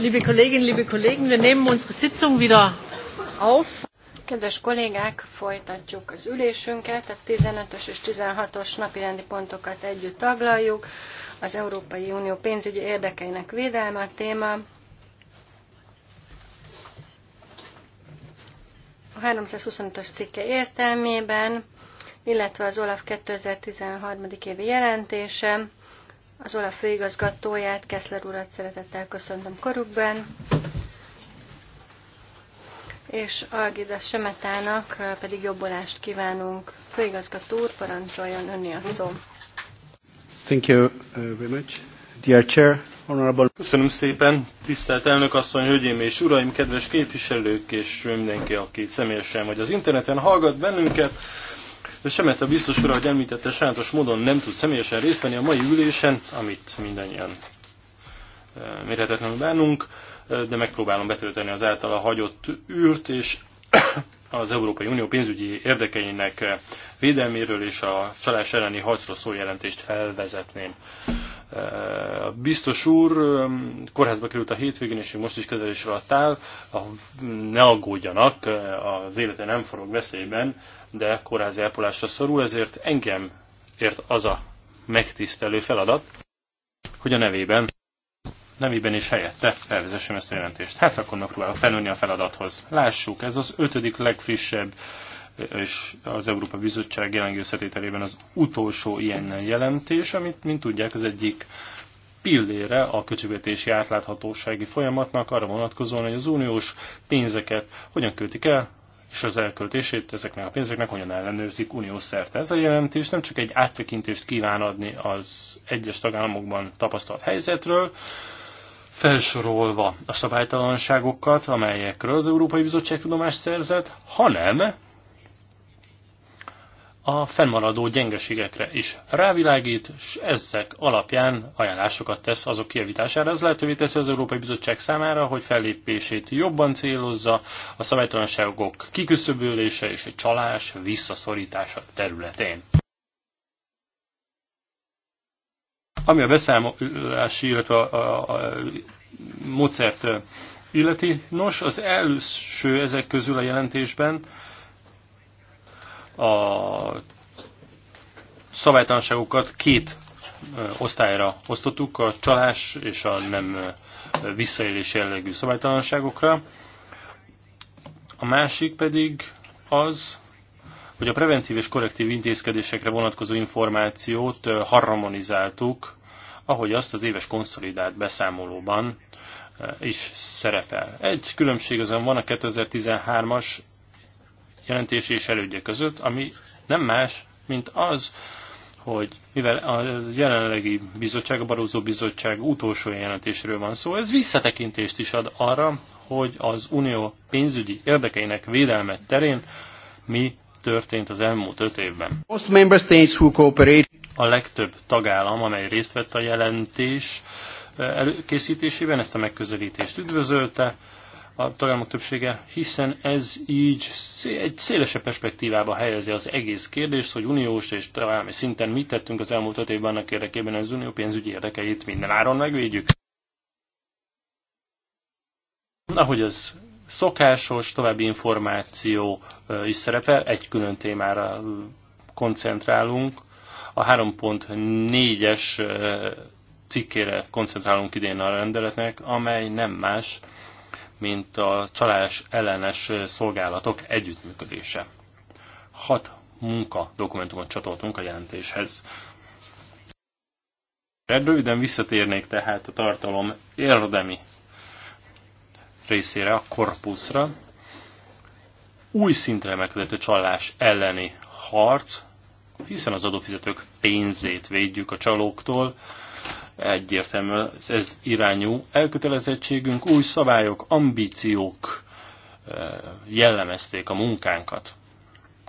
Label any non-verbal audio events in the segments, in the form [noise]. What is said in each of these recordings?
Liebe Kolleginnen, liebe Kollegen, wir nehmen unsere Sitzung wieder auf. Kedves kollégák, folytatjuk az ülésünket, a 15-ös és 16-os napirendi pontokat együtt taglaljuk. Az Európai Unió pénzügyi érdekeinek védelme a téma. A 325-ös cikke értelmében, illetve az OLAF 2016. évi jelentése, az OLAF főigazgatóját, Keszler urat szeretettel köszöntöm korukban, és Algida Semetának eh, pedig jobbolást kívánunk. Főigazgató úr, parancsoljon önni a szó. Thank you eh, very much. Dear Chair, Honorable... Köszönöm szépen, tisztelt elnök asszony, hölgyeim és uraim, kedves képviselők és mindenki, aki személyesen vagy az interneten hallgat bennünket. De Semet a biztos ura, hogy említette, sajátos módon nem tud személyesen részt venni a mai ülésen, amit mindannyian e, mérhetetlenül bánunk, e, de megpróbálom betölteni az általa hagyott ült, és [coughs] az Európai Unió pénzügyi érdekeinek e, védelméről és a csalás elleni harcról szó jelentést felvezetném. A eh, biztos úr kórházba került a hétvégén, és most is kezelés alatt áll. Ne aggódjanak, eh, az élete nem forog veszélyben, de kórház elpolásra szorul, ezért engem ért az a megtisztelő feladat, hogy a nevében nevében is helyette felvezessem ezt a jelentést. Hát akkor megpróbálok felülni a feladathoz. Lássuk, ez az ötödik legfrissebb és az Európa Bizottság jelenlegi összetételében az utolsó ilyen jelentés, amit, mint tudják, az egyik pillére a költségvetési átláthatósági folyamatnak arra vonatkozóan, hogy az uniós pénzeket hogyan költik el, és az elköltését ezeknek a pénzeknek hogyan ellenőrzik uniós szerte. Ez a jelentés nem csak egy áttekintést kíván adni az egyes tagállamokban tapasztalt helyzetről, felsorolva a szabálytalanságokat, amelyekről az Európai Bizottság tudomást szerzett, hanem a fennmaradó gyengeségekre is rávilágít, és ezek alapján ajánlásokat tesz azok kijavítására. Ez lehetővé teszi az Európai Bizottság számára, hogy fellépését jobban célozza a szabálytalanságok kiküszöbölése és a csalás visszaszorítása területén. Ami a beszámolási, illetve a, a, a módszert illeti, nos, az első ezek közül a jelentésben a szabálytalanságokat két osztályra osztottuk, a csalás és a nem visszaélés jellegű szabálytalanságokra. A másik pedig az, hogy a preventív és korrektív intézkedésekre vonatkozó információt harmonizáltuk, ahogy azt az éves konszolidált beszámolóban is szerepel. Egy különbség azon van a 2013-as jelentés és elődje között, ami nem más, mint az, hogy mivel a jelenlegi bizottság, a Barózó Bizottság utolsó jelentésről van szó, ez visszatekintést is ad arra, hogy az unió pénzügyi érdekeinek védelme terén mi történt az elmúlt öt évben. A legtöbb tagállam, amely részt vett a jelentés eh, előkészítésében, ezt a megközelítést üdvözölte, a tagállamok többsége, hiszen ez így egy szélesebb perspektívába helyezi az egész kérdést, hogy uniós és tagállami szinten mit tettünk az elmúlt öt évben annak érdekében, hogy az unió pénzügyi érdekeit minden áron megvédjük. Ahogy az szokásos, további információ is szerepel, egy külön témára koncentrálunk, a 3.4-es cikkére koncentrálunk idén a rendeletnek, amely nem más, mint a csalás ellenes szolgálatok együttműködése. Hat munka dokumentumot csatoltunk a jelentéshez. Röviden visszatérnék tehát a tartalom érdemi részére, a korpuszra. Új szintre emelkedett a csalás elleni harc, hiszen az adófizetők pénzét védjük a csalóktól, egyértelmű ez, ez irányú elkötelezettségünk, új szabályok, ambíciók eh, jellemezték a munkánkat.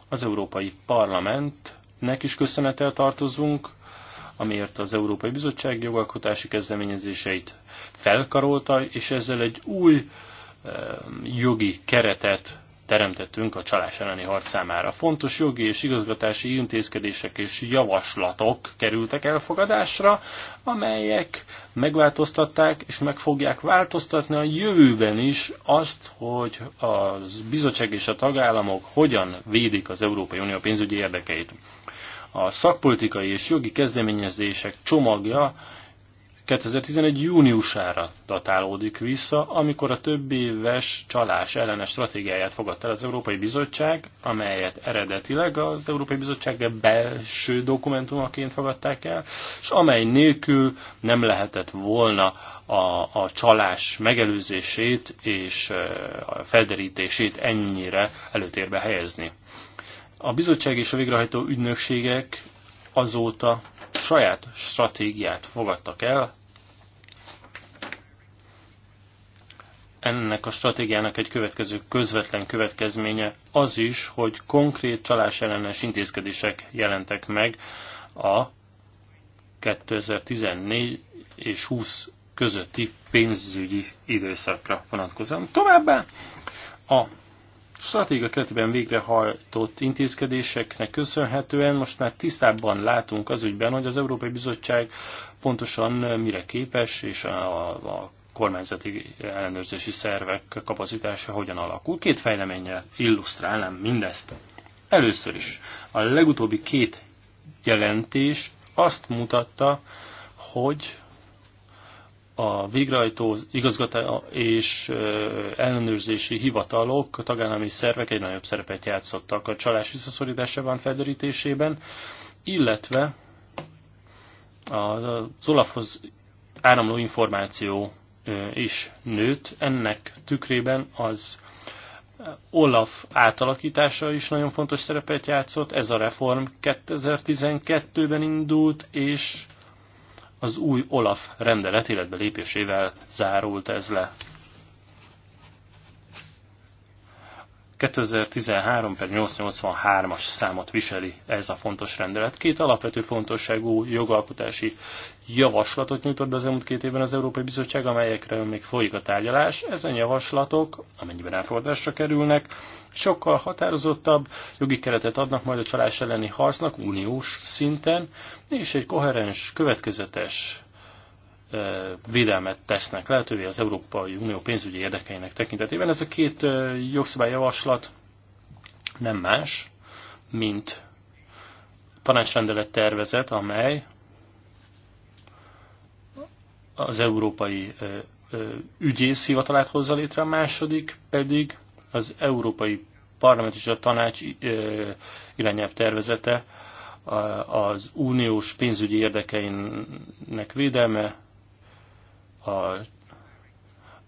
Az Európai Parlamentnek is köszönettel tartozunk, amiért az Európai Bizottság jogalkotási kezdeményezéseit felkarolta, és ezzel egy új eh, jogi keretet teremtettünk a csalás elleni harc számára. Fontos jogi és igazgatási intézkedések és javaslatok kerültek elfogadásra, amelyek megváltoztatták és meg fogják változtatni a jövőben is azt, hogy a bizottság és a tagállamok hogyan védik az Európai Unió pénzügyi érdekeit. A szakpolitikai és jogi kezdeményezések csomagja 2011. júniusára datálódik vissza, amikor a több éves csalás ellenes stratégiáját fogadta el az Európai Bizottság, amelyet eredetileg az Európai Bizottság belső dokumentumaként fogadták el, és amely nélkül nem lehetett volna a, a csalás megelőzését és a felderítését ennyire előtérbe helyezni. A bizottság és a végrehajtó ügynökségek azóta saját stratégiát fogadtak el. Ennek a stratégiának egy következő közvetlen következménye az is, hogy konkrét csalás ellenes intézkedések jelentek meg a 2014 és 20 közötti pénzügyi időszakra vonatkozóan. Továbbá a stratégia keretében végrehajtott intézkedéseknek köszönhetően most már tisztábban látunk az ügyben, hogy az Európai Bizottság pontosan mire képes, és a, a kormányzati ellenőrzési szervek kapacitása hogyan alakul. Két fejleménye illusztrálnám mindezt. Először is a legutóbbi két jelentés azt mutatta, hogy a végrehajtó igazgató és ellenőrzési hivatalok, tagállami szervek egy nagyobb szerepet játszottak a csalás visszaszorításában, felderítésében, illetve az Olafhoz áramló információ is nőtt. Ennek tükrében az Olaf átalakítása is nagyon fontos szerepet játszott. Ez a reform 2012-ben indult, és az új Olaf rendelet életbe lépésével zárult ez le. 2013 per 883-as számot viseli ez a fontos rendelet. Két alapvető fontosságú jogalkotási javaslatot nyújtott be az elmúlt két évben az Európai Bizottság, amelyekre még folyik a tárgyalás. Ezen javaslatok, amennyiben elfogadásra kerülnek, sokkal határozottabb jogi keretet adnak majd a csalás elleni harcnak uniós szinten, és egy koherens, következetes védelmet tesznek lehetővé az Európai Unió pénzügyi érdekeinek tekintetében. Ez a két jogszabályjavaslat nem más, mint tanácsrendelet tervezet, amely az Európai Ügyész Hivatalát hozza létre, a második pedig az Európai Parlament és a Tanács irányelv tervezete az uniós pénzügyi érdekeinek védelme, a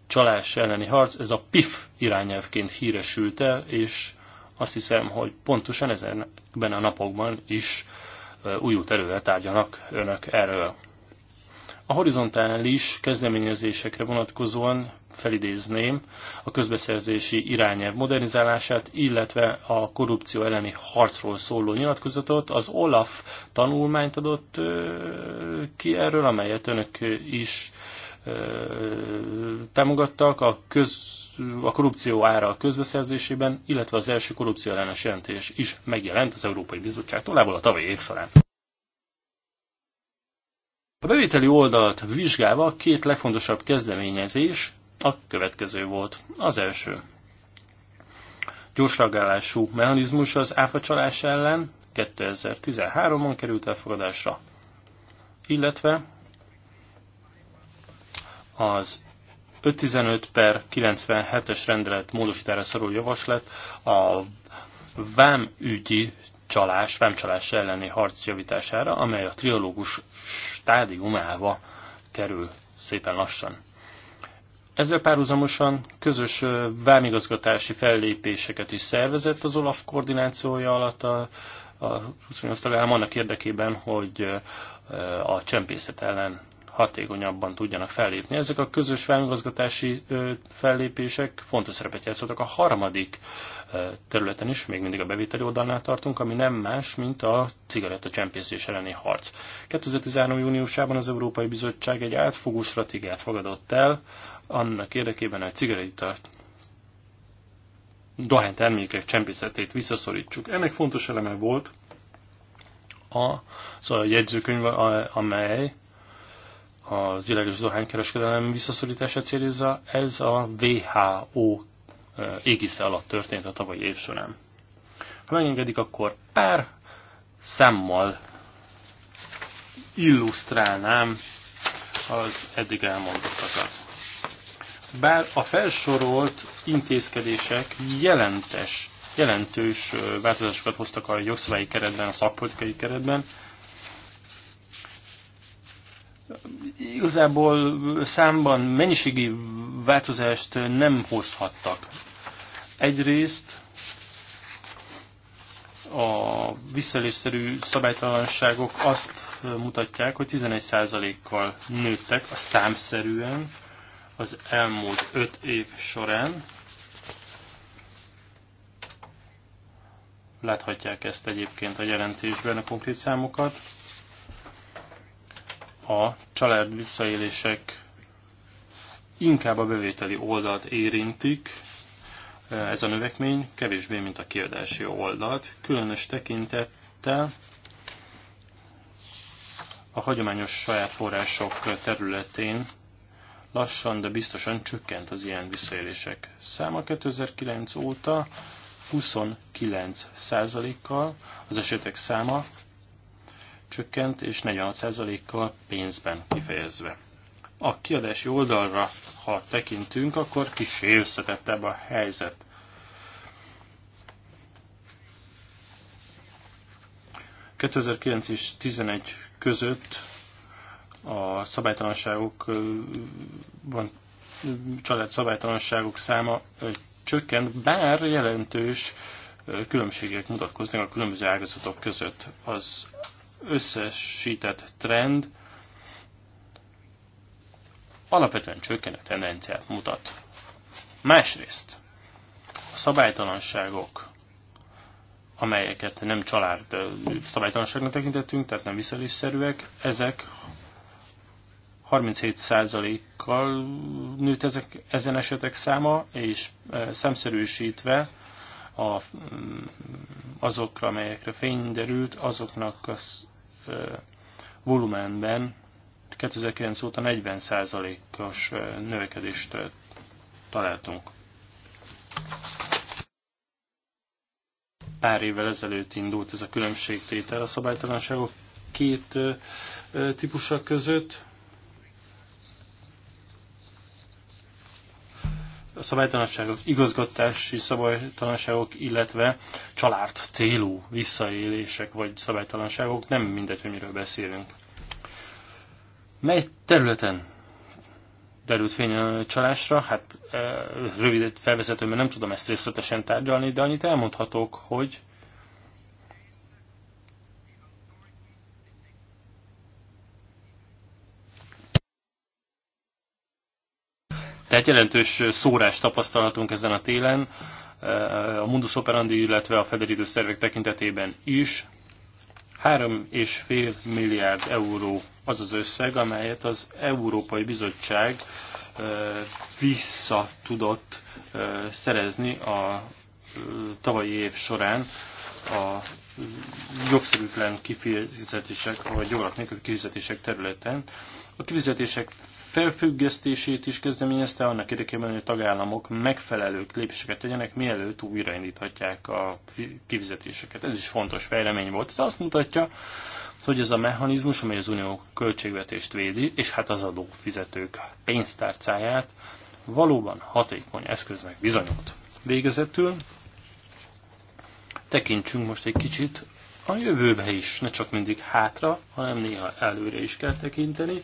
csalás elleni harc, ez a PIF irányelvként híresült el, és azt hiszem, hogy pontosan ezenben a napokban is út erővel tárgyanak önök erről. A horizontális kezdeményezésekre vonatkozóan felidézném a közbeszerzési irányelv modernizálását, illetve a korrupció elleni harcról szóló nyilatkozatot. Az OLAF tanulmányt adott ki erről, amelyet önök is támogattak a, köz, a korrupció ára a közbeszerzésében, illetve az első korrupció ellenes jelentés is megjelent az Európai Bizottság tolából a tavalyi év során. A bevételi oldalt vizsgálva két legfontosabb kezdeményezés a következő volt. Az első. Gyorsragálású mechanizmus az csalás ellen 2013-ban került elfogadásra, illetve az 515 per 97-es rendelet módosítára szorul javaslat a ügyi csalás, vámcsalás elleni harc javítására, amely a triológus stádiumába kerül szépen lassan. Ezzel párhuzamosan közös vámigazgatási fellépéseket is szervezett az OLAF koordinációja alatt a, a 28 tagállam annak érdekében, hogy a csempészet ellen hatékonyabban tudjanak fellépni. Ezek a közös vámigazgatási fellépések fontos szerepet játszottak a harmadik területen is, még mindig a bevételi oldalnál tartunk, ami nem más, mint a cigarettacsempészés elleni harc. 2013. júniusában az Európai Bizottság egy átfogó stratégiát fogadott el, annak érdekében, hogy cigaretta termékek csempészetét visszaszorítsuk. Ennek fontos eleme volt a, szóval a jegyzőkönyv, amely az illegális dohánykereskedelem visszaszorítását célozza, ez a WHO égisze alatt történt a tavalyi év során. Ha megengedik, akkor pár számmal illusztrálnám az eddig elmondottakat. Bár a felsorolt intézkedések jelentes, jelentős változásokat hoztak a jogszabályi keretben, a szakpolitikai keretben, igazából számban mennyiségi változást nem hozhattak. Egyrészt a visszalésszerű szabálytalanságok azt mutatják, hogy 11%-kal nőttek a számszerűen az elmúlt 5 év során. Láthatják ezt egyébként a jelentésben a konkrét számokat a család visszaélések inkább a bevételi oldalt érintik, ez a növekmény kevésbé, mint a kiadási oldalt, különös tekintettel a hagyományos saját források területén lassan, de biztosan csökkent az ilyen visszaélések száma 2009 óta 29%-kal, az esetek száma csökkent, és 46%-kal pénzben kifejezve. A kiadási oldalra, ha tekintünk, akkor kis összetettebb a helyzet. ...2009 és 11 között a szabálytalanságokban család szabálytalanságok száma csökkent, bár jelentős különbségek mutatkoznak a különböző ágazatok között. Az összesített trend alapvetően csökkenő tendenciát mutat. Másrészt a szabálytalanságok, amelyeket nem család szabálytalanságnak tekintettünk, tehát nem visszalésszerűek, ezek 37%-kal nőtt ezek, ezen esetek száma, és e, szemszerűsítve a, mm, azokra, amelyekre fény derült, azoknak az volumenben 2009 óta 40%-os növekedést találtunk. Pár évvel ezelőtt indult ez a különbségtétel a szabálytalanságok két típusa között. a szabálytalanságok, igazgatási szabálytalanságok, illetve család célú visszaélések vagy szabálytalanságok, nem mindegy, hogy miről beszélünk. Mely területen derült fény a csalásra? Hát eh, rövid felvezetőben nem tudom ezt részletesen tárgyalni, de annyit elmondhatok, hogy Tehát jelentős szórás tapasztalhatunk ezen a télen, eh, a Mundus Operandi, illetve a felderítő szervek tekintetében is. 3,5 milliárd euró az az összeg, amelyet az Európai Bizottság eh, vissza tudott eh, szerezni a tavalyi év során a jogszerűtlen kifizetések, vagy jogok nélkül kifizetések területen. A kifizetések felfüggesztését is kezdeményezte annak érdekében, hogy a tagállamok megfelelő lépéseket tegyenek, mielőtt újraindíthatják a kifizetéseket. Ez is fontos fejlemény volt. Ez azt mutatja, hogy ez a mechanizmus, amely az unió költségvetést védi, és hát az adófizetők pénztárcáját valóban hatékony eszköznek bizonyult. Végezetül tekintsünk most egy kicsit a jövőbe is, ne csak mindig hátra, hanem néha előre is kell tekinteni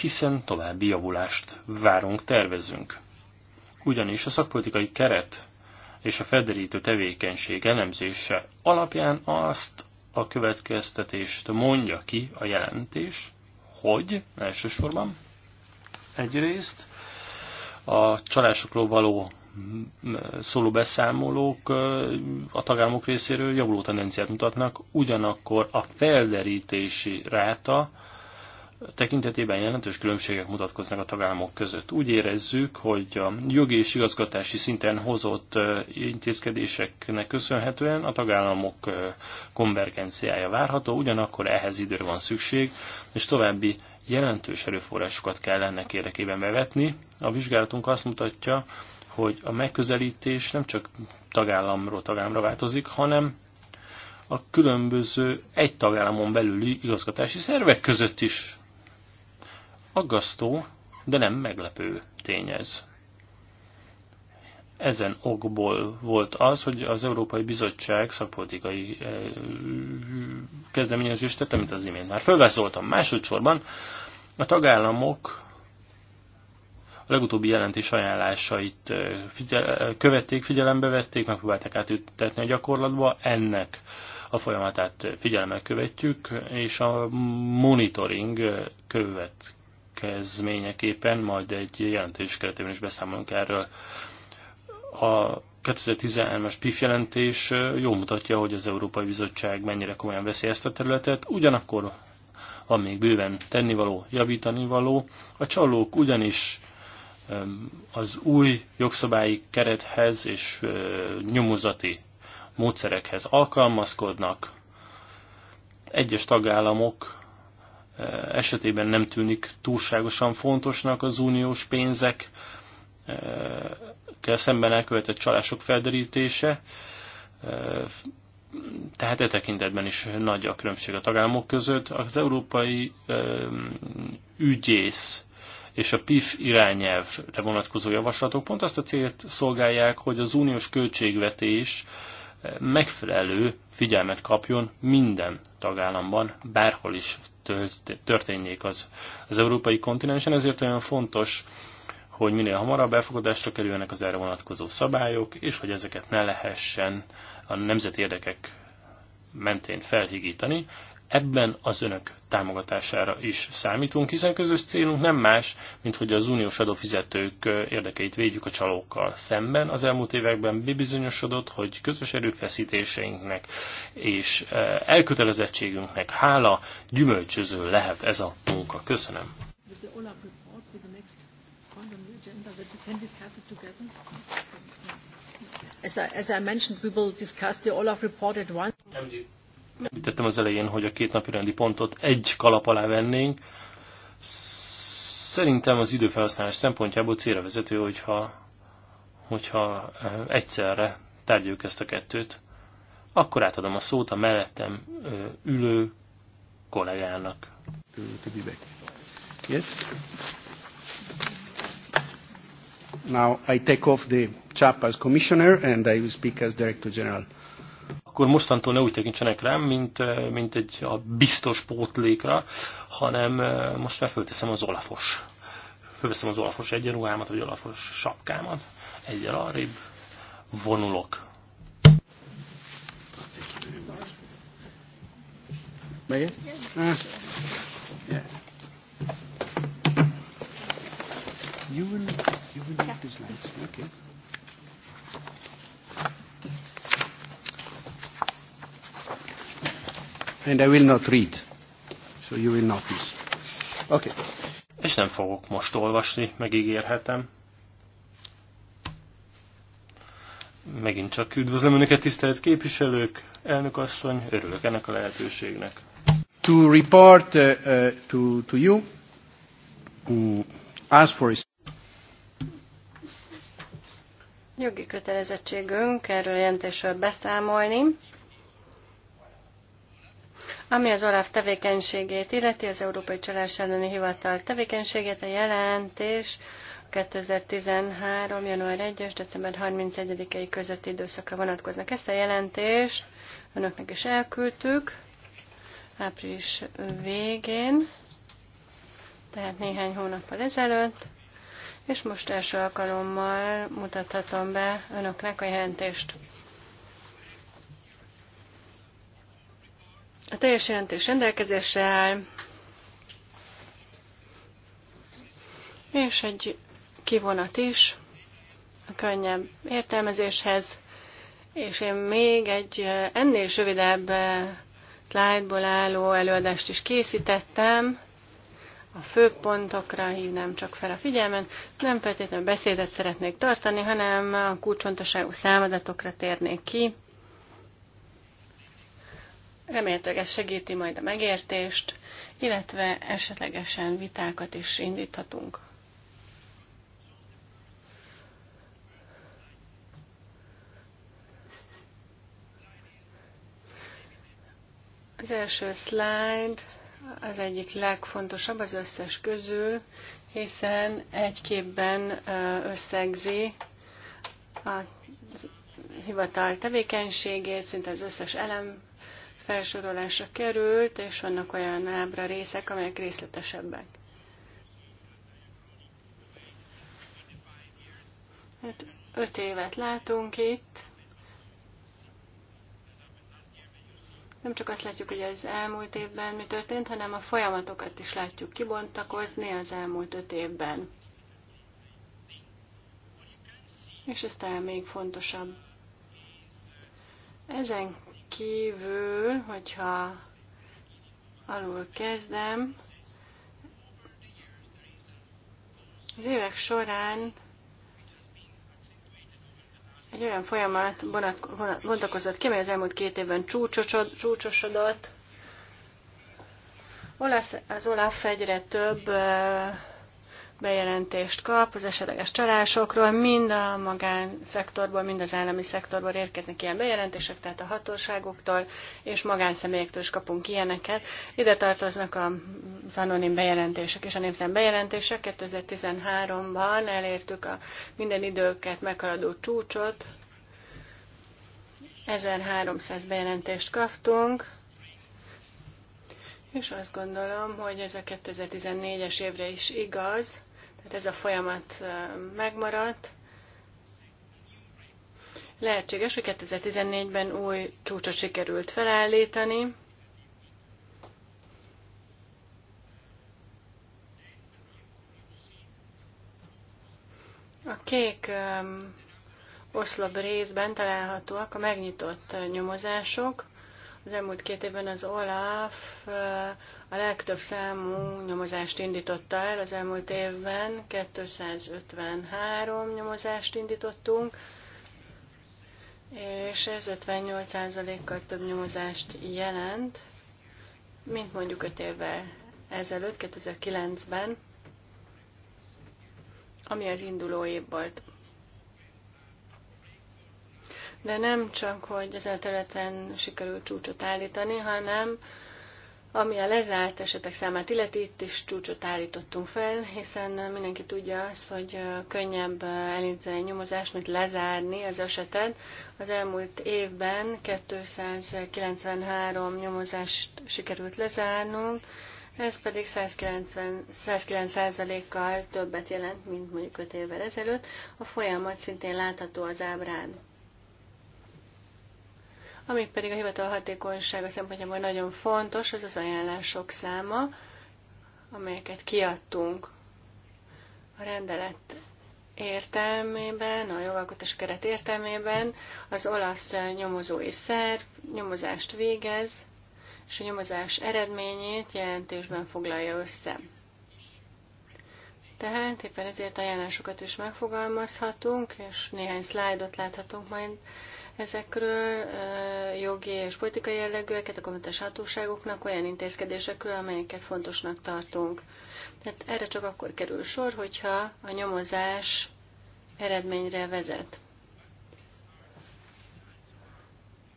hiszen további javulást várunk, tervezünk. Ugyanis a szakpolitikai keret és a felderítő tevékenység elemzése alapján azt a következtetést mondja ki a jelentés, hogy elsősorban egyrészt a csalásokról való szóló beszámolók a tagállamok részéről javuló tendenciát mutatnak, ugyanakkor a felderítési ráta tekintetében jelentős különbségek mutatkoznak a tagállamok között. Úgy érezzük, hogy a jogi és igazgatási szinten hozott intézkedéseknek köszönhetően a tagállamok konvergenciája várható, ugyanakkor ehhez időre van szükség, és további jelentős erőforrásokat kell ennek érdekében bevetni. A vizsgálatunk azt mutatja, hogy a megközelítés nem csak tagállamról tagállamra változik, hanem a különböző egy tagállamon belüli igazgatási szervek között is Aggasztó, de nem meglepő tény ez. Ezen okból volt az, hogy az Európai Bizottság szakpolitikai eh, kezdeményezést tette, mint az imént már fölvázoltam. Másodszorban a tagállamok a legutóbbi jelentés ajánlásait eh, figyel eh, követték, figyelembe vették, megpróbálták átültetni a gyakorlatba. Ennek a folyamatát figyelemmel követjük, és a monitoring követ következményeképpen, majd egy jelentés keretében is beszámolunk erről. A 2013-as PIF jelentés jól mutatja, hogy az Európai Bizottság mennyire komolyan veszi ezt a területet, ugyanakkor van még bőven tennivaló, javítani való. A csalók ugyanis az új jogszabályi kerethez és nyomozati módszerekhez alkalmazkodnak. Egyes tagállamok Eh, esetében nem tűnik túlságosan fontosnak az uniós pénzek kell eh, szemben elkövetett csalások felderítése, eh, tehát e tekintetben is nagy a különbség a tagállamok között. Az európai ügyész és a PIF irányelvre vonatkozó javaslatok pont azt a célt szolgálják, hogy az uniós költségvetés megfelelő figyelmet kapjon minden tagállamban, bárhol is történjék az, az európai kontinensen, ezért olyan fontos, hogy minél hamarabb elfogadásra kerüljenek az erre vonatkozó szabályok, és hogy ezeket ne lehessen a nemzeti érdekek mentén felhigítani, Ebben az önök támogatására is számítunk, hiszen közös célunk nem más, mint hogy az uniós adófizetők érdekeit védjük a csalókkal szemben. Az elmúlt években bebizonyosodott, hogy közös erőfeszítéseinknek és elkötelezettségünknek hála gyümölcsöző lehet ez a munka. Köszönöm. As I, as I mentioned, we will discuss the Olaf report at once. Említettem az elején, hogy a két napi rendi pontot egy kalap alá vennénk. Szerintem az időfelhasználás szempontjából célra vezető, hogyha, hogyha eh, egyszerre tárgyaljuk ezt a kettőt. Akkor átadom a szót a mellettem eh, ülő kollégának. Yes. Now I take off the chap as commissioner and I will speak as director general akkor mostantól ne úgy tekintsenek rám, mint, mint egy a biztos pótlékra, hanem most már fölteszem az olafos. Fölveszem az olafos egyenruhámat, vagy olafos sapkámat, egyel arrébb vonulok. Megjött? Yeah. Yeah. You will, you will yeah. And I will not read. So you will not miss. Okay. És nem fogok most olvasni, megígérhetem. Megint csak üdvözlöm Önöket, tisztelt képviselők, asszony, örülök ennek a lehetőségnek. To report uh, uh, to, to you, um, mm, ask for Jogi kötelezettségünk erről jelentésről beszámolni. Ami az OLAF tevékenységét illeti, az Európai Csalás elleni Hivatal tevékenységét, a jelentés 2013. január 1 és december 31-i közötti időszakra vonatkoznak. Ezt a jelentést önöknek is elküldtük április végén, tehát néhány hónappal ezelőtt, és most első alkalommal mutathatom be önöknek a jelentést. A teljes jelentés rendelkezésre áll, és egy kivonat is a könnyebb értelmezéshez, és én még egy eh, ennél is rövidebb eh, szlájdból álló előadást is készítettem, a főpontokra, hívnám csak fel a figyelmet, nem feltétlenül beszédet szeretnék tartani, hanem a kulcsontosságú számadatokra térnék ki. Remélhetőleg ez segíti majd a megértést, illetve esetlegesen vitákat is indíthatunk. Az első slide az egyik legfontosabb az összes közül, hiszen egy képben összegzi a hivatal tevékenységét, szinte az összes elem felsorolásra került, és vannak olyan ábra részek, amelyek részletesebbek. Hát öt évet látunk itt. Nem csak azt látjuk, hogy az elmúlt évben mi történt, hanem a folyamatokat is látjuk kibontakozni az elmúlt öt évben. És ez talán még fontosabb. Ezen kívül, hogyha alul kezdem, az évek során egy olyan folyamat bontakozott ki, mely az elmúlt két évben csúcsosodott. Olasz, az Olaf egyre több bejelentést kap az esetleges csalásokról, mind a magánszektorból, mind az állami szektorból érkeznek ilyen bejelentések, tehát a hatóságoktól és magánszemélyektől is kapunk ilyeneket. Ide tartoznak az anonim bejelentések és a névtelen bejelentések. 2013-ban elértük a minden időket meghaladó csúcsot, 1300 bejelentést kaptunk, és azt gondolom, hogy ez a 2014-es évre is igaz. Hát ez a folyamat megmaradt. Lehetséges, hogy 2014-ben új csúcsot sikerült felállítani. A kék oszlop részben találhatóak a megnyitott nyomozások. Az elmúlt két évben az OLAF eh, a legtöbb számú nyomozást indította el. Az elmúlt évben 253 nyomozást indítottunk, és ez 58%-kal több nyomozást jelent, mint mondjuk 5 évvel ezelőtt, 2009-ben, ami az induló év volt de nem csak, hogy ezen a területen sikerült csúcsot állítani, hanem ami a lezárt esetek számát illeti, itt is csúcsot állítottunk fel, hiszen mindenki tudja azt, hogy könnyebb elindítani egy nyomozást, mint lezárni az esetet. Az elmúlt évben 293 nyomozást sikerült lezárnunk, ez pedig 190, 109%-kal többet jelent, mint mondjuk 5 évvel ezelőtt. A folyamat szintén látható az ábrán. Ami pedig a hivatal hatékonysága szempontjából nagyon fontos, az az ajánlások száma, amelyeket kiadtunk a rendelet értelmében, a jogalkotás keret értelmében az olasz nyomozói szerv nyomozást végez, és a nyomozás eredményét jelentésben foglalja össze. Tehát éppen ezért ajánlásokat is megfogalmazhatunk, és néhány szlájdot láthatunk majd ezekről jogi és politikai jellegűeket a kommentes hatóságoknak olyan intézkedésekről, amelyeket fontosnak tartunk. Tehát erre csak akkor kerül sor, hogyha a nyomozás eredményre vezet.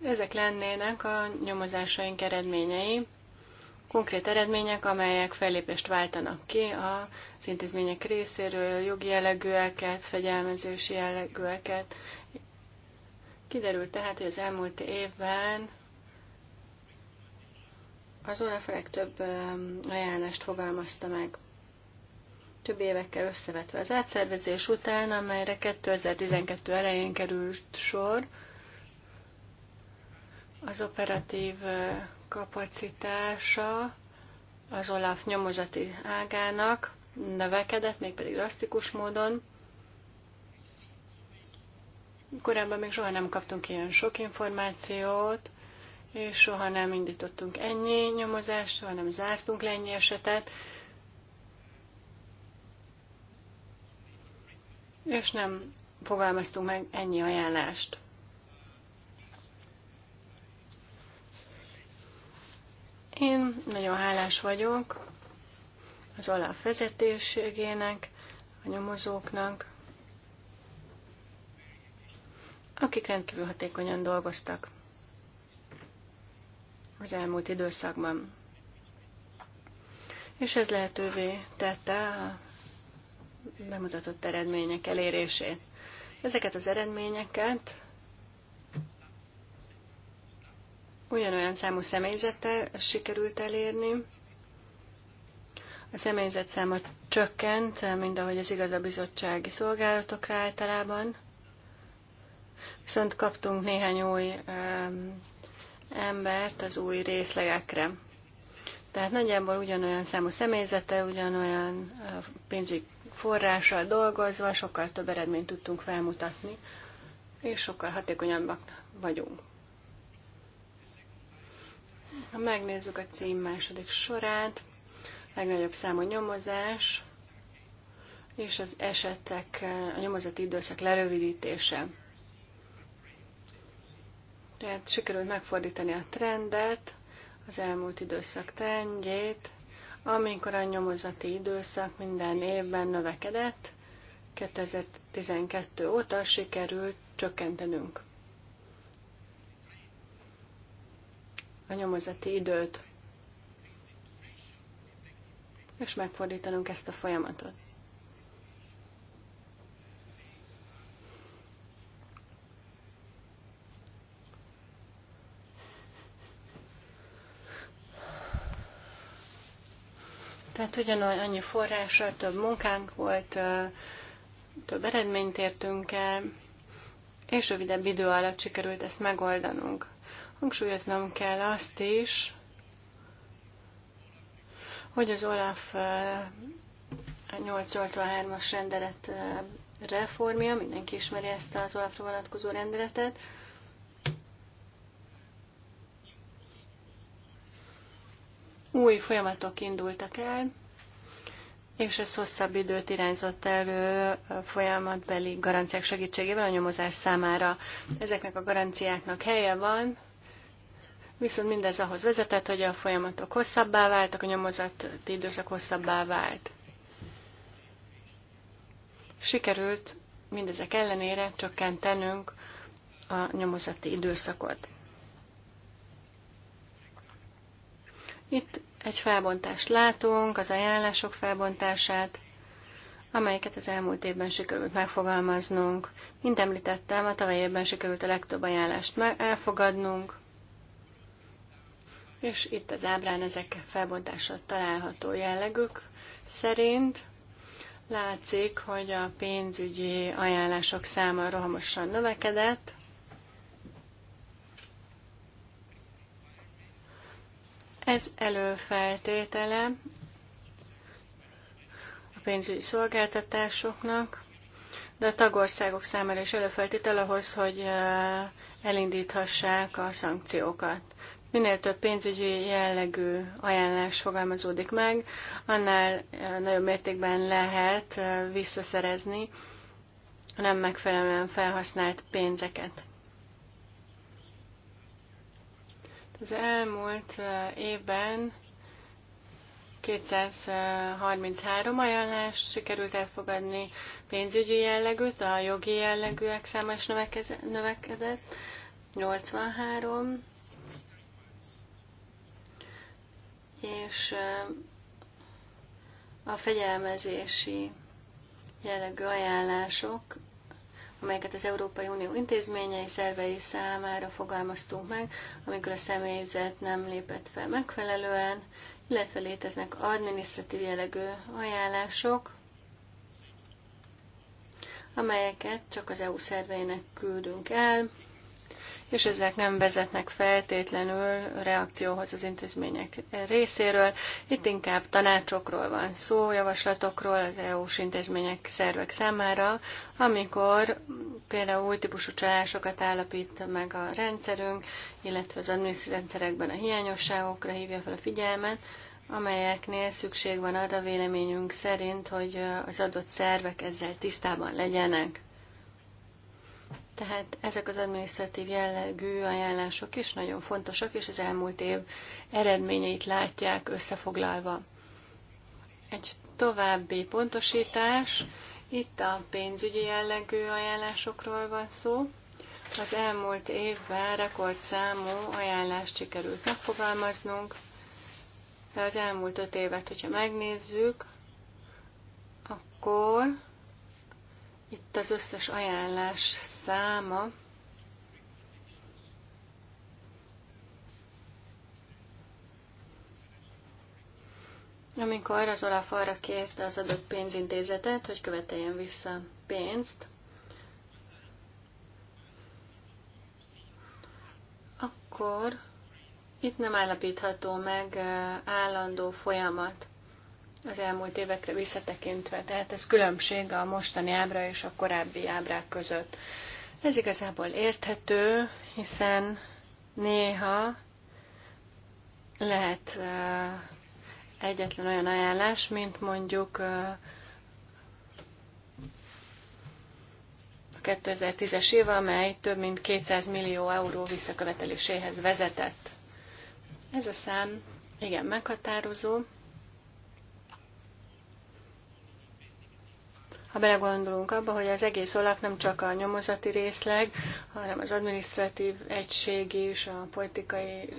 Ezek lennének a nyomozásaink eredményei, konkrét eredmények, amelyek fellépést váltanak ki az intézmények részéről, jogi jellegűeket, fegyelmezési jellegűeket, Kiderült tehát, hogy az elmúlt évben az OLAF a több ajánlást fogalmazta meg. Több évekkel összevetve az átszervezés után, amelyre 2012 elején került sor, az operatív kapacitása az OLAF nyomozati ágának növekedett, mégpedig drasztikus módon. Korábban még soha nem kaptunk ilyen sok információt, és soha nem indítottunk ennyi nyomozást, soha nem zártunk le ennyi esetet, és nem fogalmaztunk meg ennyi ajánlást. Én nagyon hálás vagyok az alá vezetőségének, a nyomozóknak, akik rendkívül hatékonyan dolgoztak az elmúlt időszakban. És ez lehetővé tette a bemutatott eredmények elérését. Ezeket az eredményeket ugyanolyan számú személyzettel sikerült elérni. A személyzet száma csökkent, mint ahogy az igazabizottsági bizottsági szolgálatokra általában viszont kaptunk néhány új embert az új részlegekre. Tehát nagyjából ugyanolyan számú személyzete, ugyanolyan pénzügyi forrással dolgozva sokkal több eredményt tudtunk felmutatni, és sokkal hatékonyabbak vagyunk. Ha megnézzük a cím második sorát, legnagyobb számú nyomozás, és az esetek, a nyomozati időszak lerövidítése. Tehát sikerült megfordítani a trendet, az elmúlt időszak trendjét, amikor a nyomozati időszak minden évben növekedett, 2012 óta sikerült csökkentenünk a nyomozati időt, és megfordítanunk ezt a folyamatot. Tehát ugyanolyan annyi forrása, több munkánk volt, több eredményt értünk el, és rövidebb idő alatt sikerült ezt megoldanunk. Hangsúlyoznom kell azt is, hogy az Olaf 883-as rendelet reformja, mindenki ismeri ezt az Olafra vonatkozó rendeletet, új folyamatok indultak el, és ez hosszabb időt irányzott elő folyamatbeli garanciák segítségével a nyomozás számára. Ezeknek a garanciáknak helye van, viszont mindez ahhoz vezetett, hogy a folyamatok hosszabbá váltak, a nyomozati időszak hosszabbá vált. Sikerült mindezek ellenére csökkentenünk a nyomozati időszakot. Itt egy felbontást látunk, az ajánlások felbontását, amelyeket az elmúlt évben sikerült megfogalmaznunk. Mint említettem, a tavaly évben sikerült a legtöbb ajánlást elfogadnunk, és itt az ábrán ezek felbontása található jellegük szerint. Látszik, hogy a pénzügyi ajánlások száma rohamosan növekedett, Ez előfeltétele a pénzügyi szolgáltatásoknak, de a tagországok számára is előfeltétel ahhoz, hogy eh, elindíthassák a szankciókat. Minél több pénzügyi jellegű ajánlás fogalmazódik meg, annál eh, nagyobb mértékben lehet eh, visszaszerezni a nem megfelelően felhasznált pénzeket. Az elmúlt évben 233 ajánlást sikerült elfogadni pénzügyi jellegűt, a jogi jellegűek száma is növekedett, 83, és a fegyelmezési jellegű ajánlások amelyeket az Európai Unió intézményei szervei számára fogalmaztunk meg, amikor a személyzet nem lépett fel megfelelően, illetve léteznek adminisztratív jellegű ajánlások, amelyeket csak az EU szerveinek küldünk el, és ezek nem vezetnek feltétlenül reakcióhoz az intézmények részéről. Itt inkább tanácsokról van szó, javaslatokról az EU-s intézmények szervek számára, amikor például új típusú csalásokat állapít meg a rendszerünk, illetve az adminisztri rendszerekben a hiányosságokra hívja fel a figyelmet, amelyeknél szükség van arra véleményünk szerint, hogy az adott szervek ezzel tisztában legyenek. Tehát ezek az adminisztratív jellegű ajánlások is nagyon fontosak, és az elmúlt év eredményeit látják összefoglalva. Egy további pontosítás, itt a pénzügyi jellegű ajánlásokról van szó. Az elmúlt évben rekordszámú ajánlást sikerült megfogalmaznunk, de az elmúlt öt évet, hogyha megnézzük, akkor itt az összes ajánlás száma Amikor az Olaf arra kérte az adott pénzintézetet, hogy követeljen vissza pénzt, akkor itt nem állapítható meg eh, állandó folyamat az elmúlt évekre visszatekintve. Tehát ez különbség a mostani ábra és a korábbi ábrák között. Ez igazából érthető, hiszen néha lehet egyetlen olyan ajánlás, mint mondjuk a 2010-es év, amely több mint 200 millió euró visszaköveteléséhez vezetett. Ez a szám igen meghatározó. ha belegondolunk abba, hogy az egész olap nem csak a nyomozati részleg, hanem az administratív egység is, a politikai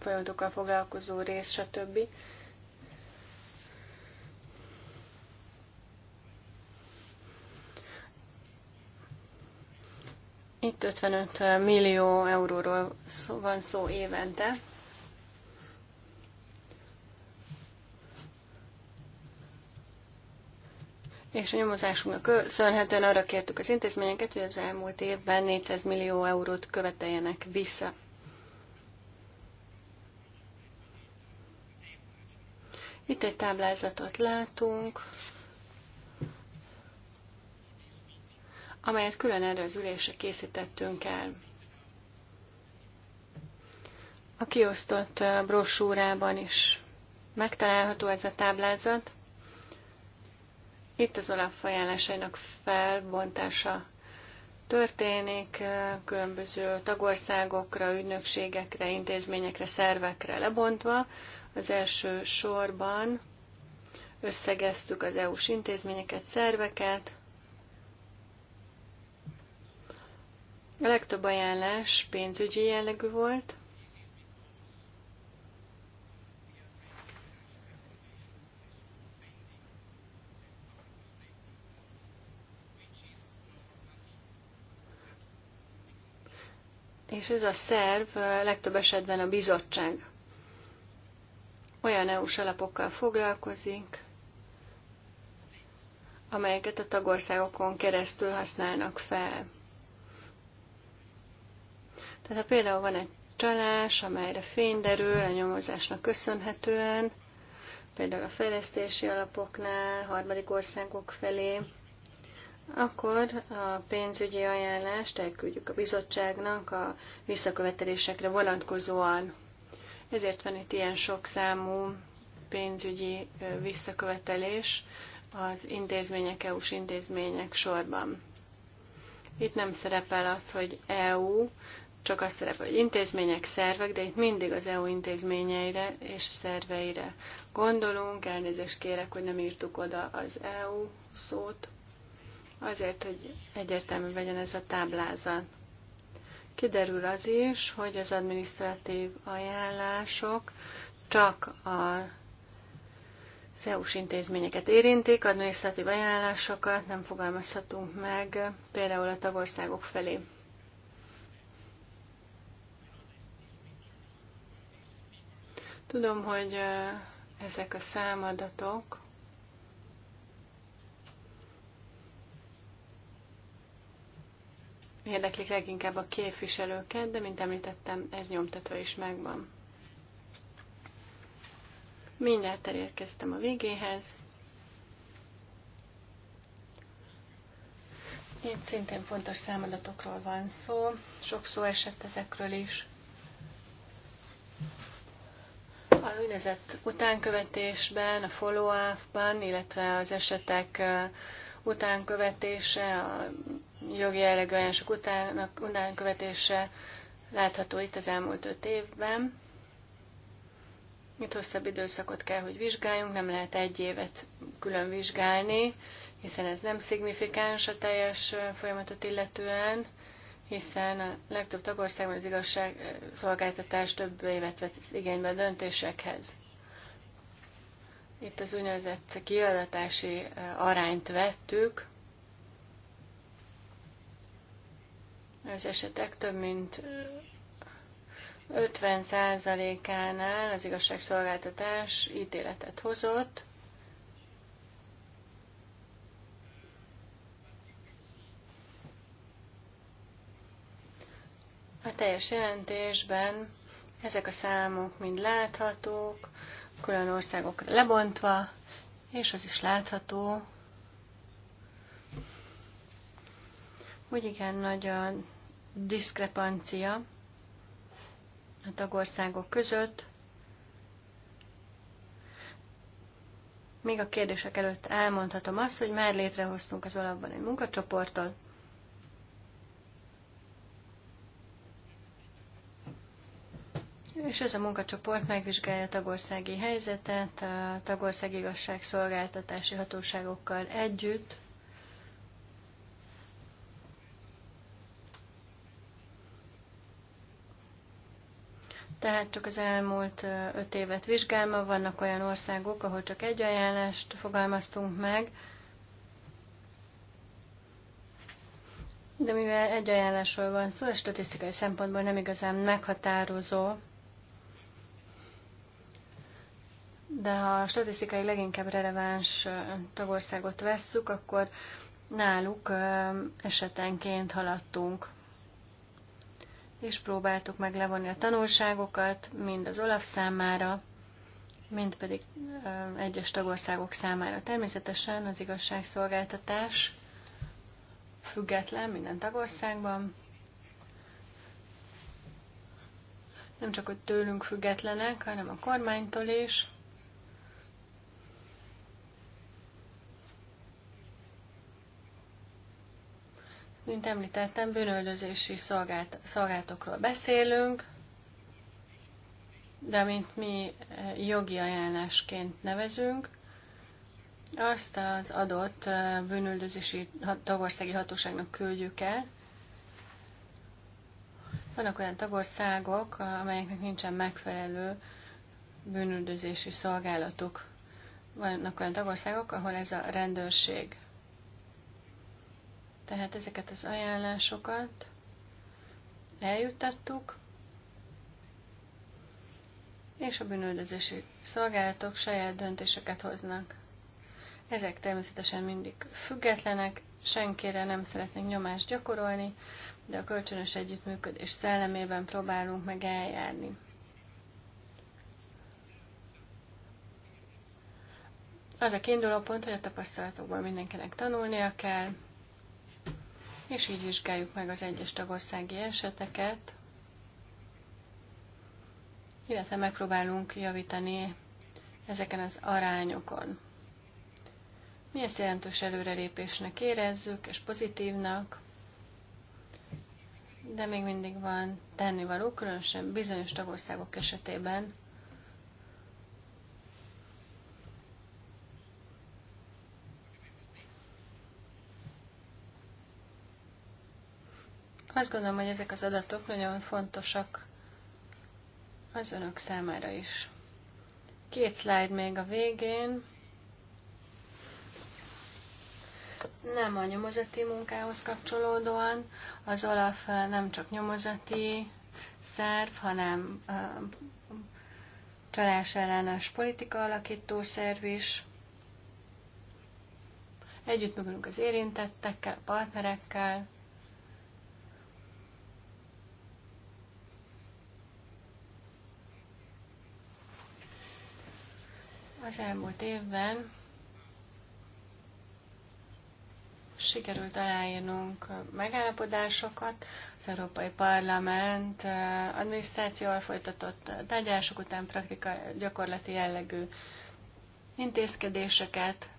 folyamatokkal foglalkozó rész, stb. Itt 55 millió euróról van szó évente. és a nyomozásunknak köszönhetően arra kértük az intézményeket, hogy az elmúlt évben 400 millió eurót követeljenek vissza. Itt egy táblázatot látunk, amelyet külön erre az ülésre készítettünk el. A kiosztott brosúrában is megtalálható ez a táblázat. Itt az Olaf ajánlásainak felbontása történik, különböző tagországokra, ügynökségekre, intézményekre, szervekre lebontva. Az első sorban összegeztük az EU-s intézményeket, szerveket. A legtöbb ajánlás pénzügyi jellegű volt. és ez a szerv legtöbb esetben a bizottság. Olyan EU-s alapokkal foglalkozik, amelyeket a tagországokon keresztül használnak fel. Tehát ha például van egy csalás, amelyre fény derül a nyomozásnak köszönhetően, például a fejlesztési alapoknál, harmadik országok felé, akkor a pénzügyi ajánlást elküldjük a bizottságnak a visszakövetelésekre vonatkozóan. Ezért van itt ilyen sok számú pénzügyi visszakövetelés az intézmények, EU-s intézmények sorban. Itt nem szerepel az, hogy EU, csak az szerepel, hogy intézmények, szervek, de itt mindig az EU intézményeire és szerveire gondolunk. Elnézést kérek, hogy nem írtuk oda az EU szót azért, hogy egyértelmű legyen ez a táblázat. Kiderül az is, hogy az adminisztratív ajánlások csak a az EU-s intézményeket érintik, adminisztratív ajánlásokat nem fogalmazhatunk meg, például a tagországok felé. Tudom, hogy ezek a számadatok érdeklik leginkább a képviselőket, de mint említettem, ez nyomtatva is megvan. Mindjárt elérkeztem a végéhez. Itt szintén fontos számadatokról van szó, sok szó esett ezekről is. A úgynevezett utánkövetésben, a follow ban illetve az esetek utánkövetése, a jogi jellegű ajánlások után követése látható itt az elmúlt öt évben. Itt hosszabb időszakot kell, hogy vizsgáljunk, nem lehet egy évet külön vizsgálni, hiszen ez nem szignifikáns a teljes folyamatot illetően, hiszen a legtöbb tagországban az igazságszolgáltatás több évet vesz igénybe a döntésekhez. Itt az úgynevezett kiadatási arányt vettük, az esetek több mint 50%-ánál az igazságszolgáltatás ítéletet hozott, A teljes jelentésben ezek a számok mind láthatók, külön országokra lebontva, és az is látható, hogy igen nagy a diszkrepancia a tagországok között. Még a kérdések előtt elmondhatom azt, hogy már létrehoztunk az olapban egy munkacsoportot, És ez a munkacsoport megvizsgálja a tagországi helyzetet, a tagországi igazságszolgáltatási hatóságokkal együtt, Tehát csak az elmúlt öt évet vizsgálva vannak olyan országok, ahol csak egy ajánlást fogalmaztunk meg, de mivel egy ajánlásról van szó, a statisztikai szempontból nem igazán meghatározó, de ha a statisztikai leginkább releváns tagországot vesszük, akkor náluk esetenként haladtunk és próbáltuk meg levonni a tanulságokat, mind az Olaf számára, mind pedig egyes tagországok számára. Természetesen az igazságszolgáltatás független minden tagországban, nem csak hogy tőlünk függetlenek, hanem a kormánytól is, Mint említettem, bűnöldözési szolgált, szolgáltokról beszélünk, de mint mi eh, jogi ajánlásként nevezünk, azt az adott eh, bűnöldözési tagországi hatóságnak küldjük el. Vannak olyan tagországok, amelyeknek nincsen megfelelő bűnöldözési szolgálatuk. Vannak olyan tagországok, ahol ez a rendőrség tehát ezeket az ajánlásokat eljuttattuk, és a bűnöldözési szolgálatok saját döntéseket hoznak. Ezek természetesen mindig függetlenek, senkire nem szeretnénk nyomást gyakorolni, de a kölcsönös együttműködés szellemében próbálunk meg eljárni. Az a kiinduló pont, hogy a tapasztalatokból mindenkinek tanulnia kell, és így vizsgáljuk meg az egyes tagországi eseteket, illetve megpróbálunk javítani ezeken az arányokon. Mi ezt jelentős előrelépésnek érezzük, és pozitívnak, de még mindig van tennivaló, különösen bizonyos tagországok esetében, Azt gondolom, hogy ezek az adatok nagyon fontosak az önök számára is. Két slide még a végén. Nem a nyomozati munkához kapcsolódóan. Az OLAF nem csak nyomozati szerv, hanem csalás ellenes politika alakító szerv is. Együttműködünk az érintettekkel, a partnerekkel, Az elmúlt évben sikerült aláírnunk megállapodásokat. Az Európai Parlament eh, adminisztrációval folytatott tárgyalások után praktika gyakorlati jellegű intézkedéseket.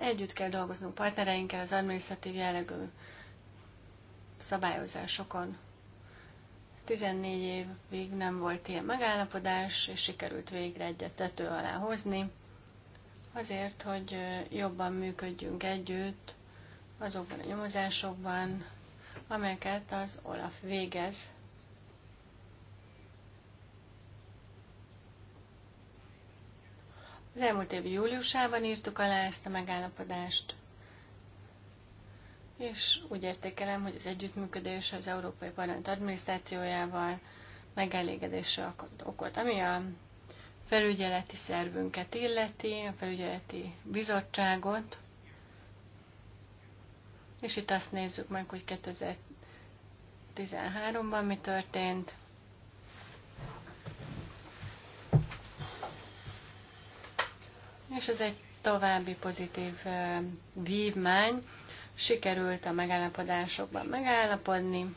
Együtt kell dolgoznunk partnereinkkel az adminisztratív jellegű szabályozásokon. 14 évig nem volt ilyen megállapodás, és sikerült végre egyet tető alá hozni, azért, hogy jobban működjünk együtt azokban a nyomozásokban, amelyeket az Olaf végez. Az elmúlt év júliusában írtuk alá ezt a megállapodást és úgy értékelem, hogy az együttműködés az Európai Parlament adminisztrációjával megelégedésre okot. Ami a felügyeleti szervünket illeti, a felügyeleti bizottságot, és itt azt nézzük meg, hogy 2013-ban mi történt. És ez egy további pozitív vívmány, sikerült a megállapodásokban megállapodni.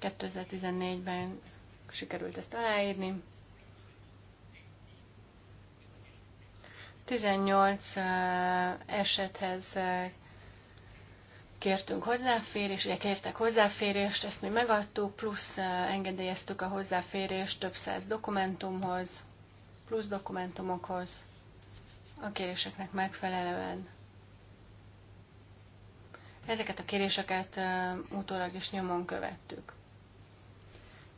2014-ben sikerült ezt aláírni. 18 esethez kértünk hozzáférést, ugye kértek hozzáférést, ezt mi megadtuk, plusz engedélyeztük a hozzáférést több száz dokumentumhoz, plusz dokumentumokhoz, a kéréseknek megfelelően. Ezeket a kéréseket utólag is nyomon követtük.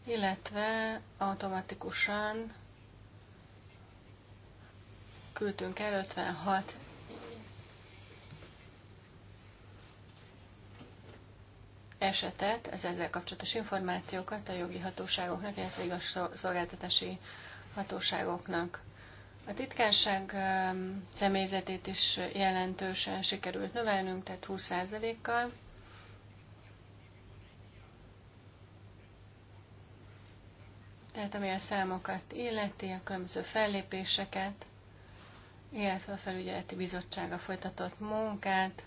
Illetve automatikusan küldtünk el 56 esetet, az ezzel kapcsolatos információkat a jogi hatóságoknak, illetve szolgáltatási hatóságoknak. A titkárság személyzetét is jelentősen sikerült növelnünk, tehát 20%-kal. Tehát ami a számokat illeti, a különböző fellépéseket, illetve a felügyeleti bizottsága folytatott munkát.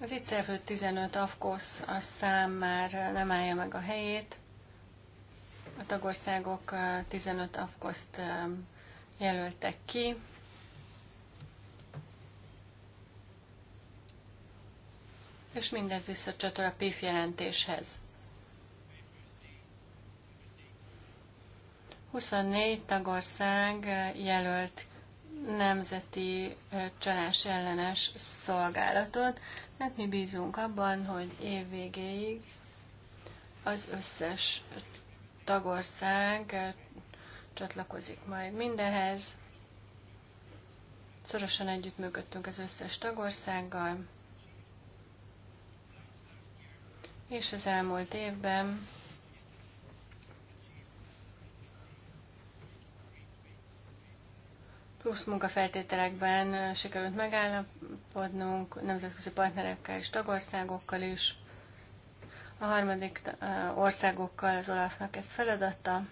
Az itt szereplő 15 AFKOSZ a szám már nem állja meg a helyét, a tagországok 15 afkoszt jelöltek ki. És mindez visszacsatol a PIF jelentéshez. 24 tagország jelölt nemzeti csalás ellenes szolgálatot, mert hát mi bízunk abban, hogy év végéig az összes tagország eh, csatlakozik majd mindehez. Szorosan együttműködtünk az összes tagországgal, és az elmúlt évben plusz munkafeltételekben eh, sikerült megállapodnunk nemzetközi partnerekkel és tagországokkal is. A harmadik országokkal az Olafnak ez feladata.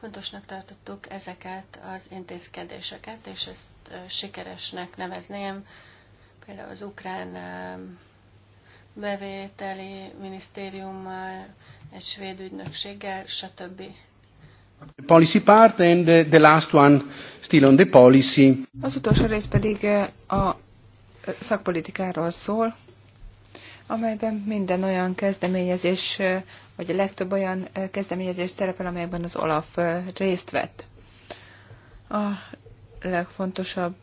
Fontosnak tartottuk ezeket az intézkedéseket, és ezt sikeresnek nevezném. Például az ukrán bevételi minisztériummal, egy svéd ügynökséggel, stb. The policy part and uh, the last one still on the policy. Az utolsó rész pedig a szakpolitikáról szól, amelyben minden olyan kezdeményezés, vagy a legtöbb olyan kezdeményezés szerepel, amelyben az Olaf részt vett. A legfontosabb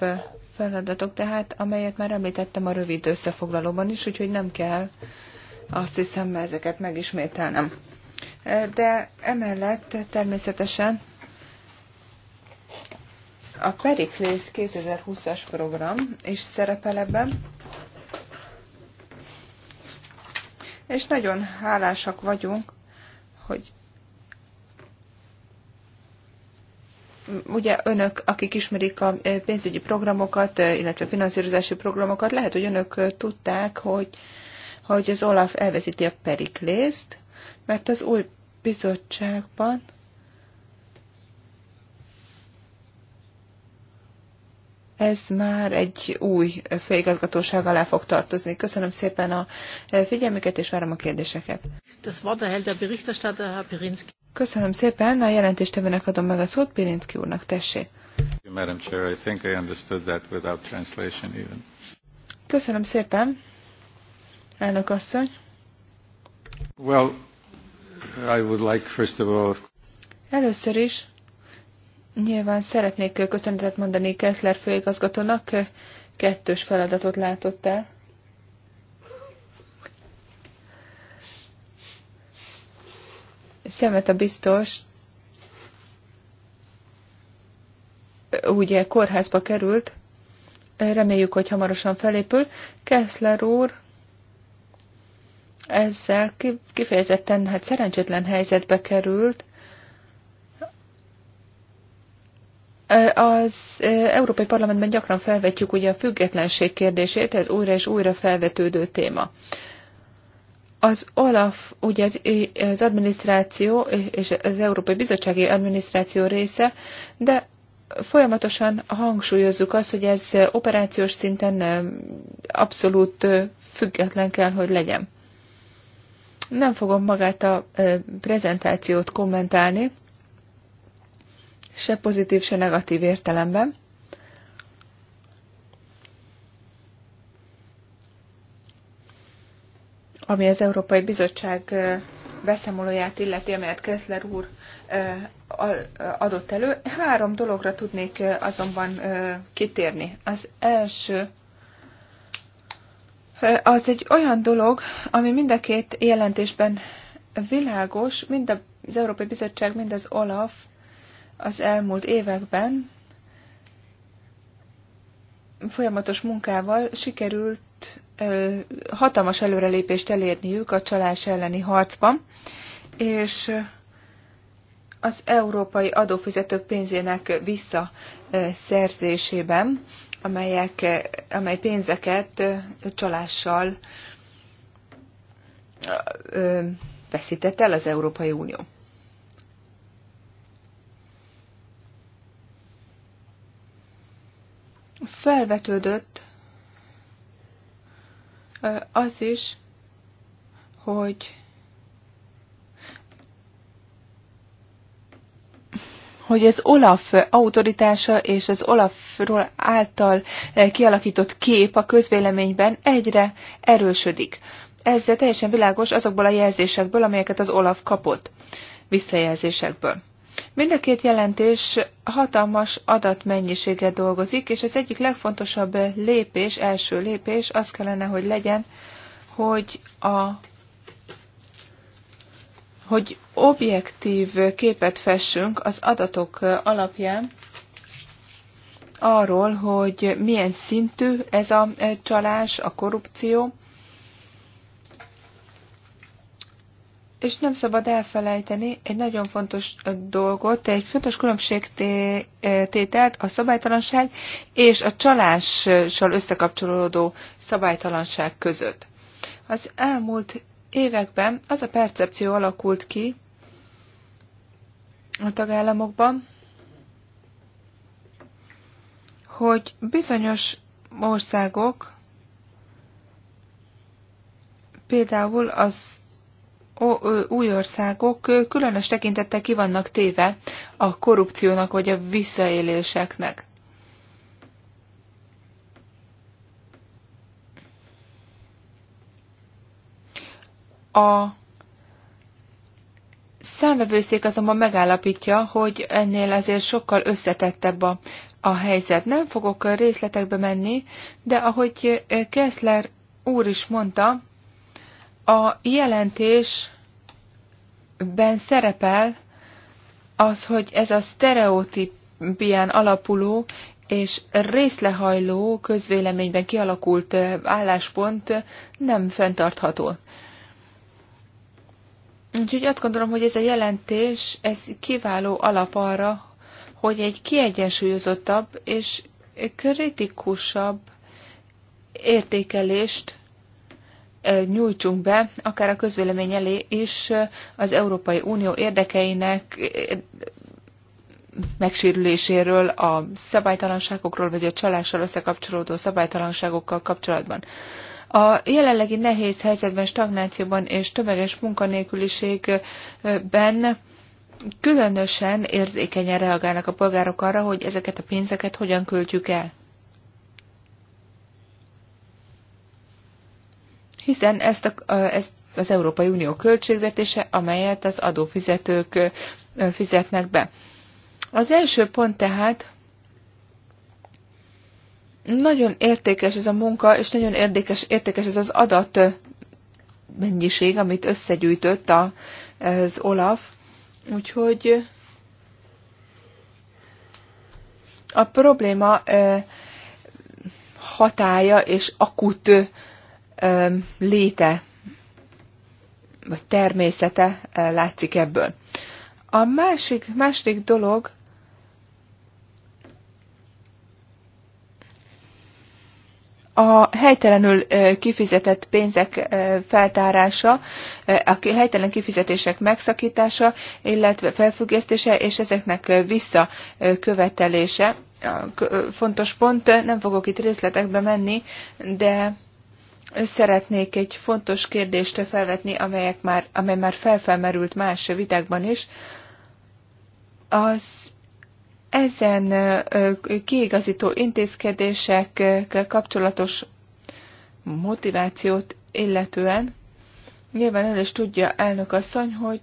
feladatok tehát, amelyet már említettem a rövid összefoglalóban is, úgyhogy nem kell azt hiszem ezeket megismételnem. De emellett természetesen a Periklész 2020-as program is szerepel ebben, és nagyon hálásak vagyunk, hogy ugye önök, akik ismerik a eh, pénzügyi programokat, eh, illetve finanszírozási programokat, lehet, hogy önök eh, tudták, hogy, hogy az Olaf elveszíti a periklészt, mert az új bizottságban ez már egy új főigazgatóság alá fog tartozni. Köszönöm szépen a figyelmüket, és várom a kérdéseket. Das der Berichterstatter, Herr Pirinski. Köszönöm szépen, a jelentéstevőnek adom meg a szót, Pirinski úrnak, tessék. Madam Chair, I think I understood that without translation even. Köszönöm szépen, elnök asszony. Well, I would like first of all... Először is Nyilván szeretnék köszönetet mondani Kessler főigazgatónak, kettős feladatot látott el. Szemet a biztos, ugye kórházba került, reméljük, hogy hamarosan felépül. Kessler úr ezzel kifejezetten hát szerencsétlen helyzetbe került, Az Európai Parlamentben gyakran felvetjük ugye a függetlenség kérdését, ez újra és újra felvetődő téma. Az OLAF, ugye az, az adminisztráció és az Európai Bizottsági Adminisztráció része, de folyamatosan hangsúlyozzuk azt, hogy ez operációs szinten abszolút független kell, hogy legyen. Nem fogom magát a prezentációt kommentálni, se pozitív, se negatív értelemben. Ami az Európai Bizottság beszámolóját illeti, amelyet Kessler úr adott elő. Három dologra tudnék azonban kitérni. Az első az egy olyan dolog, ami mind a két jelentésben világos, mind az Európai Bizottság, mind az OLAF az elmúlt években folyamatos munkával sikerült hatalmas előrelépést elérniük a csalás elleni harcban, és az európai adófizetők pénzének visszaszerzésében, amelyek, amely pénzeket csalással veszített el az Európai Unió. Felvetődött az is, hogy hogy az Olaf autoritása és az Olafról által kialakított kép a közvéleményben egyre erősödik. Ez teljesen világos azokból a jelzésekből, amelyeket az Olaf kapott, visszajelzésekből. Mind a két jelentés hatalmas adatmennyisége dolgozik, és az egyik legfontosabb lépés, első lépés az kellene, hogy legyen, hogy a hogy objektív képet fessünk az adatok alapján arról, hogy milyen szintű ez a csalás, a korrupció, És nem szabad elfelejteni egy nagyon fontos dolgot, egy fontos különbségtételt, a szabálytalanság és a csalással összekapcsolódó szabálytalanság között. Az elmúlt években az a percepció alakult ki a tagállamokban, hogy bizonyos országok, például az új országok különös tekintettel ki vannak téve a korrupciónak vagy a visszaéléseknek. A számvevőszék azonban megállapítja, hogy ennél azért sokkal összetettebb a, a helyzet. Nem fogok részletekbe menni, de ahogy Kessler úr is mondta, a jelentésben szerepel az, hogy ez a sztereotípián alapuló és részlehajló közvéleményben kialakult álláspont nem fenntartható. Úgyhogy azt gondolom, hogy ez a jelentés, ez kiváló alap arra, hogy egy kiegyensúlyozottabb és kritikusabb értékelést nyújtsunk be, akár a közvélemény elé is az Európai Unió érdekeinek megsérüléséről, a szabálytalanságokról, vagy a csalással összekapcsolódó szabálytalanságokkal kapcsolatban. A jelenlegi nehéz helyzetben, stagnációban és tömeges munkanélküliségben különösen érzékenyen reagálnak a polgárok arra, hogy ezeket a pénzeket hogyan költjük el. hiszen ezt, a, ezt az Európai Unió költségvetése, amelyet az adófizetők fizetnek be. Az első pont tehát, nagyon értékes ez a munka, és nagyon értékes, értékes ez az adat mennyiség, amit összegyűjtött a, az Olaf. Úgyhogy a probléma hatája és akut léte vagy természete látszik ebből. A másik, másik dolog, a helytelenül kifizetett pénzek feltárása, a helytelen kifizetések megszakítása, illetve felfüggesztése és ezeknek visszakövetelése. Fontos pont, nem fogok itt részletekbe menni, de szeretnék egy fontos kérdést felvetni, amelyek már, amely már felfelmerült más vitákban is. Az ezen kiigazító intézkedésekkel kapcsolatos motivációt illetően nyilván el is tudja, elnök asszony, hogy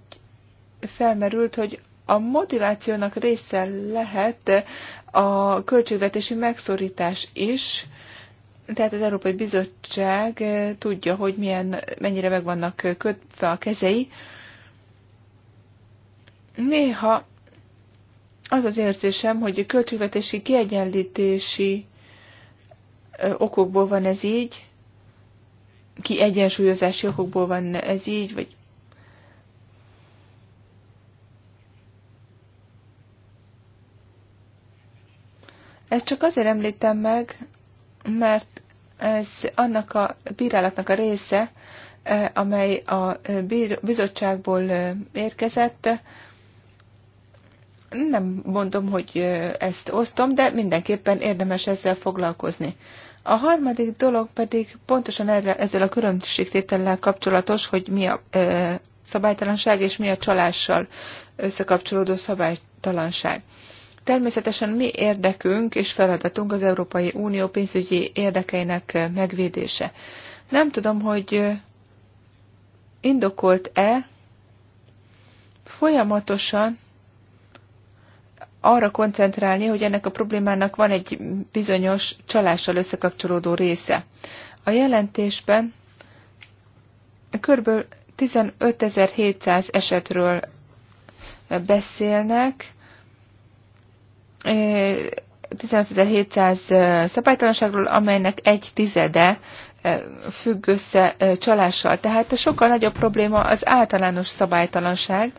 felmerült, hogy a motivációnak része lehet a költségvetési megszorítás is, tehát az Európai Bizottság eh, tudja, hogy milyen, mennyire meg vannak eh, kötve a kezei. Néha az az érzésem, hogy költségvetési kiegyenlítési eh, okokból van ez így, kiegyensúlyozási okokból van ez így, vagy Ezt csak azért említem meg, mert ez annak a bírálatnak a része, amely a bizottságból érkezett. Nem mondom, hogy ezt osztom, de mindenképpen érdemes ezzel foglalkozni. A harmadik dolog pedig pontosan erre, ezzel a különbségtétellel kapcsolatos, hogy mi a e, szabálytalanság és mi a csalással összekapcsolódó szabálytalanság. Természetesen mi érdekünk és feladatunk az Európai Unió pénzügyi érdekeinek megvédése. Nem tudom, hogy indokolt-e folyamatosan arra koncentrálni, hogy ennek a problémának van egy bizonyos csalással összekapcsolódó része. A jelentésben kb. 15.700 esetről beszélnek, 15.700 szabálytalanságról, amelynek egy tizede függ össze csalással. Tehát a sokkal nagyobb probléma az általános szabálytalanság,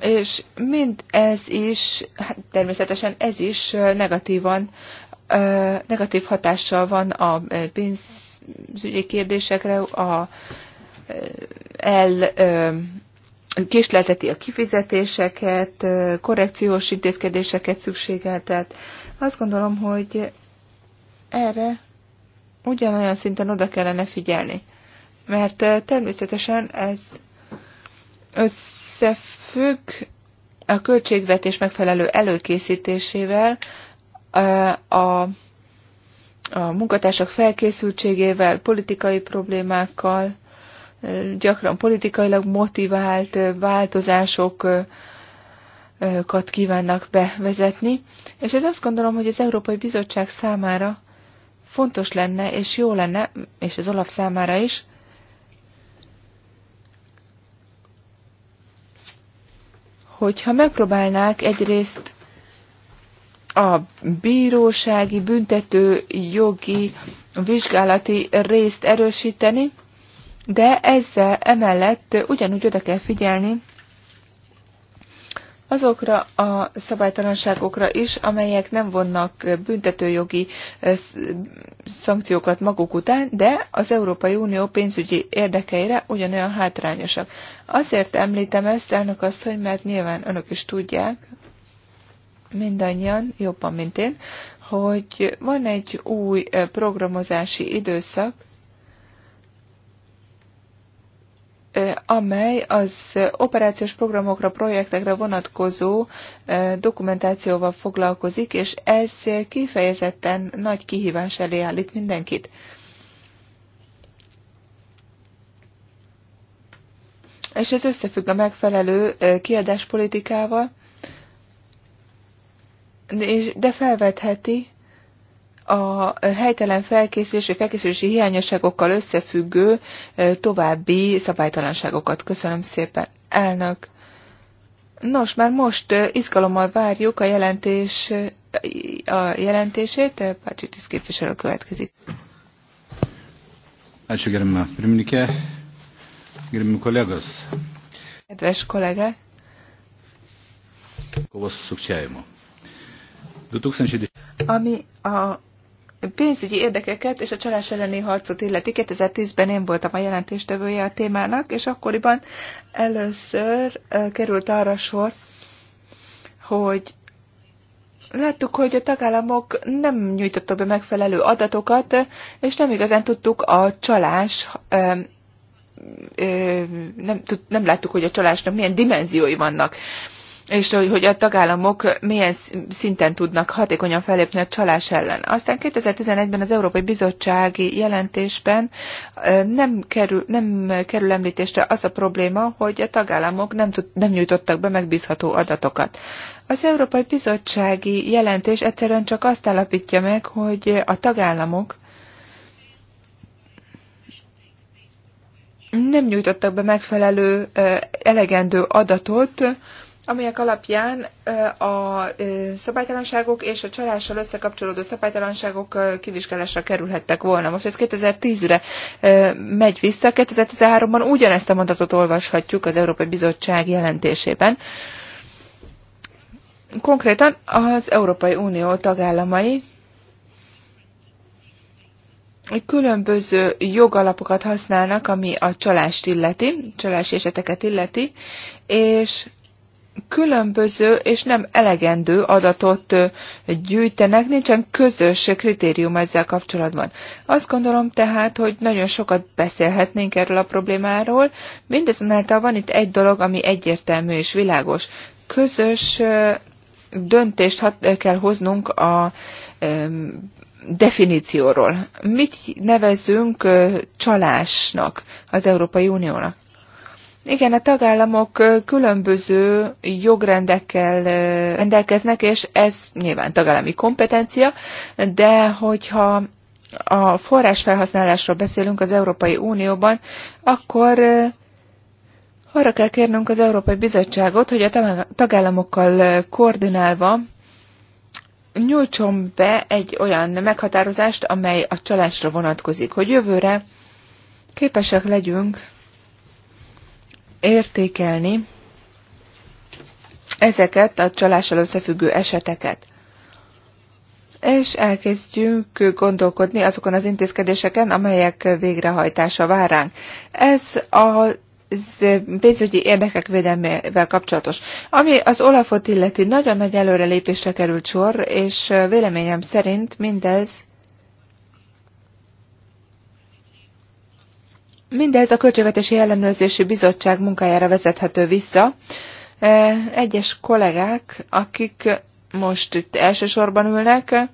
és mind ez is, hát természetesen ez is negatívan, negatív hatással van a pénzügyi kérdésekre, a el késlelteti a kifizetéseket, korrekciós intézkedéseket szükségel, tehát azt gondolom, hogy erre ugyanolyan szinten oda kellene figyelni. Mert természetesen ez összefügg a költségvetés megfelelő előkészítésével, a, a munkatársak felkészültségével, politikai problémákkal, gyakran politikailag motivált változásokat kívánnak bevezetni, és ez azt gondolom, hogy az Európai Bizottság számára fontos lenne, és jó lenne, és az Olaf számára is, hogyha megpróbálnák egyrészt a bírósági, büntető, jogi, vizsgálati részt erősíteni, de ezzel emellett ugyanúgy oda kell figyelni azokra a szabálytalanságokra is, amelyek nem vonnak büntetőjogi szankciókat maguk után, de az Európai Unió pénzügyi érdekeire ugyanolyan hátrányosak. Azért említem ezt, elnök asszony, mert nyilván önök is tudják, mindannyian jobban, mint én, hogy van egy új programozási időszak, amely az operációs programokra, projektekre vonatkozó dokumentációval foglalkozik, és ez kifejezetten nagy kihívás elé állít mindenkit. És ez összefügg a megfelelő kiadáspolitikával, de felvetheti a helytelen felkészülés vagy felkészülési hiányosságokkal összefüggő további szabálytalanságokat. Köszönöm szépen, elnök. Nos, már most izgalommal várjuk a jelentés, a jelentését. Pácsitis képviselő következik. Ačiū gerima pirmininkė, gerimi kolegos. Kedves kollégák. Kovasz sukčiavimo. Ami a pénzügyi érdekeket és a csalás elleni harcot illeti. 2010-ben én voltam a jelentéstevője a témának, és akkoriban először került arra sor, hogy láttuk, hogy a tagállamok nem nyújtottak be megfelelő adatokat, és nem igazán tudtuk a csalás nem, nem láttuk, hogy a csalásnak milyen dimenziói vannak és hogy a tagállamok milyen szinten tudnak hatékonyan felépni a csalás ellen. Aztán 2011-ben az Európai Bizottsági jelentésben nem kerül, nem kerül említésre az a probléma, hogy a tagállamok nem, tud, nem nyújtottak be megbízható adatokat. Az Európai Bizottsági jelentés egyszerűen csak azt állapítja meg, hogy a tagállamok nem nyújtottak be megfelelő, elegendő adatot, amelyek alapján a szabálytalanságok és a csalással összekapcsolódó szabálytalanságok kivizsgálásra kerülhettek volna. Most ez 2010-re megy vissza, 2013-ban ugyanezt a mondatot olvashatjuk az Európai Bizottság jelentésében. Konkrétan az Európai Unió tagállamai különböző jogalapokat használnak, ami a csalást illeti, csalási eseteket illeti, és különböző és nem elegendő adatot gyűjtenek, nincsen közös kritérium ezzel kapcsolatban. Azt gondolom tehát, hogy nagyon sokat beszélhetnénk erről a problémáról, mindezonáltal van itt egy dolog, ami egyértelmű és világos. Közös döntést kell hoznunk a definícióról. Mit nevezünk csalásnak az Európai Uniónak? Igen, a tagállamok különböző jogrendekkel rendelkeznek, és ez nyilván tagállami kompetencia, de hogyha a forrásfelhasználásról beszélünk az Európai Unióban, akkor arra kell kérnünk az Európai Bizottságot, hogy a tagállamokkal koordinálva nyújtson be egy olyan meghatározást, amely a csalásra vonatkozik, hogy jövőre képesek legyünk értékelni ezeket a csalással összefüggő eseteket. És elkezdjünk gondolkodni azokon az intézkedéseken, amelyek végrehajtása vár ránk. Ez a pénzügyi érdekek védelmével kapcsolatos. Ami az Olafot illeti, nagyon nagy előrelépésre került sor, és véleményem szerint mindez Mindez a Költségvetési Ellenőrzési Bizottság munkájára vezethető vissza. E, egyes kollégák, akik most itt elsősorban ülnek,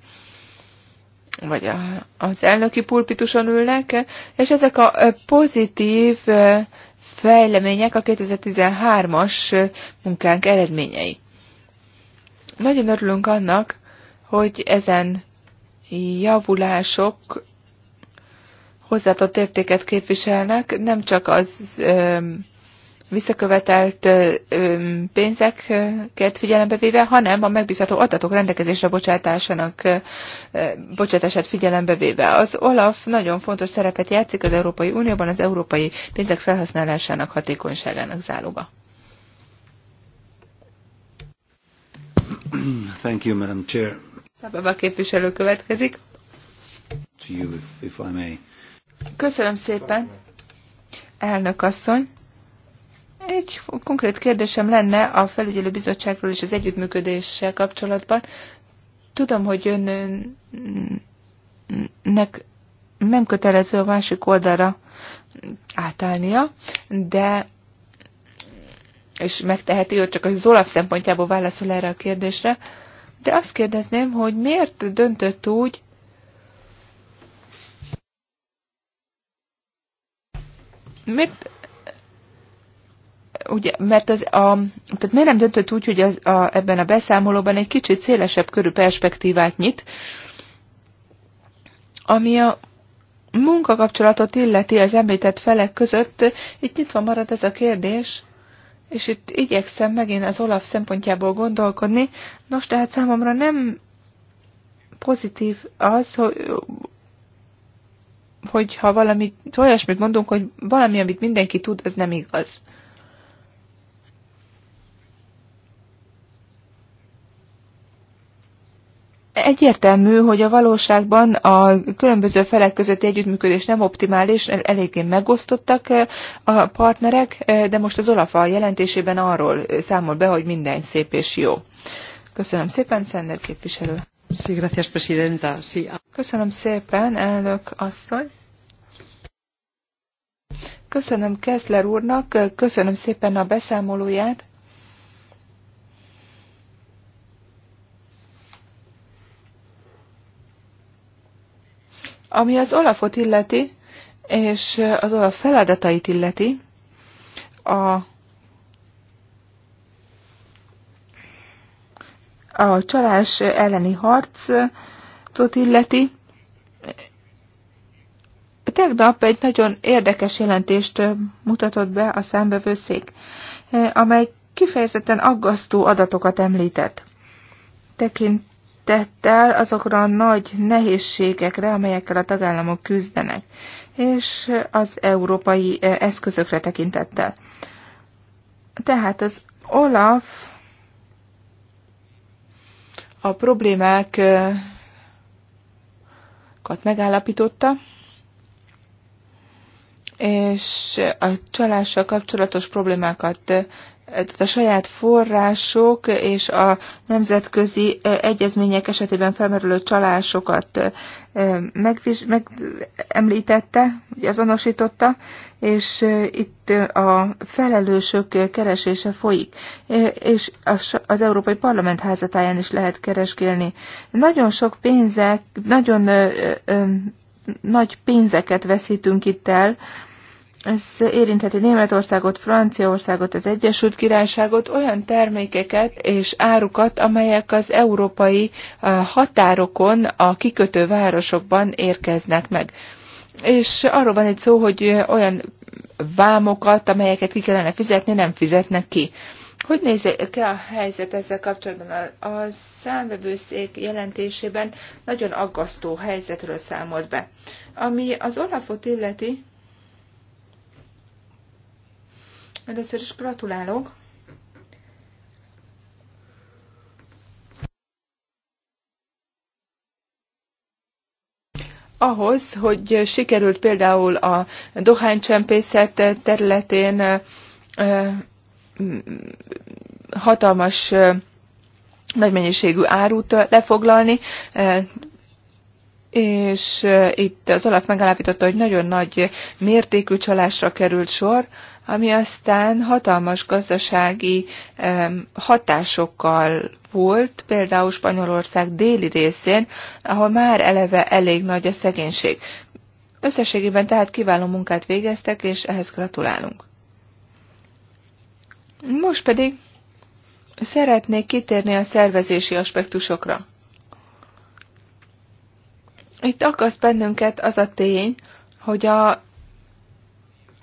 vagy az elnöki pulpituson ülnek, és ezek a e, pozitív e, fejlemények a 2013-as munkánk eredményei. Nagyon örülünk annak, hogy ezen javulások hozzáadott értéket képviselnek, nem csak az visszakövetelt pénzeket figyelembe véve, hanem a megbízható adatok rendelkezésre bocsátásának bocsátását figyelembe véve. Az OLAF nagyon fontos szerepet játszik az Európai Unióban az európai pénzek felhasználásának hatékonyságának záloga. Thank you, Madam Chair. Szababa képviselő következik. To you, if, if I may. Köszönöm szépen, elnök asszony. Egy konkrét kérdésem lenne a felügyelő bizottságról és az együttműködéssel kapcsolatban. Tudom, hogy önnek nem kötelező a másik oldalra átállnia, de és megteheti, hogy csak az Olaf szempontjából válaszol erre a kérdésre, de azt kérdezném, hogy miért döntött úgy, Miért? Ugye, mert az a, tehát miért nem döntött úgy, hogy az, a, ebben a beszámolóban egy kicsit szélesebb körű perspektívát nyit, ami a munkakapcsolatot illeti az említett felek között, itt nyitva marad ez a kérdés, és itt igyekszem megint az Olaf szempontjából gondolkodni. Nos, tehát számomra nem pozitív az, hogy hogyha valamit, olyasmit mondunk, hogy valami, amit mindenki tud, ez nem igaz. Egyértelmű, hogy a valóságban a különböző felek közötti együttműködés nem optimális, eléggé megosztottak eh, a partnerek, eh, de most az Olafa jelentésében arról számol be, hogy minden szép és jó. Köszönöm szépen, Szender képviselő. Ah. Köszönöm szépen, elnök asszony. Köszönöm Kessler úrnak, köszönöm szépen a beszámolóját. Ami az Olafot illeti, és az Olaf feladatait illeti, a a csalás elleni harcot illeti. Tegnap egy nagyon érdekes jelentést mutatott be a számbevőszék, amely kifejezetten aggasztó adatokat említett. Tekintettel azokra a nagy nehézségekre, amelyekkel a tagállamok küzdenek, és az európai eszközökre tekintettel. Tehát az Olaf a problémákat megállapította, és a csalással kapcsolatos problémákat tehát a saját források és a nemzetközi egyezmények esetében felmerülő csalásokat megviz, meg, említette, azonosította, és itt a felelősök keresése folyik, és az Európai Parlament házatáján is lehet kereskélni. Nagyon sok pénzek, nagyon nagy pénzeket veszítünk itt el, ez érintheti Németországot, Franciaországot, az Egyesült Királyságot, olyan termékeket és árukat, amelyek az európai határokon, a kikötő városokban érkeznek meg. És arról van egy szó, hogy olyan vámokat, amelyeket ki kellene fizetni, nem fizetnek ki. Hogy nézze, ki a helyzet ezzel kapcsolatban? A, a számvevőszék jelentésében nagyon aggasztó helyzetről számolt be. Ami az Olafot illeti, Először is gratulálok. Ahhoz, hogy sikerült például a dohánycsempészet területén hatalmas nagy mennyiségű árut lefoglalni, és itt az alap megállapította, hogy nagyon nagy mértékű csalásra került sor, ami aztán hatalmas gazdasági hatásokkal volt, például Spanyolország déli részén, ahol már eleve elég nagy a szegénység. Összességében tehát kiváló munkát végeztek, és ehhez gratulálunk. Most pedig szeretnék kitérni a szervezési aspektusokra. Itt akaszt bennünket az a tény, hogy a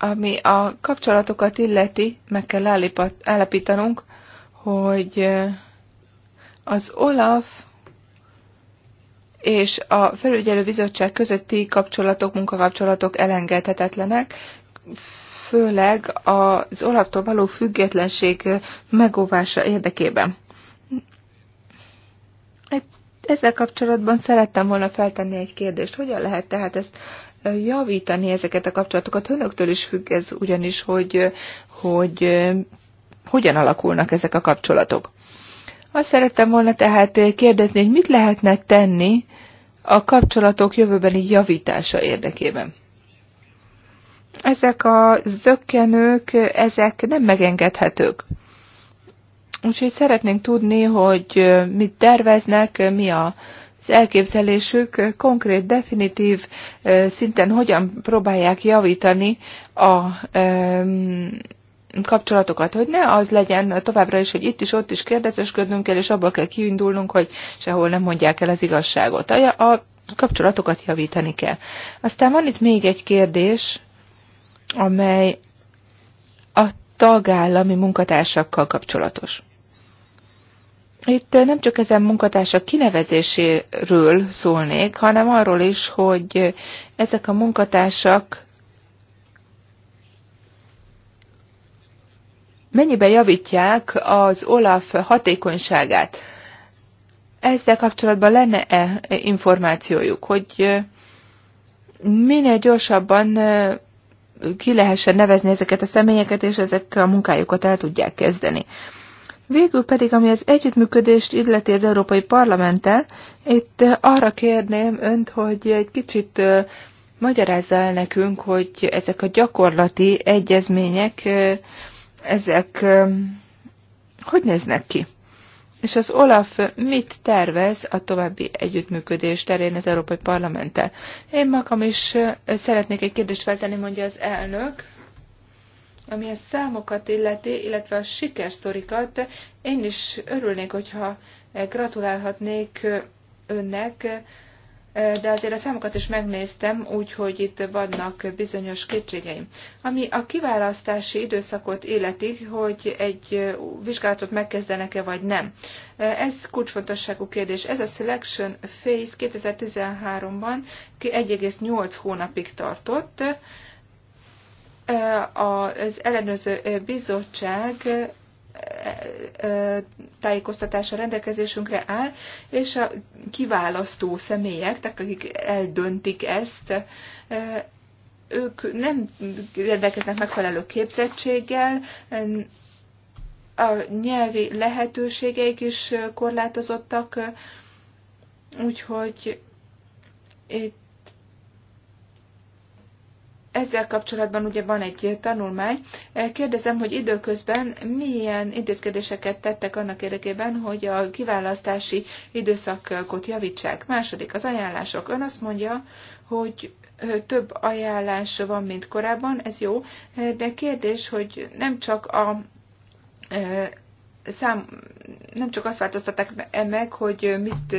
ami a kapcsolatokat illeti, meg kell állapítanunk, hogy az OLAF és a felügyelőbizottság közötti kapcsolatok, munkakapcsolatok elengedhetetlenek, főleg az olaftól való függetlenség megóvása érdekében. Ezzel kapcsolatban szerettem volna feltenni egy kérdést. Hogyan lehet tehát ezt javítani ezeket a kapcsolatokat. Önöktől is függ ez ugyanis, hogy, hogy hogyan alakulnak ezek a kapcsolatok. Azt szerettem volna tehát kérdezni, hogy mit lehetne tenni a kapcsolatok jövőbeni javítása érdekében. Ezek a zöggenők, ezek nem megengedhetők. Úgyhogy szeretnénk tudni, hogy mit terveznek, mi a, az elképzelésük konkrét, definitív szinten hogyan próbálják javítani a kapcsolatokat, hogy ne az legyen továbbra is, hogy itt is, ott is kérdezősködnünk kell, és abból kell kiindulnunk, hogy sehol nem mondják el az igazságot. A, a kapcsolatokat javítani kell. Aztán van itt még egy kérdés, amely a tagállami munkatársakkal kapcsolatos. Itt nem csak ezen munkatársak kinevezéséről szólnék, hanem arról is, hogy ezek a munkatársak mennyiben javítják az OLAF hatékonyságát. Ezzel kapcsolatban lenne-e információjuk, hogy minél gyorsabban ki lehessen nevezni ezeket a személyeket, és ezekkel a munkájukat el tudják kezdeni. Végül pedig, ami az együttműködést illeti az Európai Parlamenttel, itt eh, arra kérném önt, hogy egy kicsit eh, magyarázza el nekünk, hogy ezek a gyakorlati egyezmények, eh, ezek hogy néznek ki? És az Olaf mit tervez a további együttműködés terén az Európai Parlamenttel? Én magam is szeretnék egy kérdést feltenni, mondja az elnök ami a számokat illeti, illetve a sikersztorikat, én is örülnék, hogyha eh, gratulálhatnék eh, önnek, eh, de azért a számokat is megnéztem, úgyhogy itt vannak bizonyos kétségeim. Ami a kiválasztási időszakot illeti, hogy egy vizsgálatot megkezdenek-e vagy nem. Ez kulcsfontosságú kérdés. Ez a Selection Phase 2013-ban 1,8 hónapig tartott, az ellenőrző bizottság tájékoztatása rendelkezésünkre áll, és a kiválasztó személyek, tehát akik eldöntik ezt, ők nem rendelkeznek megfelelő képzettséggel, a nyelvi lehetőségeik is korlátozottak, úgyhogy itt ezzel kapcsolatban ugye van egy tanulmány. Kérdezem, hogy időközben milyen intézkedéseket tettek annak érdekében, hogy a kiválasztási időszakot javítsák. Második, az ajánlások. Ön azt mondja, hogy több ajánlás van, mint korábban, ez jó, de kérdés, hogy nem csak a szám, nem csak azt változtatták e meg, hogy mit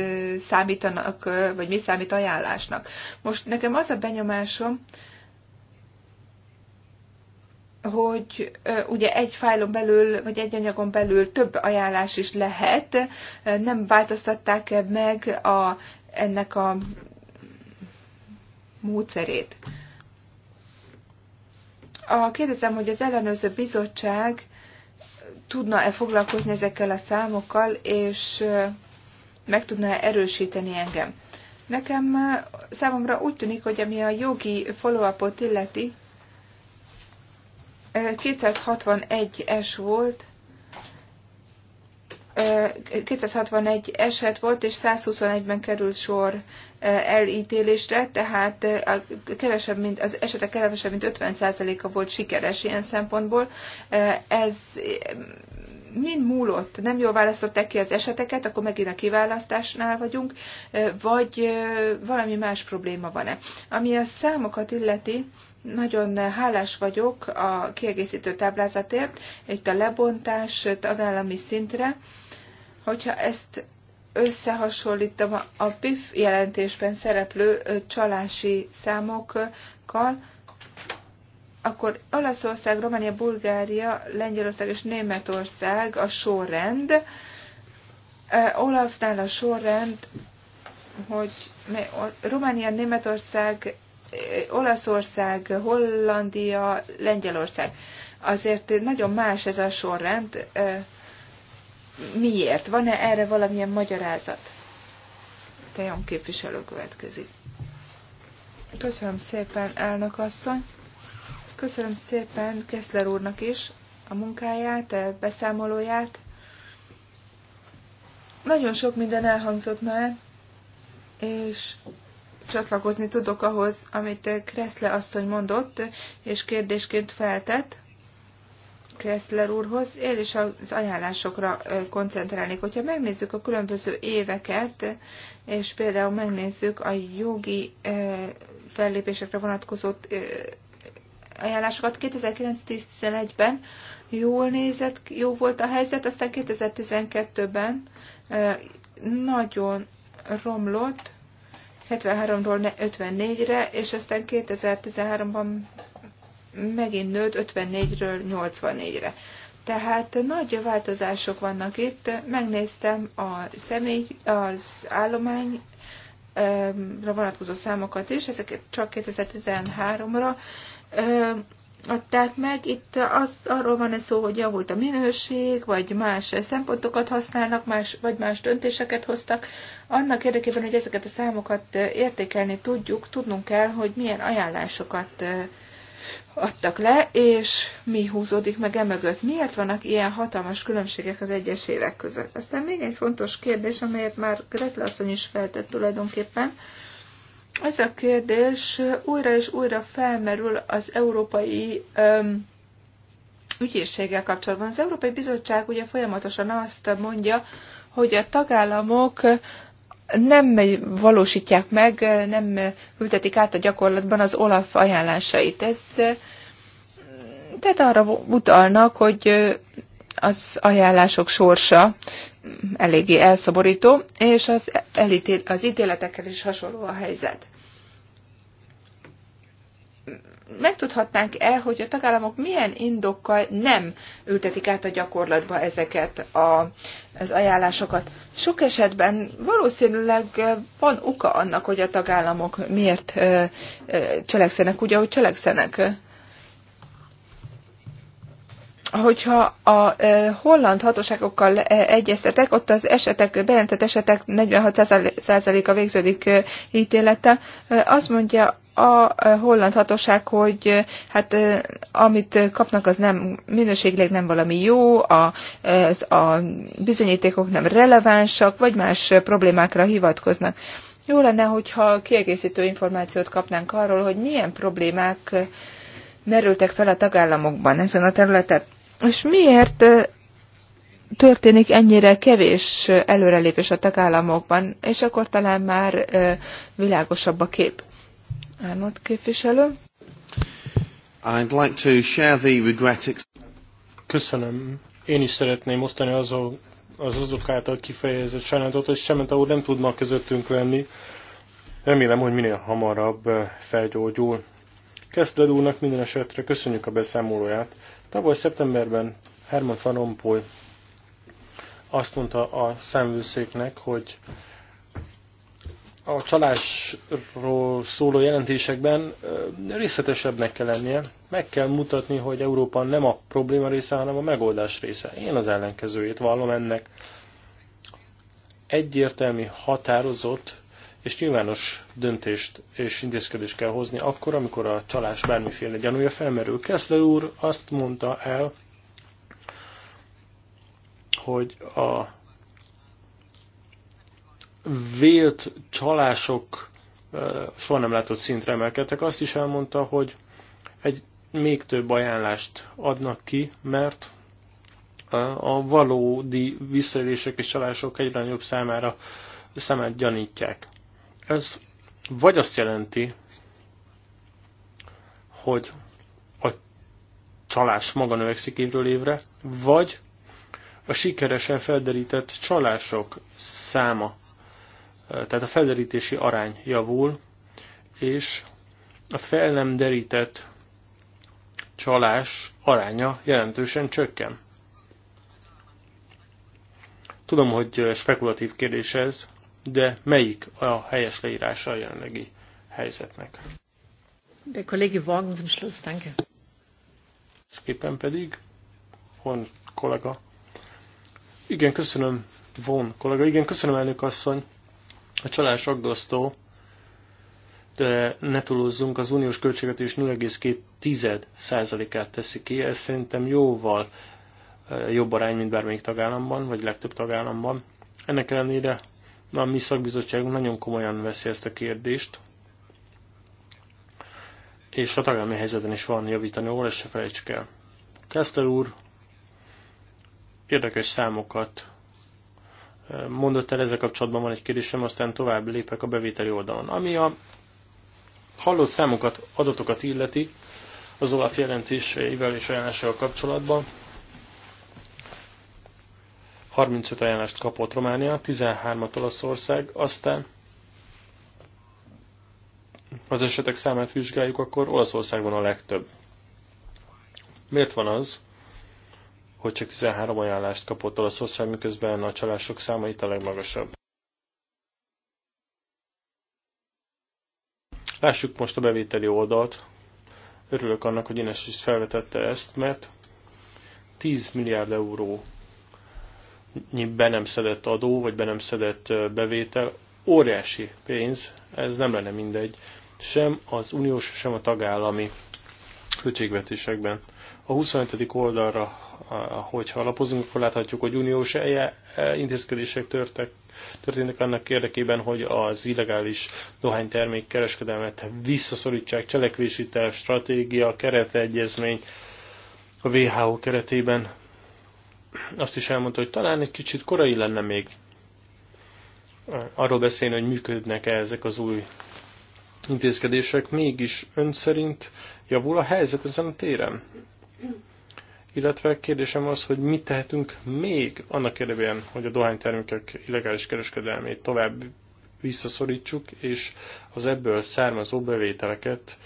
számítanak, vagy mi számít ajánlásnak. Most nekem az a benyomásom, hogy ugye egy fájlon belül, vagy egy anyagon belül több ajánlás is lehet. Nem változtatták meg a, ennek a módszerét. A, kérdezem, hogy az ellenőrző bizottság tudna-e foglalkozni ezekkel a számokkal, és meg tudna-e erősíteni engem. Nekem számomra úgy tűnik, hogy ami a jogi follow-upot illeti, 261-es volt, 261 eset volt, és 121-ben került sor elítélésre, tehát a kevesebb, mint, az esetek kevesebb, mint 50%-a volt sikeres ilyen szempontból. Ez mind múlott, nem jól választották ki az eseteket, akkor megint a kiválasztásnál vagyunk, vagy valami más probléma van-e. Ami a számokat illeti, nagyon hálás vagyok a kiegészítő táblázatért, itt a lebontás tagállami szintre. Hogyha ezt összehasonlítom a PIF jelentésben szereplő csalási számokkal, akkor Olaszország, Románia, Bulgária, Lengyelország és Németország a sorrend. Olafnál a sorrend, hogy Románia, Németország Olaszország, Hollandia, Lengyelország. Azért nagyon más ez a sorrend. Miért? Van-e erre valamilyen magyarázat? Tejon képviselő következik. Köszönöm szépen, elnök asszony. Köszönöm szépen Keszler úrnak is a munkáját, a beszámolóját. Nagyon sok minden elhangzott már, és csatlakozni tudok ahhoz, amit Kressle asszony mondott, és kérdésként feltett Kressler úrhoz. Én is az ajánlásokra koncentrálnék. Hogyha megnézzük a különböző éveket, és például megnézzük a jogi fellépésekre vonatkozó ajánlásokat 2009 11 ben jól nézett, jó volt a helyzet, aztán 2012-ben nagyon romlott, 73-ról 54-re, és aztán 2013-ban megint nőtt 54-ről 84-re. Tehát nagy változások vannak itt. Megnéztem a személy, az állomány vonatkozó számokat is, ezeket csak 2013-ra adták meg. Itt az, arról van szó, hogy javult a minőség, vagy más szempontokat használnak, más, vagy más döntéseket hoztak. Annak érdekében, hogy ezeket a számokat értékelni tudjuk, tudnunk kell, hogy milyen ajánlásokat adtak le, és mi húzódik meg emögött. Miért vannak ilyen hatalmas különbségek az egyes évek között? Aztán még egy fontos kérdés, amelyet már Gretle asszony is feltett tulajdonképpen, ez a kérdés újra és újra felmerül az európai öm, ügyészséggel kapcsolatban. Az Európai Bizottság ugye folyamatosan azt mondja, hogy a tagállamok nem valósítják meg, nem ültetik át a gyakorlatban az OLAF ajánlásait. Ez tehát arra utalnak, hogy az ajánlások sorsa eléggé elszaborító, és az, elítél, az ítéletekkel is hasonló a helyzet. Megtudhatnánk-e, hogy a tagállamok milyen indokkal nem ültetik át a gyakorlatba ezeket a, az ajánlásokat? Sok esetben valószínűleg van oka annak, hogy a tagállamok miért cselekszenek úgy, ahogy cselekszenek hogyha a e, holland hatóságokkal e, egyeztetek, ott az esetek, bejelentett esetek 46%-a végződik e, ítélettel. Azt mondja a holland hatóság, hogy hát amit kapnak, az nem minőségileg nem valami jó, a, az, a bizonyítékok nem relevánsak, vagy más problémákra hivatkoznak. Jó lenne, hogyha kiegészítő információt kapnánk arról, hogy milyen problémák merültek fel a tagállamokban ezen a területen. És miért történik ennyire kevés előrelépés a tagállamokban, és akkor talán már világosabb a kép. Arnold képviselő. I'd like to share the regret Köszönöm. Én is szeretném osztani azok, az azok által kifejezett sajnálatot, hogy semmit, ahol nem tudnak közöttünk lenni. Remélem, hogy minél hamarabb felgyógyul. Keszler úrnak minden esetre köszönjük a beszámolóját. Tavaly szeptemberben Herman Van Rompuy azt mondta a számvőszéknek, hogy a csalásról szóló jelentésekben részletesebbnek kell lennie, meg kell mutatni, hogy Európa nem a probléma része, hanem a megoldás része. Én az ellenkezőjét vallom ennek. Egyértelmű, határozott és nyilvános döntést és intézkedést kell hozni akkor, amikor a csalás bármiféle gyanúja felmerül. Keszler úr azt mondta el, hogy a vélt csalások soha nem látott szintre emelkedtek. Azt is elmondta, hogy egy még több ajánlást adnak ki, mert a valódi visszaélések és csalások egyre nagyobb számára szemet gyanítják. Ez vagy azt jelenti, hogy a csalás maga növekszik évről évre, vagy a sikeresen felderített csalások száma, e, tehát a felderítési arány javul, és a fel nem derített csalás aránya jelentősen csökken. Tudom, hogy spekulatív kérdés ez, de melyik a helyes leírása a jelenlegi helyzetnek? De kollégi Wagen zum Schluss, danke. Szépen pedig, von kollega. Igen, köszönöm, von kollega. Igen, köszönöm, elnök asszony. A csalás aggasztó, de ne túlozzunk, az uniós költségvetés 0,2%-át teszi ki. Ez szerintem jóval eh, jobb arány, mint bármelyik tagállamban, vagy legtöbb tagállamban. Ennek ellenére a mi szakbizottságunk nagyon komolyan veszi ezt a kérdést, és a tagállami helyzeten is van javítani, ahol ezt se felejtsük el. Kessler úr érdekes számokat eh, mondott el, ezzel kapcsolatban van egy kérdésem, aztán tovább lépek a bevételi oldalon. Ami a hallott számokat, adatokat illeti, az Olaf jelentéseivel és ajánlásával kapcsolatban, 35 ajánlást kapott Románia, 13-at Olaszország, aztán az esetek számát vizsgáljuk, akkor Olaszországban a legtöbb. Miért van az, hogy csak 13 ajánlást kapott Olaszország, miközben a csalások száma itt a legmagasabb? Lássuk most a bevételi oldalt. Örülök annak, hogy Ines is felvetette ezt, mert 10 milliárd euró be nem szedett adó, vagy be nem szedett bevétel, óriási pénz, ez nem lenne mindegy, sem az uniós, sem a tagállami költségvetésekben. A 25. oldalra, hogyha alapozunk, akkor láthatjuk, hogy uniós e, intézkedések törtek, történtek annak érdekében, hogy az illegális dohánytermék kereskedelmet visszaszorítsák, cselekvési terv, stratégia, keretegyezmény a WHO keretében azt is elmondta, hogy talán egy kicsit korai lenne még arról beszélni, hogy működnek-e ezek az új intézkedések, mégis ön szerint javul a helyzet ezen a téren? Illetve kérdésem az, hogy mit tehetünk még annak érdekében, hogy a dohánytermékek illegális kereskedelmét tovább visszaszorítsuk, és az ebből származó bevételeket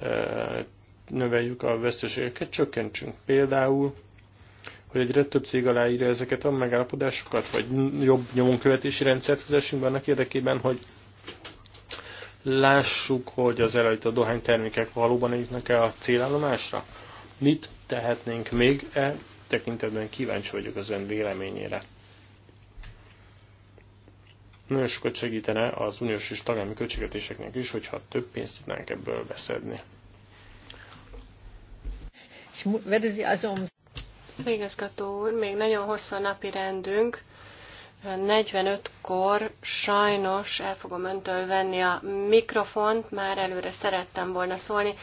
eh, növeljük, a veszteségeket csökkentsünk. Például hogy egyre több cég aláírja ezeket a megállapodásokat, vagy jobb nyomonkövetési rendszert vezessünk be annak érdekében, hogy lássuk, hogy az a dohánytermékek valóban eljutnak el a célállomásra? Mit tehetnénk még e tekintetben kíváncsi vagyok az ön véleményére. Nagyon sokat segítene az uniós és tagállami költségvetéseknek is, hogyha több pénzt tudnánk ebből beszedni. Um Végezgató úr, még nagyon hosszú a napi rendünk. 45-kor sajnos el fogom öntől venni a mikrofont, már előre szerettem volna szólni.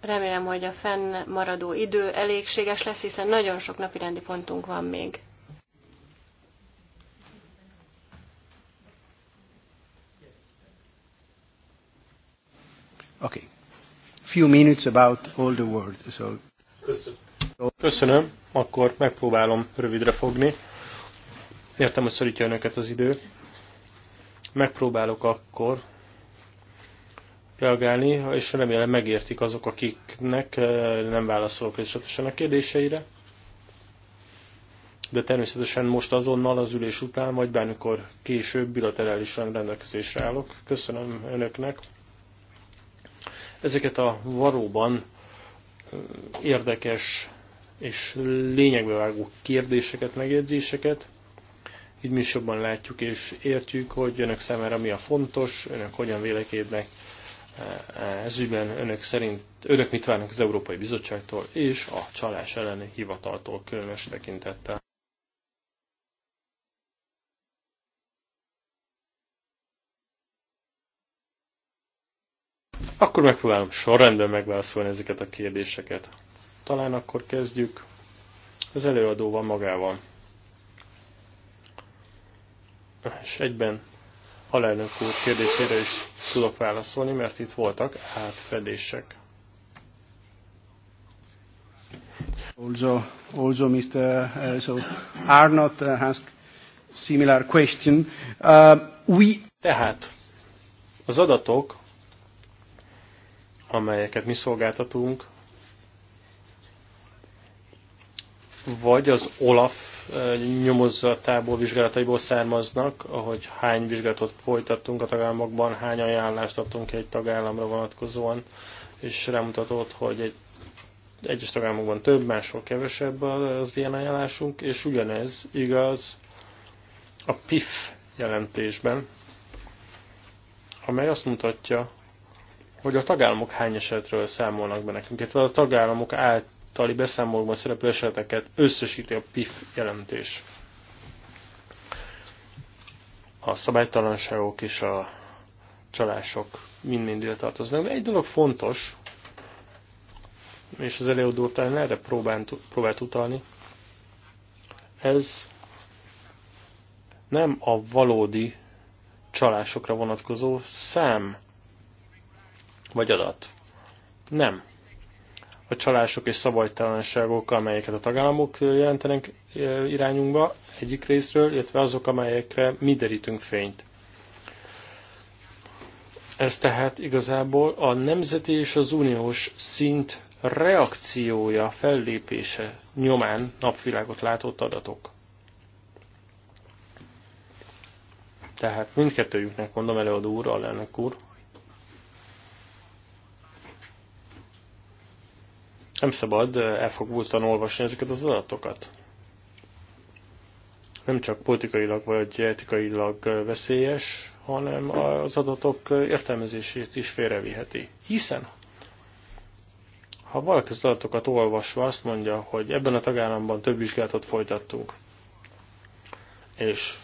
Remélem, hogy a fennmaradó idő elégséges lesz, hiszen nagyon sok napi rendi pontunk van még. Okay. Few minutes about all the world. So. Köszönöm. Köszönöm akkor megpróbálom rövidre fogni. Értem, hogy szorítja önöket az idő. Megpróbálok akkor reagálni, és remélem megértik azok, akiknek eh, nem válaszolok részletesen a kérdéseire. De természetesen most azonnal az ülés után, vagy bármikor később bilaterálisan rendelkezésre állok. Köszönöm önöknek. Ezeket a valóban eh, érdekes és lényegbe vágó kérdéseket, megjegyzéseket. Így mi is jobban látjuk és értjük, hogy önök számára mi a fontos, önök hogyan vélekednek eh, ez ügyben, önök szerint, önök mit várnak az Európai Bizottságtól és a csalás elleni hivataltól különös tekintettel. Akkor megpróbálom sorrendben megválaszolni ezeket a kérdéseket. Talán akkor kezdjük az előadóval magával. És egyben alelnök úr kérdésére is tudok válaszolni, mert itt voltak átfedések. Also, also Mr. Uh, so Arnott uh, has similar question. Uh, we... Tehát az adatok, amelyeket mi szolgáltatunk, vagy az Olaf nyomozatából, vizsgálataiból származnak, ahogy hány vizsgálatot folytattunk a tagállamokban, hány ajánlást adtunk ki egy tagállamra vonatkozóan, és rámutatott, hogy egy, egyes tagállamokban több, máshol kevesebb az ilyen ajánlásunk, és ugyanez igaz a PIF jelentésben, amely azt mutatja, hogy a tagállamok hány esetről számolnak be nekünk, illetve a tagállamok által tali beszámolóban szereplő eseteket összesíti a PIF jelentés. A szabálytalanságok és a csalások mind-mind ide tartoznak. De egy dolog fontos, és az előadó talán erre próbált, próbált utalni, ez nem a valódi csalásokra vonatkozó szám vagy adat. Nem a csalások és szabálytalanságok, amelyeket a tagállamok jelentenek irányunkba egyik részről, illetve azok, amelyekre mi derítünk fényt. Ez tehát igazából a nemzeti és az uniós szint reakciója, fellépése nyomán napvilágot látott adatok. Tehát mindkettőjüknek mondom előadó úr, alelnök úr, Nem szabad elfogultan olvasni ezeket az adatokat. Nem csak politikailag vagy etikailag veszélyes, hanem az adatok értelmezését is félreviheti. Hiszen, ha valaki az adatokat olvasva azt mondja, hogy ebben a tagállamban több vizsgálatot folytattunk, és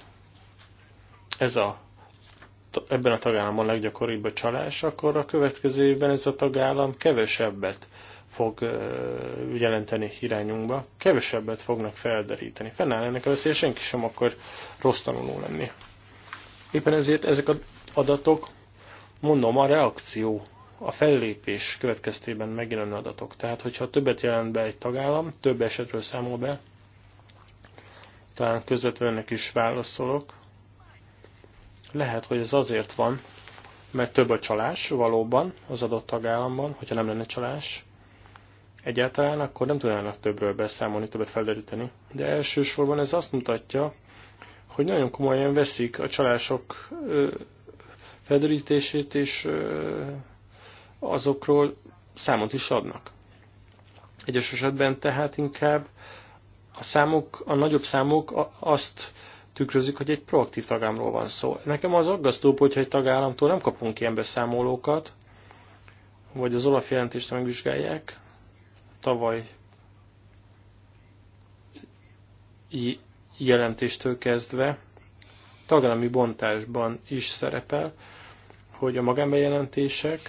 ez a, ebben a tagállamban leggyakoribb a csalás, akkor a következő évben ez a tagállam kevesebbet fog jelenteni irányunkba, kevesebbet fognak felderíteni. Fennáll ennek a veszélye, senki sem akar rossz tanuló lenni. Éppen ezért ezek az adatok, mondom, a reakció, a fellépés következtében megjelenő adatok. Tehát, hogyha többet jelent be egy tagállam, több esetről számol be, talán közvetlennek is válaszolok, lehet, hogy ez azért van, mert több a csalás valóban az adott tagállamban, hogyha nem lenne csalás, egyáltalán, akkor nem tudnának többről beszámolni, többet felderíteni. De elsősorban ez azt mutatja, hogy nagyon komolyan veszik a csalások felderítését, és azokról számot is adnak. Egyes esetben tehát inkább a számok, a nagyobb számok azt tükrözik, hogy egy proaktív tagállamról van szó. Nekem az aggasztóbb, hogyha egy tagállamtól nem kapunk ilyen beszámolókat, vagy az olaf jelentést megvizsgálják, tavaly jelentéstől kezdve tagállami bontásban is szerepel, hogy a magánbejelentések,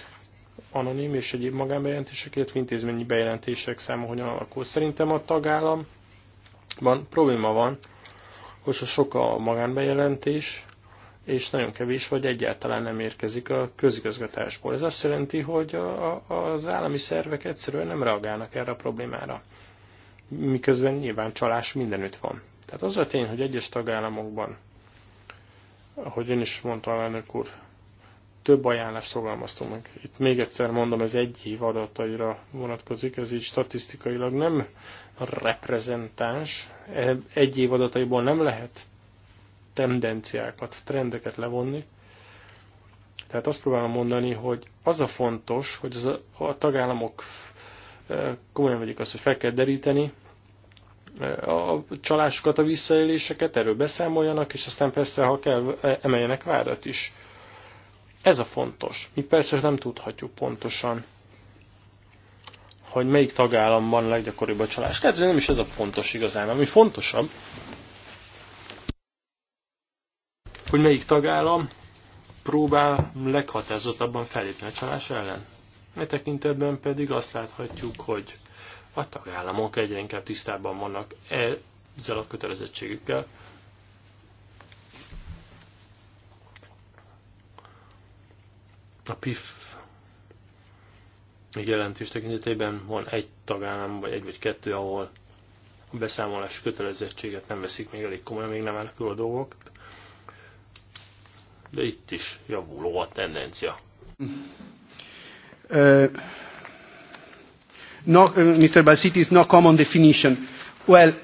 anonim és egyéb magánbejelentések, illetve intézményi bejelentések száma hogyan alakul. Szerintem a tagállamban probléma van, hogy sok a magánbejelentés, és nagyon kevés vagy egyáltalán nem érkezik a közigazgatásból. Ez azt jelenti, hogy a, a, az állami szervek egyszerűen nem reagálnak erre a problémára, miközben nyilván csalás mindenütt van. Tehát az a tény, hogy egyes tagállamokban, ahogy ön is mondta, elnök úr, több ajánlást fogalmaztunk meg. Itt még egyszer mondom, ez egy év adataira vonatkozik, ez így statisztikailag nem reprezentáns. E- egy év adataiból nem lehet tendenciákat, trendeket levonni. Tehát azt próbálom mondani, hogy az a fontos, hogy az a, a tagállamok eh, komolyan vegyék azt, hogy fel kell deríteni eh, a csalásokat, a visszaéléseket, erről beszámoljanak, és aztán persze, ha kell, eh, emeljenek vádat is. Ez a fontos. Mi persze nem tudhatjuk pontosan, hogy melyik tagállamban leggyakoribb a csalás. Tehát nem is ez a fontos igazán. Ami fontosabb, hogy melyik tagállam próbál leghatározottabban felépni a csalás ellen. E tekintetben pedig azt láthatjuk, hogy a tagállamok egyre inkább tisztában vannak ezzel a kötelezettségükkel. A PIF még jelentős tekintetében van egy tagállam, vagy egy vagy kettő, ahol a beszámolási kötelezettséget nem veszik még elég komolyan, még nem állnak a dolgok de itt is javuló a tendencia. Uh, no, uh, Mr. Balsitis, no common definition. Well...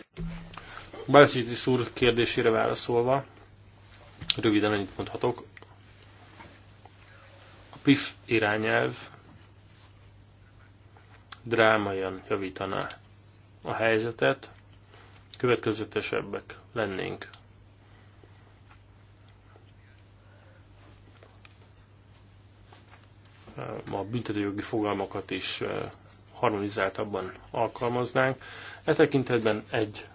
Balsitis úr kérdésére válaszolva, röviden ennyit mondhatok. A PIF irányelv drámaian javítaná a helyzetet, következetesebbek lennénk a büntetőjogi fogalmakat is harmonizáltabban alkalmaznánk. E tekintetben egy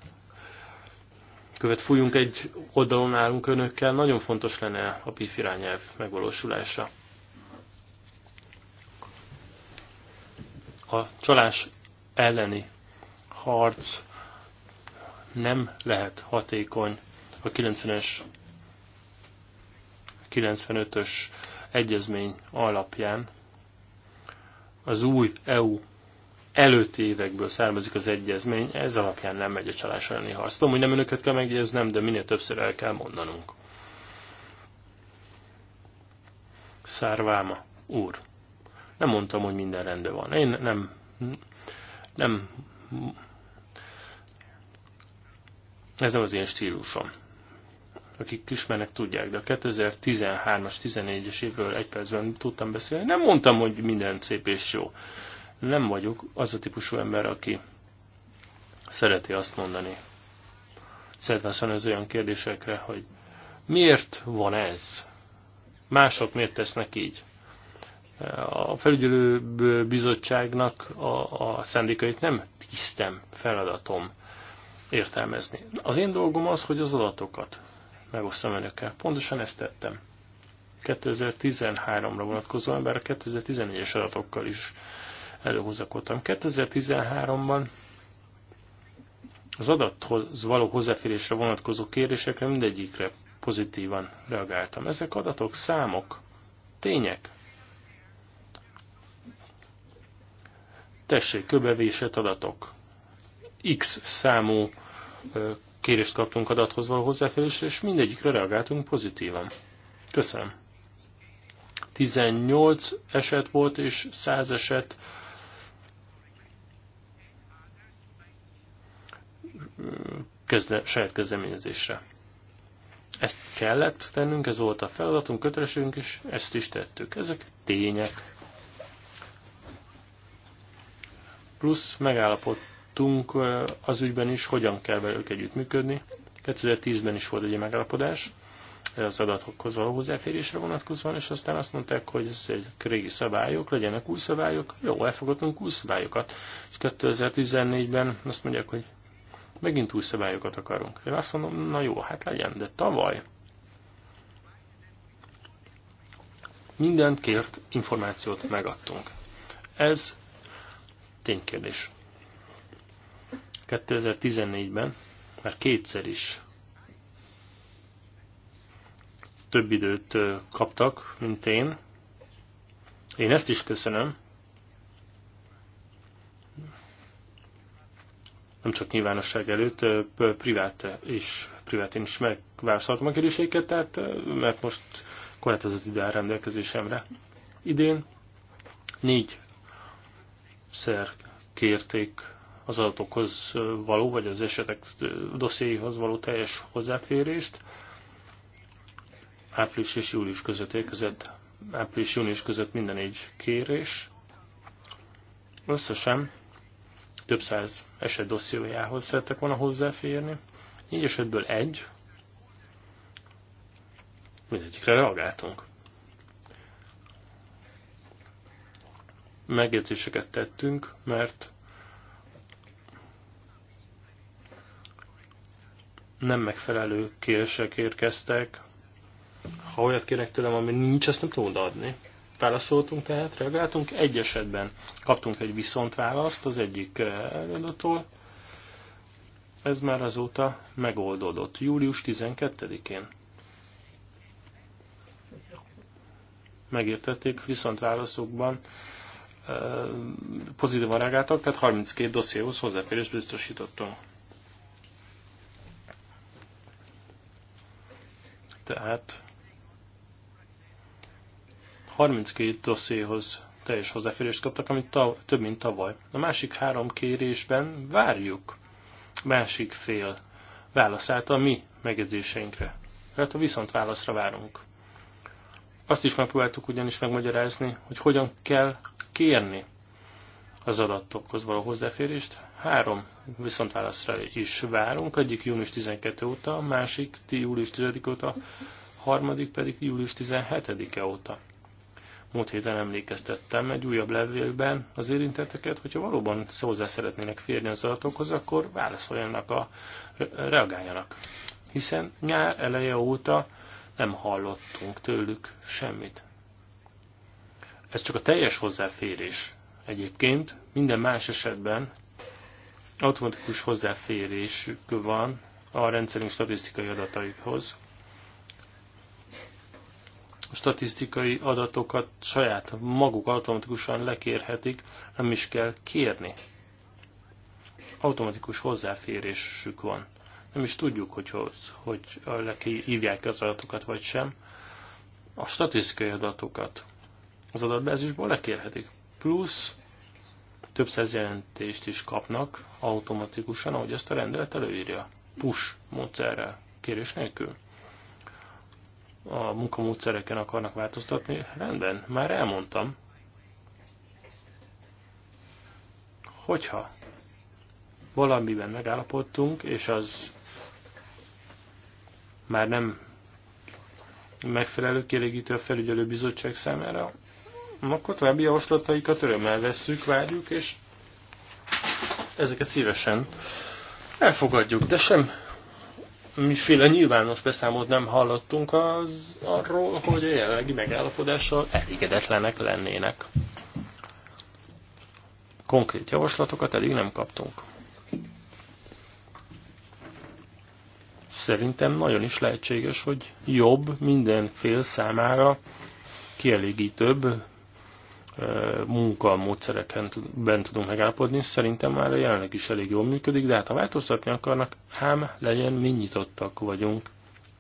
követ fújunk, egy oldalon állunk önökkel, nagyon fontos lenne a PIF irányelv megvalósulása. A csalás elleni harc nem lehet hatékony a 90-es, 95-ös egyezmény alapján az új EU előtti évekből származik az egyezmény, ez alapján nem megy a csalás elleni harc. Tudom, hogy nem önöket kell megjegyeznem, de minél többször el kell mondanunk. Szárváma, úr. Nem mondtam, hogy minden rendben van. Én nem, nem, ez nem az én stílusom akik ismernek, tudják, de a 2013-as, 14-es évről egy percben tudtam beszélni. Nem mondtam, hogy minden szép és jó. Nem vagyok az a típusú ember, aki szereti azt mondani. Szeretnásson az olyan kérdésekre, hogy miért van ez? Mások miért tesznek így? A felügyelő bizottságnak a, a szándékait nem tisztem, feladatom értelmezni. Az én dolgom az, hogy az adatokat megosztom önökkel. Pontosan ezt tettem. 2013-ra vonatkozóan, bár a 2014-es adatokkal is előhozakodtam. 2013-ban az adathoz való hozzáférésre vonatkozó kérdésekre mindegyikre pozitívan reagáltam. Ezek adatok, számok, tények. Tessék, köbevésett adatok. X számú kérést kaptunk adathoz való hozzáférésre, és mindegyikre reagáltunk pozitívan. Köszönöm. 18 eset volt, és 100 eset kezde, saját kezdeményezésre. Ezt kellett tennünk, ez volt a feladatunk, kötelességünk, és ezt is tettük. Ezek tények. Plusz megállapodtunk megállapodtunk az ügyben is, hogyan kell velük együttműködni. 2010-ben is volt egy megállapodás az adatokhoz való hozzáférésre vonatkozóan, és aztán azt mondták, hogy ez egy régi szabályok, legyenek új szabályok, jó, elfogadunk új szabályokat. És 2014-ben azt mondják, hogy megint új szabályokat akarunk. Én azt mondom, na jó, hát legyen, de tavaly mindent kért információt megadtunk. Ez ténykérdés. 2014-ben már kétszer is több időt kaptak, mint én. Én ezt is köszönöm. Nem csak nyilvánosság előtt, privát is, privátén is megválaszoltam a kérdéseiket, tehát, mert most korlátozott idő áll rendelkezésemre. Idén négy szer kérték az adatokhoz való, vagy az esetek dossziéhoz való teljes hozzáférést. Április és július között érkezett, április-június között minden egy kérés. Összesen több száz eset dossziójához szerettek volna hozzáférni. Így esetből egy, mindegyikre reagáltunk. Megjegyzéseket tettünk, mert nem megfelelő kérések érkeztek. Ha olyat kérek tőlem, ami nincs, azt nem tudom adni. Válaszoltunk tehát, reagáltunk. Egy esetben kaptunk egy viszontválaszt az egyik eh, előadótól. Ez már azóta megoldódott. Július 12-én. Megértették viszont válaszokban eh, pozitívan reagáltak, tehát 32 dossziéhoz hozzáférés biztosítottunk. tehát 32 dossziéhoz teljes hozzáférést kaptak, amit több, mint tavaly. A másik három kérésben várjuk másik fél válaszát a mi megjegyzéseinkre. Tehát a viszont válaszra várunk. Azt is megpróbáltuk ugyanis megmagyarázni, hogy hogyan kell kérni az adatokhoz való hozzáférést. Három viszontválaszra is várunk, egyik június 12 óta, másik július 10 óta, harmadik pedig július 17-e óta. Múlt héten emlékeztettem egy újabb levélben az érintetteket, hogyha valóban hozzá szeretnének férni az adatokhoz, akkor válaszoljanak, a, reagáljanak. Hiszen nyár eleje óta nem hallottunk tőlük semmit. Ez csak a teljes hozzáférés egyébként, minden más esetben automatikus hozzáférésük van a rendszerünk statisztikai adataikhoz. A statisztikai adatokat saját maguk automatikusan lekérhetik, nem is kell kérni. Automatikus hozzáférésük van. Nem is tudjuk, hogy, hoz, hogy leki hívják az adatokat vagy sem. A statisztikai adatokat az adatbázisból lekérhetik plusz több száz jelentést is kapnak automatikusan, ahogy ezt a rendelet előírja. Push módszerrel, kérés nélkül. A munkamódszereken akarnak változtatni? Rendben, már elmondtam. Hogyha valamiben megállapodtunk, és az már nem megfelelő kielégítő a felügyelő bizottság számára, akkor további javaslataikat örömmel vesszük, várjuk, és ezeket szívesen elfogadjuk, de sem miféle nyilvános beszámolót nem hallottunk az arról, hogy a jelenlegi megállapodással elégedetlenek lennének. Konkrét javaslatokat eddig nem kaptunk. Szerintem nagyon is lehetséges, hogy jobb minden fél számára kielégítőbb bent tudunk megállapodni, szerintem már jelenleg is elég jól működik, de hát ha változtatni akarnak, hám legyen, mi nyitottak vagyunk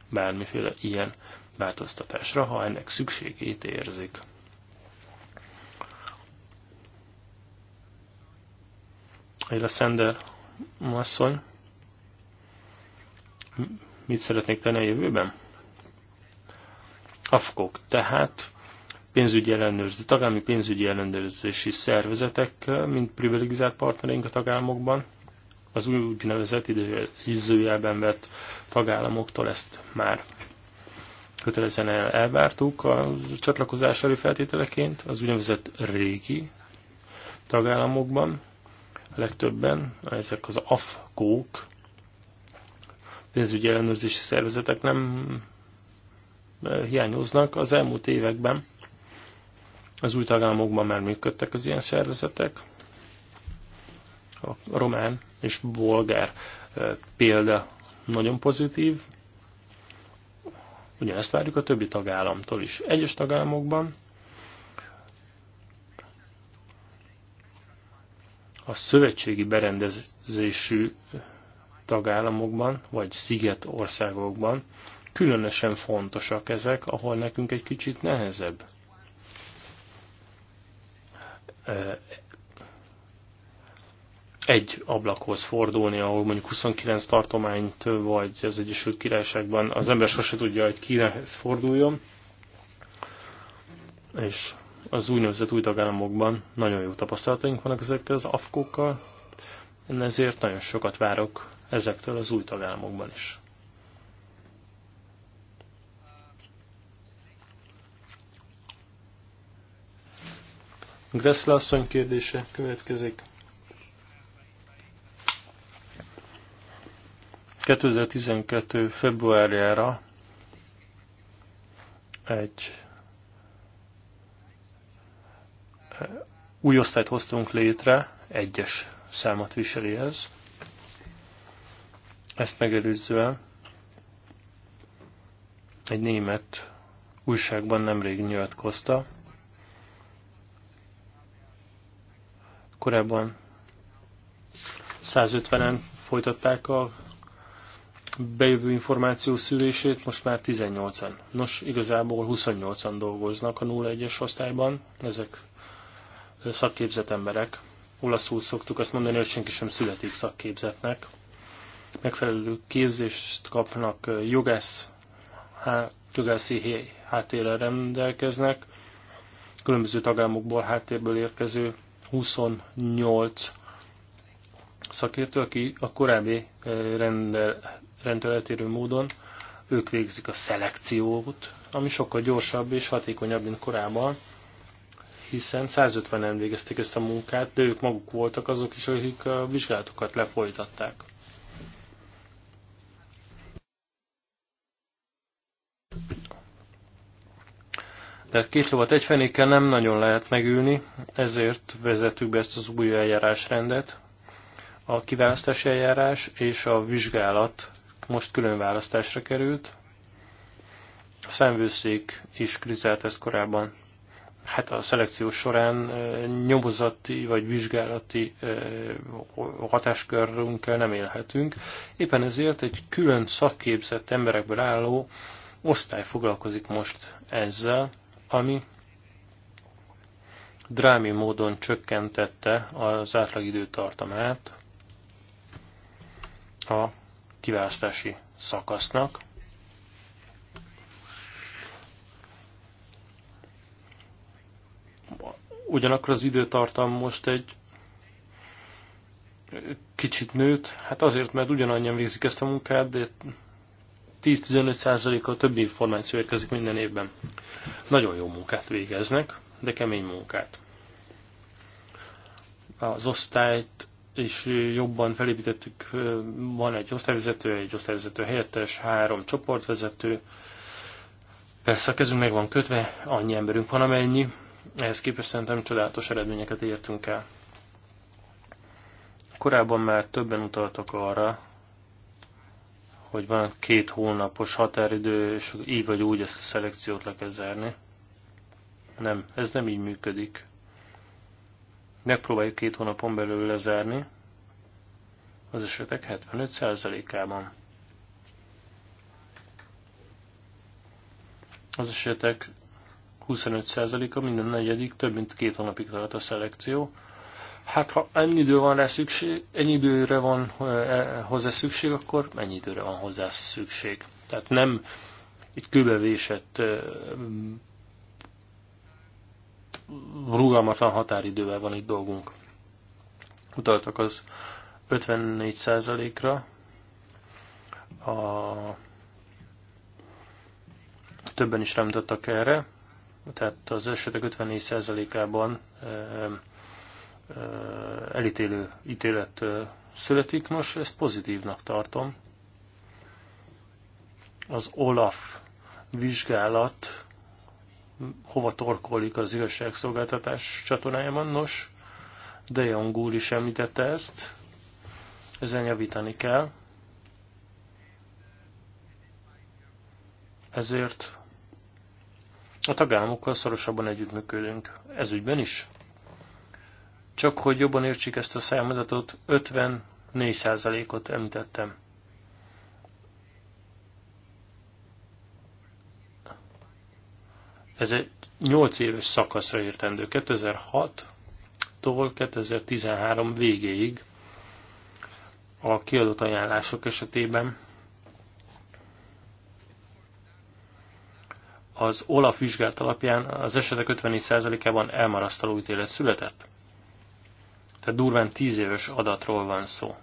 bármiféle ilyen változtatásra, ha ennek szükségét érzik. a Szender asszony, mit szeretnék tenni a jövőben? Afkok, tehát pénzügyi ellenőrző, tagállami pénzügyi ellenőrzési szervezetek, mint privilegizált partnereink a tagállamokban. Az úgynevezett időzőjelben vett tagállamoktól ezt már kötelezően el, elvártuk a csatlakozás feltételeként, az úgynevezett régi tagállamokban, a legtöbben ezek az AFKÓK, pénzügyi ellenőrzési szervezetek nem eh, hiányoznak az elmúlt években az új tagállamokban már működtek az ilyen szervezetek. A román és bolgár e, példa nagyon pozitív. Ugyanezt várjuk a többi tagállamtól is. Egyes tagállamokban a szövetségi berendezésű tagállamokban, vagy sziget országokban különösen fontosak ezek, ahol nekünk egy kicsit nehezebb egy ablakhoz fordulni, ahol mondjuk 29 tartományt, vagy az Egyesült Királyságban az ember sose tudja, hogy kihez forduljon. És az úgynevezett új tagállamokban nagyon jó tapasztalataink vannak ezekkel az afkókkal, ezért nagyon sokat várok ezektől az új tagállamokban is. Gressler asszony kérdése következik. 2012. februárjára egy új osztályt hoztunk létre, egyes számot viseli ez. Ezt megelőzően egy német újságban nemrég nyilatkozta, Korábban 150-en folytatták a bejövő információ szülését, most már 18-an. Nos, igazából 28-an dolgoznak a 01-es osztályban, ezek szakképzett emberek. Olaszul szoktuk azt mondani, hogy senki sem születik szakképzetnek. Megfelelő képzést kapnak, jogász, há, jogászi háttérrel rendelkeznek, különböző tagállamokból háttérből érkező 28 szakértő, aki a korábbi rendel, módon ők végzik a szelekciót, ami sokkal gyorsabb és hatékonyabb, mint korábban, hiszen 150-en végezték ezt a munkát, de ők maguk voltak azok is, akik a vizsgálatokat lefolytatták. Tehát két lovat egy fenékkel nem nagyon lehet megülni, ezért vezetük be ezt az új eljárásrendet. A kiválasztási eljárás és a vizsgálat most külön választásra került. A szemvőszék is kritizált ezt korábban. Hát a szelekció során nyomozati vagy vizsgálati hatáskörünkkel nem élhetünk. Éppen ezért egy külön szakképzett emberekből álló osztály foglalkozik most ezzel, ami drámi módon csökkentette az átlag időtartamát a kiválasztási szakasznak. Ugyanakkor az időtartam most egy kicsit nőtt, hát azért, mert ugyanannyian végzik ezt a munkát, de 10-15%-kal több információ érkezik minden évben. Nagyon jó munkát végeznek, de kemény munkát. Az osztályt és jobban felépítettük, van egy osztályvezető, egy osztályvezető helyettes, három csoportvezető. Persze a kezünk meg van kötve, annyi emberünk van amennyi, ehhez képest szerintem csodálatos eredményeket értünk el. Korábban már többen utaltak arra, hogy van két hónapos határidő, és így vagy úgy ezt a szelekciót le kell zárni. Nem, ez nem így működik. Megpróbáljuk két hónapon belül lezárni, az esetek 75%-ában. Az esetek 25%-a minden negyedik, több mint két hónapig tart a szelekció, Hát ha ennyi idő van rá szükség, ennyi időre van eh, hozzá szükség, akkor mennyi időre van hozzá szükség. Tehát nem egy kőbevésett eh, rugalmatlan határidővel van itt dolgunk. Utaltak az 54%-ra a többen is rámutattak erre, tehát az esetek 54%-ában elítélő ítélet születik. Nos, ezt pozitívnak tartom. Az Olaf vizsgálat hova torkolik az igazságszolgáltatás csatornájában. Nos, De Jong úr is említette ezt. Ezen javítani kell. Ezért a tagállamokkal szorosabban együttműködünk. Ez ügyben is. Csak hogy jobban értsük ezt a számadatot, 54%-ot említettem. Ez egy 8 éves szakaszra értendő. 2006-tól 2013 végéig a kiadott ajánlások esetében az OLAF vizsgált alapján az esetek 54%-ában elmarasztaló ítélet született. Tehát durván tíz éves adatról van szó.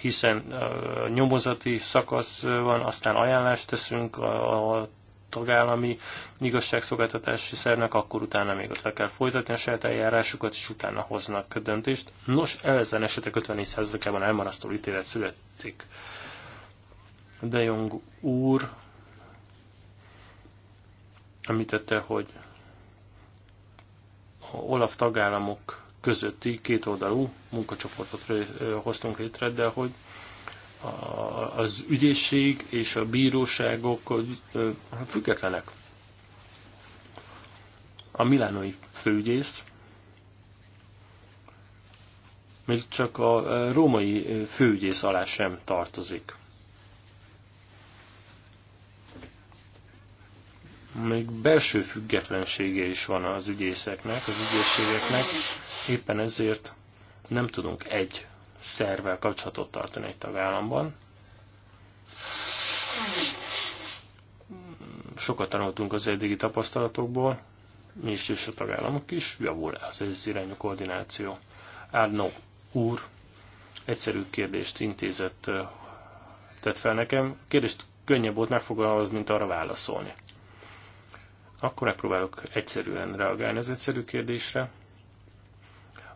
Hiszen uh, nyomozati szakasz van, aztán ajánlást teszünk a tagállami igazságszolgáltatási szernek, akkor utána még ott le kell folytatni a saját eljárásukat, és utána hoznak döntést. Nos, ezen esetek 54%-ában elmarasztó ítélet születik. De Jong úr említette, hogy Olaf tagállamok közötti kétoldalú munkacsoportot hoztunk létre, de hogy az ügyészség és a bíróságok hát függetlenek. A milánoi főügyész még csak a római főügyész alá sem tartozik. még belső függetlensége is van az ügyészeknek, az ügyészségeknek, éppen ezért nem tudunk egy szervvel kapcsolatot tartani egy tagállamban. Sokat tanultunk az eddigi tapasztalatokból, mi is és a tagállamok is, javul az ez irányú koordináció. Árnó úr egyszerű kérdést intézett, tett fel nekem. Kérdést könnyebb volt megfogalmazni, mint arra válaszolni. Akkor megpróbálok egyszerűen reagálni az egyszerű kérdésre,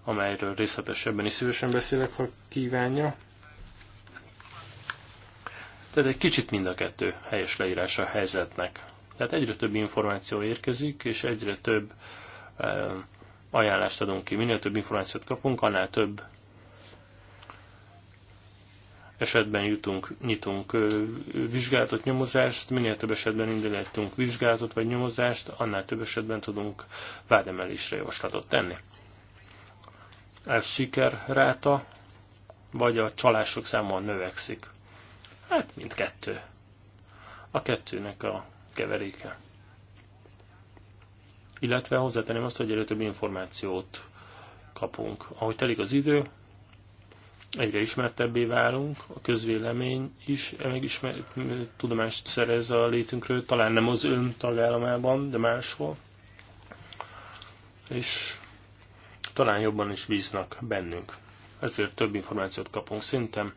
amelyről részletesebben is szívesen beszélek, ha kívánja. Tehát egy kicsit mind a kettő helyes leírása a helyzetnek. Tehát egyre több információ érkezik, és egyre több eh, ajánlást adunk ki. Minél több információt kapunk, annál több esetben jutunk, nyitunk vizsgálatot, nyomozást, minél több esetben indítunk vizsgálatot vagy nyomozást, annál több esetben tudunk vádemelésre javaslatot tenni. Ez sikerráta, vagy a csalások száma növekszik? Hát mindkettő. A kettőnek a keveréke. Illetve hozzátenném azt, hogy előtöbb információt kapunk. Ahogy telik az idő, egyre ismertebbé válunk, a közvélemény is e megismer, tudomást szerez a létünkről, talán nem az ön tagállamában, de máshol, és talán jobban is bíznak bennünk. Ezért több információt kapunk szintem.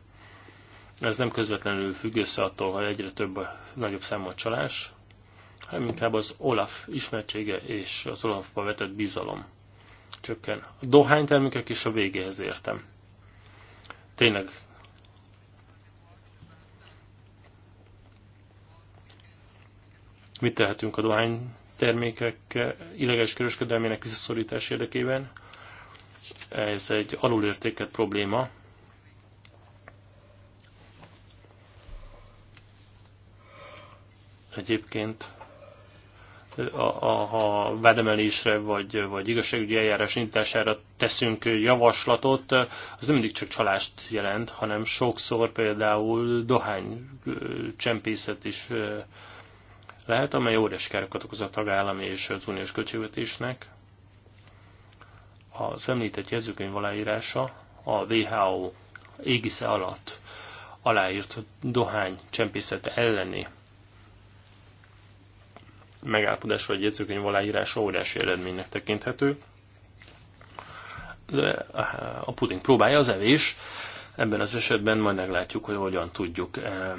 Ez nem közvetlenül függ össze attól, ha egyre több a nagyobb számú a csalás, hanem inkább az Olaf ismertsége és az Olafba vetett bizalom csökken. A dohánytermékek is a végéhez értem Tényleg. Mit tehetünk a dohány termékek eh, illegális kereskedelmének visszaszorítás érdekében? Ez egy alulértékelt probléma. Egyébként a vedemelésre vagy, vagy igazságügyi eljárás nyitására teszünk javaslatot, az nem mindig csak csalást jelent, hanem sokszor például dohány csempészet is lehet, amely óriási károkat okoz a tagállami és az uniós költségvetésnek. Az említett jegyzőkönyv aláírása a WHO égisze alatt aláírt dohány csempészete elleni megállapodás vagy jegyzőkönyv aláírása óriási eredménynek tekinthető. De eh, a puding próbálja az evés, ebben az esetben majd meglátjuk, hogy hogyan tudjuk eh,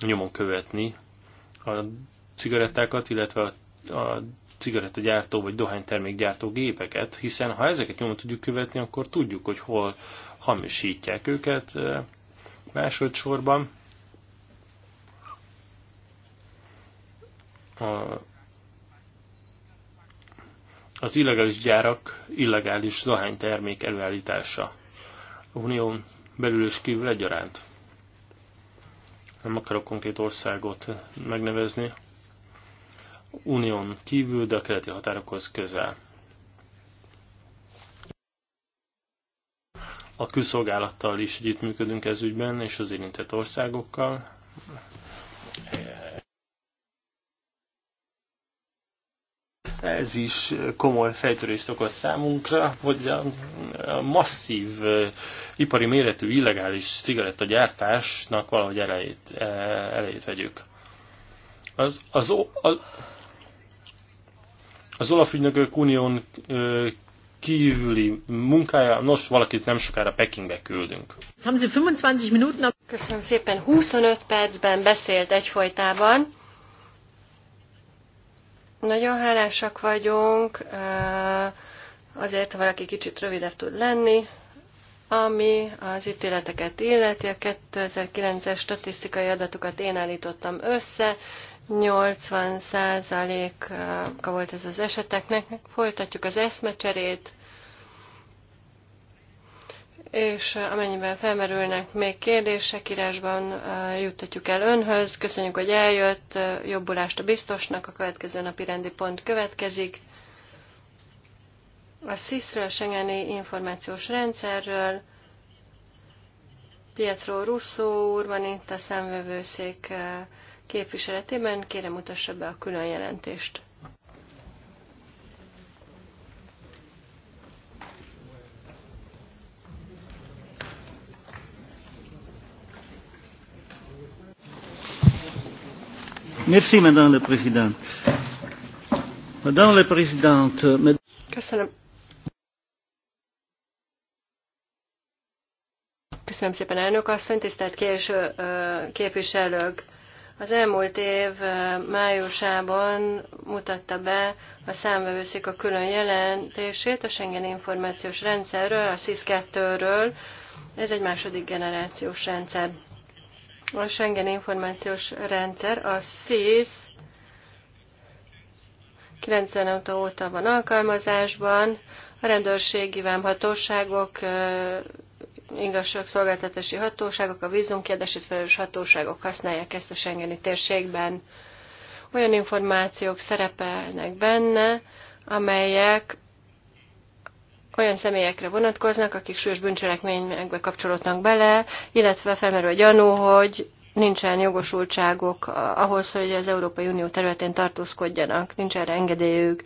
nyomon követni a cigarettákat, illetve a, a cigarettagyártó vagy dohánytermékgyártó gépeket, hiszen ha ezeket nyomon tudjuk követni, akkor tudjuk, hogy hol hamisítják őket eh, másodszorban. A az illegális gyárak illegális dohánytermék előállítása. A unión belül és kívül egyaránt. Nem akarok konkrét országot megnevezni. Unión kívül, de a keleti határokhoz közel. A külszolgálattal is együttműködünk ez ügyben, és az érintett országokkal. ez is komoly fejtörést okoz számunkra, hogy a, masszív ipari méretű illegális cigarettagyártásnak valahogy elejét, elejét vegyük. Az, az, az, az Olaf ügynökök unión kívüli munkája, nos, valakit nem sokára Pekingbe küldünk. Köszönöm szépen, 25 percben beszélt egyfolytában. Nagyon hálásak vagyunk azért, ha valaki kicsit rövidebb tud lenni, ami az ítéleteket illeti. A 2009-es statisztikai adatokat én állítottam össze, 80%-a volt ez az eseteknek. Folytatjuk az eszmecserét, és amennyiben felmerülnek még kérdések, írásban juttatjuk el önhöz. Köszönjük, hogy eljött, jobbulást a biztosnak, a következő napi rendi pont következik. A SZISZ-ről, Schengeni Információs Rendszerről, Pietro Russo úr van itt a szemvevőszék képviseletében. Kérem, mutassa be a külön jelentést. Merci, Madame la Présidente. Madame la Présidente, Köszönöm szépen, elnök asszony, tisztelt késő, képviselők! Az elmúlt év májusában mutatta be a számvevőszék a külön jelentését a Schengen információs rendszerről, a SIS-2-ről. Ez egy második generációs rendszer a Schengen információs rendszer, a SIS 90 óta van alkalmazásban, a rendőrségi vámhatóságok, szolgáltatási hatóságok, a vízumkérdését felelős hatóságok használják ezt a Schengeni térségben. Olyan információk szerepelnek benne, amelyek olyan személyekre vonatkoznak, akik súlyos bűncselekményekbe kapcsolódnak bele, illetve felmerül a gyanú, hogy nincsen jogosultságok ahhoz, hogy az Európai Unió területén tartózkodjanak, nincs erre engedélyük.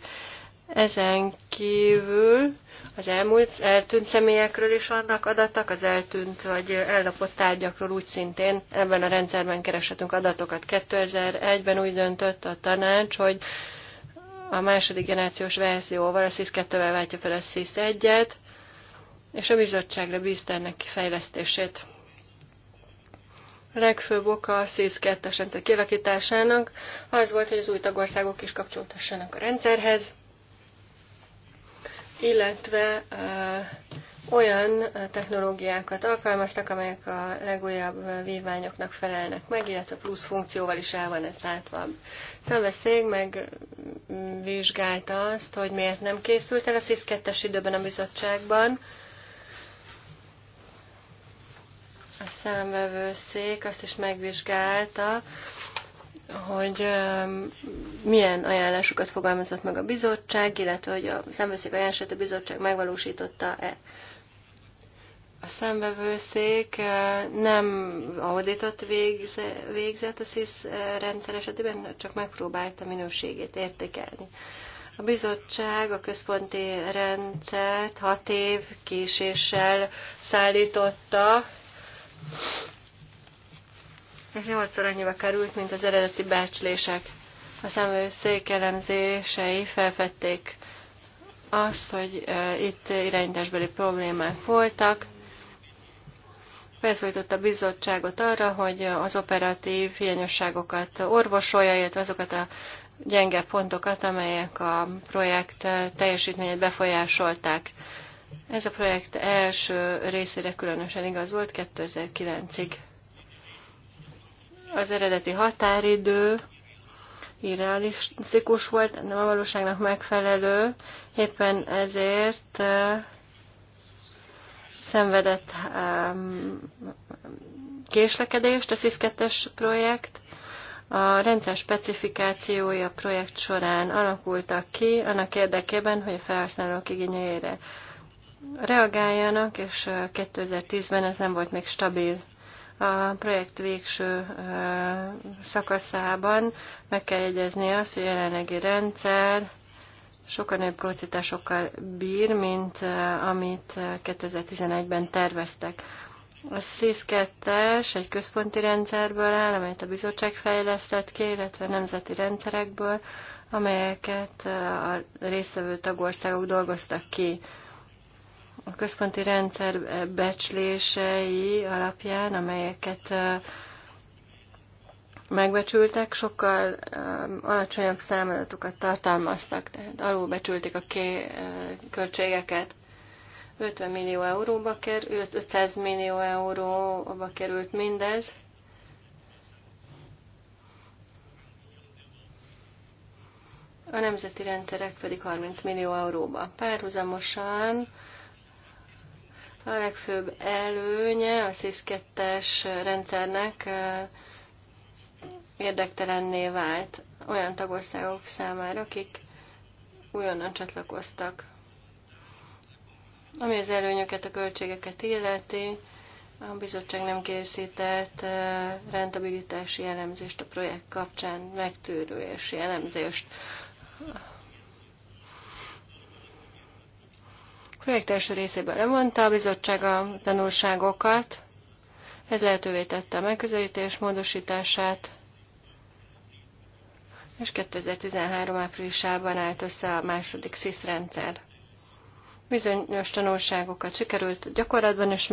Ezen kívül az elmúlt eltűnt személyekről is vannak adatok, az eltűnt vagy ellopott tárgyakról úgy szintén ebben a rendszerben kereshetünk adatokat. 2001-ben úgy döntött a tanács, hogy a második generációs verzióval, a SIS 2-vel váltja fel a SIS 1-et, és a bizottságra bízta ennek kifejlesztését. A legfőbb oka a SIS 2-es rendszer kialakításának az volt, hogy az új tagországok is kapcsoltassanak a rendszerhez, illetve uh, olyan eh, technológiákat alkalmaztak, amelyek a legújabb eh, vívványoknak felelnek meg, illetve plusz funkcióval is el van ez látva. Szemveszég megvizsgálta eh, azt, hogy miért nem készült el a SZISZ 2 időben a bizottságban. A számvevőszék azt is megvizsgálta, hogy milyen ajánlásokat fogalmazott meg a bizottság, illetve hogy a számvevőszék ajánlását a bizottság megvalósította-e. A szembevőszék eh, nem auditot végzett a SZISZ eh, rendszer esetében, csak megpróbálta minőségét értékelni. A bizottság a központi rendszert hat év késéssel szállította, és nyolcszor annyiba került, mint az eredeti becslések. A szemőszék elemzései felfedték azt, hogy eh, itt irányításbeli problémák voltak, felszólította a bizottságot arra, hogy az operatív hiányosságokat orvosolja, illetve azokat a gyenge pontokat, amelyek a projekt teljesítményét befolyásolták. Ez a projekt első részére különösen igaz volt 2009-ig. Az eredeti határidő irrealisztikus volt, nem a valóságnak megfelelő, éppen ezért szenvedett um, késlekedést a SZISZ 2 projekt. A rendszer specifikációja a projekt során alakultak ki annak érdekében, hogy a felhasználók igényeire reagáljanak, és 2010-ben uh, ez nem volt még stabil. A projekt végső uh, szakaszában meg kell jegyezni azt, hogy a jelenlegi rendszer sokkal nagyobb kapacitásokkal bír, mint eh, amit 2011-ben eh, terveztek. A SZISZ 2 egy központi rendszerből áll, amelyet a bizottság fejlesztett ki, illetve nemzeti rendszerekből, amelyeket eh, a résztvevő tagországok dolgoztak ki. A központi rendszer becslései alapján, amelyeket megbecsültek, sokkal um, alacsonyabb számadatokat tartalmaztak, tehát alulbecsülték a uh, költségeket. 50 millió euróba került, 500 millió euróba került mindez. A nemzeti rendszerek pedig 30 millió euróba. Párhuzamosan a legfőbb előnye a SZISZ-2-es rendszernek uh, érdektelenné vált olyan tagországok számára, akik újonnan csatlakoztak. Ami az előnyöket, a költségeket illeti, a bizottság nem készített rentabilitási elemzést a projekt kapcsán, megtűrülési elemzést. A projekt első részében lemondta a bizottság a tanulságokat, ez lehetővé tette a megközelítés módosítását, és 2013 áprilisában állt össze a második SZISZ rendszer. Bizonyos tanulságokat sikerült gyakorlatban is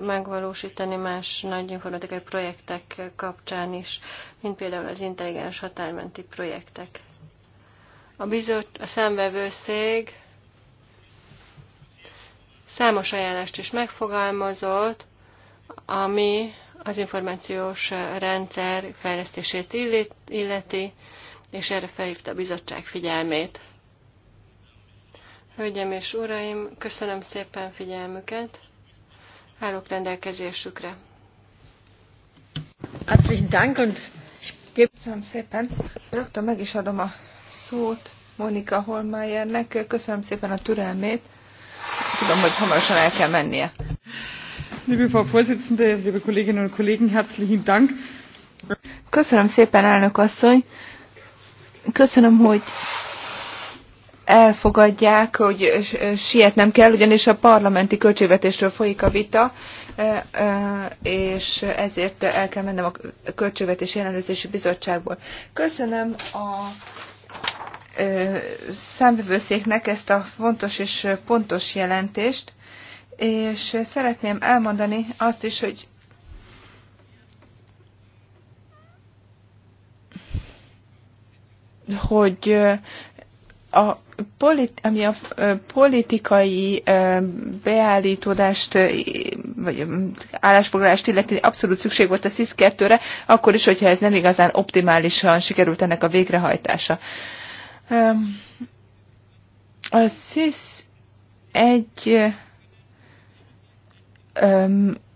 megvalósítani más nagy informatikai projektek kapcsán is, mint például az intelligens határmenti projektek. A, bizot, a számvevőszég számos ajánlást is megfogalmazott, ami az információs rendszer fejlesztését illeti, és erre felhívta a bizottság figyelmét. Hölgyem és uraim, köszönöm szépen figyelmüket, állok rendelkezésükre. Herzlichen Dank und Köszönöm szépen. Rögtön meg is adom a szót Monika Holmájernek. Köszönöm szépen a türelmét. Tudom, hogy hamarosan el kell mennie. Liebe Frau Vorsitzende, liebe Kolleginnen und Kollegen, herzlichen Dank. Köszönöm szépen, elnök asszony. Köszönöm, hogy elfogadják, hogy sietnem kell, ugyanis a parlamenti költségvetésről folyik a vita, e, e, és ezért el kell mennem a Költségvetési Ellenőrzési Bizottságból. Köszönöm a e, számbevőszéknek ezt a fontos és pontos jelentést, és szeretném elmondani azt is, hogy hogy a politi- ami a politikai beállítódást, vagy állásfoglalást illeti, abszolút szükség volt a SZISZ 2 akkor is, hogyha ez nem igazán optimálisan sikerült ennek a végrehajtása. A SZISZ egy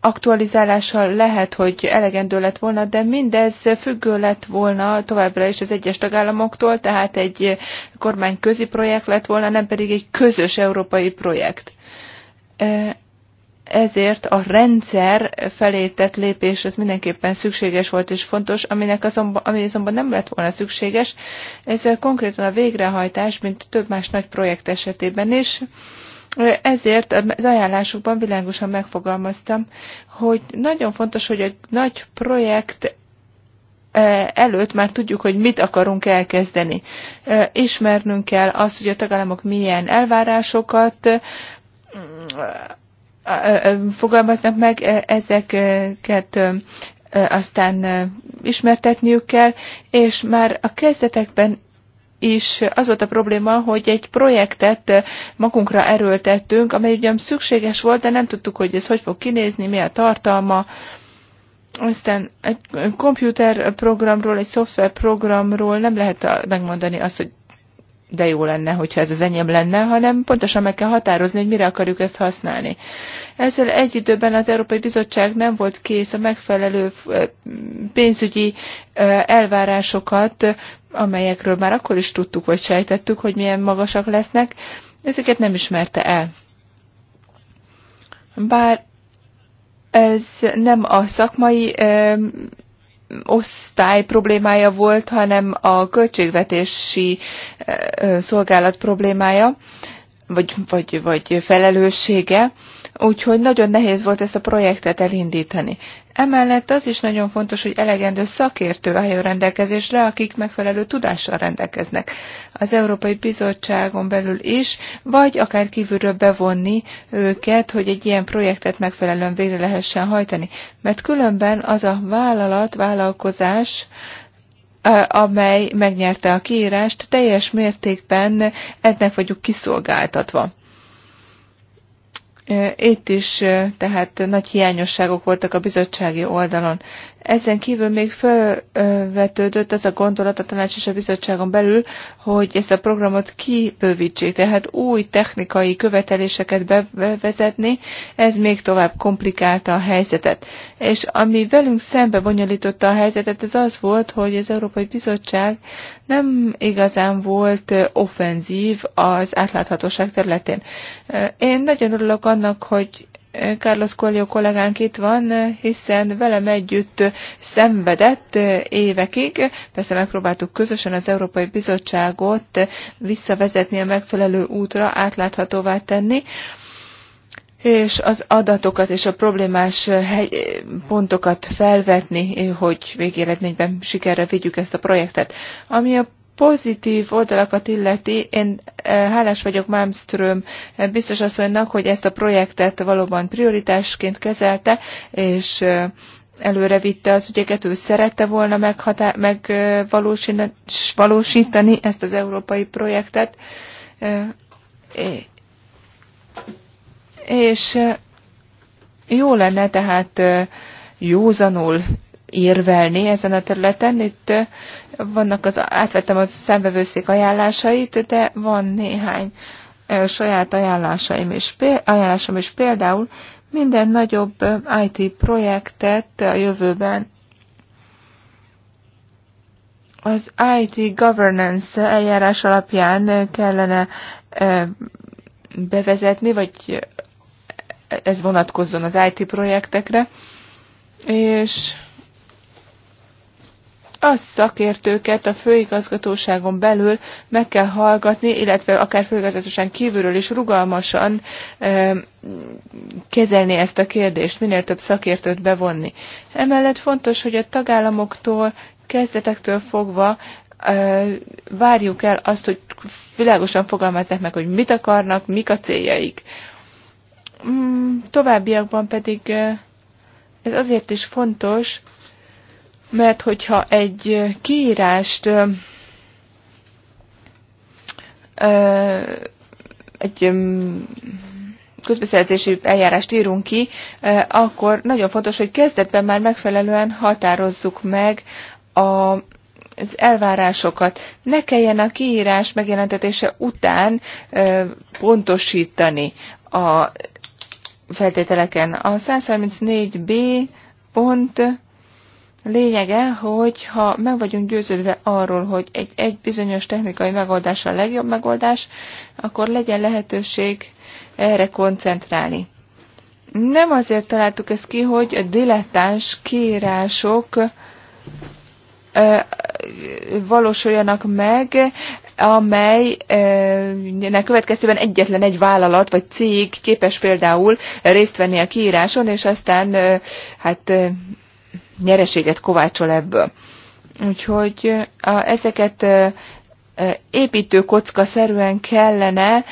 aktualizálással lehet, hogy elegendő lett volna, de mindez függő lett volna továbbra is az egyes tagállamoktól, tehát egy kormányközi projekt lett volna, nem pedig egy közös európai projekt. E, ezért a rendszer felé tett lépés az mindenképpen szükséges volt és fontos, aminek azonban, ami azonban nem lett volna szükséges. Ez konkrétan a végrehajtás, mint több más nagy projekt esetében is, ezért az ajánlásokban világosan megfogalmaztam, hogy nagyon fontos, hogy egy nagy projekt előtt már tudjuk, hogy mit akarunk elkezdeni. Ismernünk kell azt, hogy a tagállamok milyen elvárásokat fogalmaznak meg, ezeket aztán ismertetniük kell, és már a kezdetekben és az volt a probléma, hogy egy projektet magunkra erőltettünk, amely ugyan szükséges volt, de nem tudtuk, hogy ez hogy fog kinézni, mi a tartalma. Aztán egy komputerprogramról, egy szoftverprogramról nem lehet megmondani azt, hogy de jó lenne, hogyha ez az enyém lenne, hanem pontosan meg kell határozni, hogy mire akarjuk ezt használni. Ezzel egy időben az Európai Bizottság nem volt kész a megfelelő pénzügyi elvárásokat, amelyekről már akkor is tudtuk, vagy sejtettük, hogy milyen magasak lesznek, ezeket nem ismerte el. Bár ez nem a szakmai osztály problémája volt, hanem a költségvetési eh, szolgálat problémája, vagy, vagy, vagy felelőssége. Úgyhogy nagyon nehéz volt ezt a projektet elindítani. Emellett az is nagyon fontos, hogy elegendő szakértő álljon rendelkezésre, akik megfelelő tudással rendelkeznek. Az Európai Bizottságon belül is, vagy akár kívülről bevonni őket, hogy egy ilyen projektet megfelelően végre lehessen hajtani. Mert különben az a vállalat, vállalkozás, amely megnyerte a kiírást, teljes mértékben ennek vagyunk kiszolgáltatva. Itt is tehát nagy hiányosságok voltak a bizottsági oldalon. Ezen kívül még felvetődött az a gondolat a tanács és a bizottságon belül, hogy ezt a programot kibővítsék, tehát új technikai követeléseket bevezetni, ez még tovább komplikálta a helyzetet. És ami velünk szembe bonyolította a helyzetet, ez az volt, hogy az Európai Bizottság nem igazán volt offenzív az átláthatóság területén. Én nagyon örülök annak, hogy Carlos Collio kollégánk itt van, hiszen velem együtt szenvedett évekig. Persze megpróbáltuk közösen az Európai Bizottságot visszavezetni a megfelelő útra, átláthatóvá tenni és az adatokat és a problémás pontokat felvetni, hogy végéredményben sikerre vigyük ezt a projektet. Ami a pozitív oldalakat illeti, én eh, hálás vagyok Malmström eh, biztos asszonynak, hogy ezt a projektet valóban prioritásként kezelte, és eh, előre vitte az ügyeket, ő szerette volna megvalósítani ezt az európai projektet. És jó lenne tehát józanul érvelni ezen a területen. Itt vannak az, átvettem a szembevőszék ajánlásait, de van néhány saját ajánlásaim is, ajánlásom is. Például minden nagyobb IT projektet a jövőben az IT governance eljárás alapján kellene bevezetni, vagy ez vonatkozzon az IT projektekre, és azt szakértőket a főigazgatóságon belül meg kell hallgatni, illetve akár főigazgatóság kívülről is rugalmasan kezelni ezt a kérdést, minél több szakértőt bevonni. Emellett fontos, hogy a tagállamoktól kezdetektől fogva várjuk el azt, hogy világosan fogalmazzák meg, hogy mit akarnak, mik a céljaik. Mm, továbbiakban pedig ez azért is fontos, mert hogyha egy kiírást egy közbeszerzési eljárást írunk ki, akkor nagyon fontos, hogy kezdetben már megfelelően határozzuk meg a az elvárásokat ne kelljen a kiírás megjelentetése után e, pontosítani a feltételeken. A 134b pont lényege, hogy ha meg vagyunk győződve arról, hogy egy, egy bizonyos technikai megoldás a legjobb megoldás, akkor legyen lehetőség erre koncentrálni. Nem azért találtuk ezt ki, hogy a dilettáns kiírások valósuljanak meg, amelynek következtében egyetlen egy vállalat vagy cég képes például részt venni a kiíráson, és aztán hát nyereséget kovácsol ebből. Úgyhogy a, ezeket kocka szerűen kellene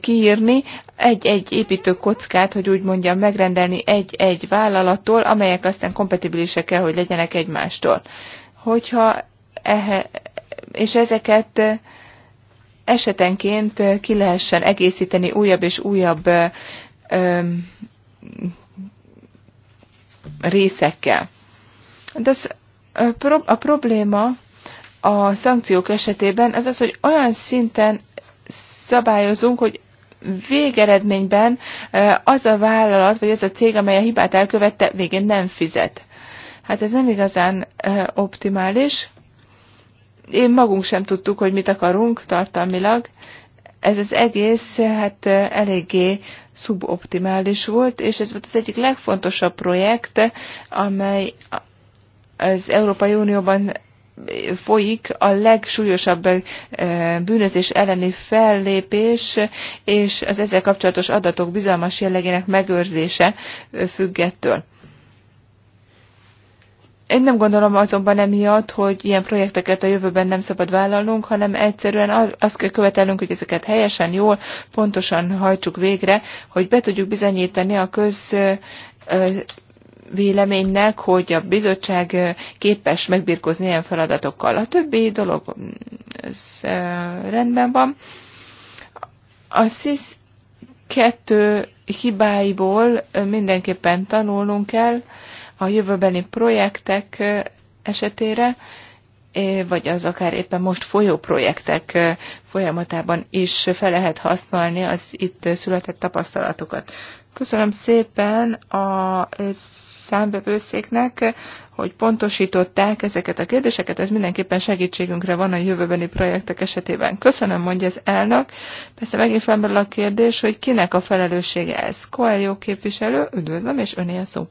kiírni, egy-egy kockát, hogy úgy mondjam, megrendelni egy-egy vállalattól, amelyek aztán kompatibilisek kell, hogy legyenek egymástól. Hogyha ehe, és ezeket esetenként ki lehessen egészíteni újabb és újabb ö, részekkel. Das, a probléma a szankciók esetében ez az, hogy olyan szinten szabályozunk, hogy végeredményben az a vállalat, vagy az a cég, amely a hibát elkövette, végén nem fizet. Hát ez nem igazán optimális. Én magunk sem tudtuk, hogy mit akarunk tartalmilag. Ez az egész hát eléggé szuboptimális volt, és ez volt az egyik legfontosabb projekt, amely az Európai Unióban folyik a legsúlyosabb eh, bűnözés elleni fellépés, és az ezzel kapcsolatos adatok bizalmas jellegének megőrzése eh, függettől. Én nem gondolom azonban emiatt, hogy ilyen projekteket a jövőben nem szabad vállalnunk, hanem egyszerűen azt kell követelnünk, hogy ezeket helyesen, jól, pontosan hajtsuk végre, hogy be tudjuk bizonyítani a köz eh, véleménynek, hogy a bizottság képes megbirkózni ilyen feladatokkal. A többi dolog mm, ez rendben van. A SZISZ kettő hibáiból mindenképpen tanulnunk kell a jövőbeni projektek esetére, vagy az akár éppen most folyó projektek folyamatában is fel lehet használni az itt született tapasztalatokat. Köszönöm szépen a számbevőszéknek, hogy pontosították ezeket a kérdéseket, ez mindenképpen segítségünkre van a jövőbeni projektek esetében. Köszönöm, mondja az elnök. Persze megint felmerül a kérdés, hogy kinek a felelőssége ez. Coelho képviselő, üdvözlöm, és öné a szó.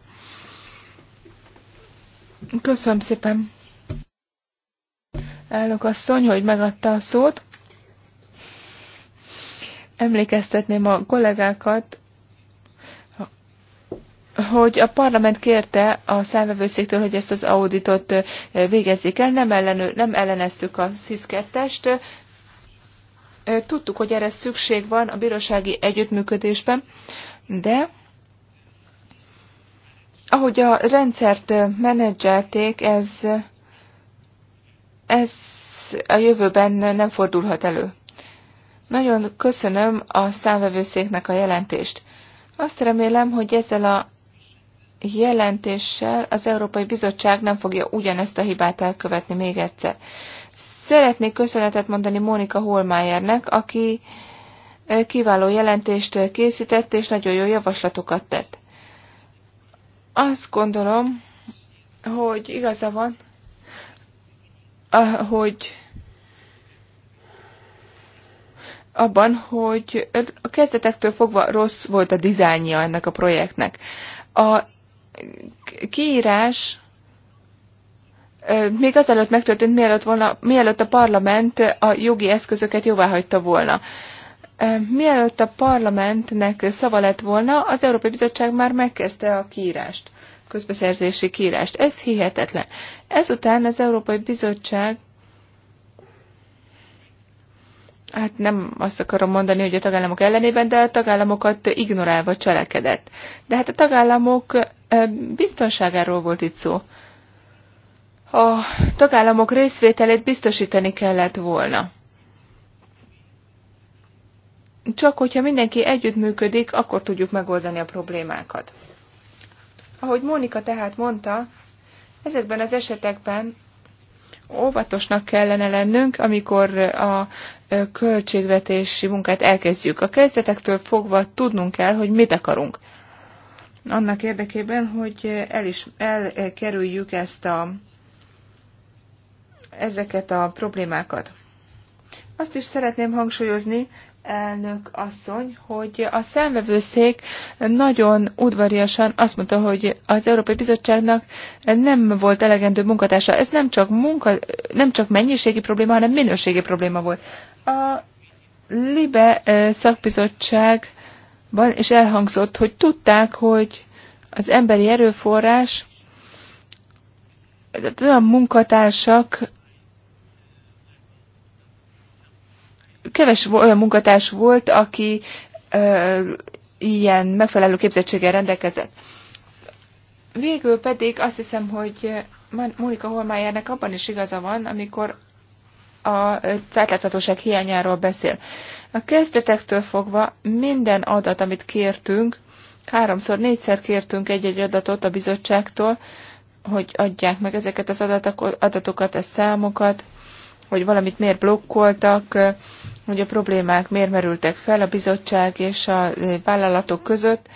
Köszönöm szépen. Elnök asszony, hogy megadta a szót. Emlékeztetném a kollégákat hogy a parlament kérte a számvevőszéktől, hogy ezt az auditot végezzék el, nem, ellenő, nem elleneztük a SZISZ Tudtuk, hogy erre szükség van a bírósági együttműködésben, de ahogy a rendszert menedzselték, ez, ez a jövőben nem fordulhat elő. Nagyon köszönöm a számvevőszéknek a jelentést. Azt remélem, hogy ezzel a jelentéssel az Európai Bizottság nem fogja ugyanezt a hibát elkövetni még egyszer. Szeretnék köszönetet mondani Mónika Holmájernek, aki kiváló jelentést készített, és nagyon jó javaslatokat tett. Azt gondolom, hogy igaza van, hogy abban, hogy a kezdetektől fogva rossz volt a dizájnja ennek a projektnek. A kiírás még azelőtt megtörtént, mielőtt, volna, mielőtt a parlament a jogi eszközöket jóvá hagyta volna. Mielőtt a parlamentnek szava lett volna, az Európai Bizottság már megkezdte a kiírást, közbeszerzési kiírást. Ez hihetetlen. Ezután az Európai Bizottság hát nem azt akarom mondani, hogy a tagállamok ellenében, de a tagállamokat ignorálva cselekedett. De hát a tagállamok biztonságáról volt itt szó. A tagállamok részvételét biztosítani kellett volna. Csak hogyha mindenki együttműködik, akkor tudjuk megoldani a problémákat. Ahogy Mónika tehát mondta, ezekben az esetekben óvatosnak kellene lennünk, amikor a költségvetési munkát elkezdjük. A kezdetektől fogva tudnunk kell, hogy mit akarunk annak érdekében, hogy el is, elkerüljük ezt a, ezeket a problémákat. Azt is szeretném hangsúlyozni, elnök asszony, hogy a szemvevőszék nagyon udvariasan azt mondta, hogy az Európai Bizottságnak nem volt elegendő munkatársa. Ez nem csak, munka, nem csak mennyiségi probléma, hanem minőségi probléma volt. A LIBE eh, szakbizottság van, és elhangzott, hogy tudták, hogy az emberi erőforrás, olyan munkatársak, keves olyan munkatárs volt, aki ö, ilyen megfelelő képzettséggel rendelkezett. Végül pedig azt hiszem, hogy Mónika Holmájernek abban is igaza van, amikor a cátláthatóság hiányáról beszél. A kezdetektől fogva minden adat, amit kértünk, háromszor, négyszer kértünk egy-egy adatot a bizottságtól, hogy adják meg ezeket az adatokat, a számokat, hogy valamit miért blokkoltak, hogy a problémák miért merültek fel a bizottság és a vállalatok között.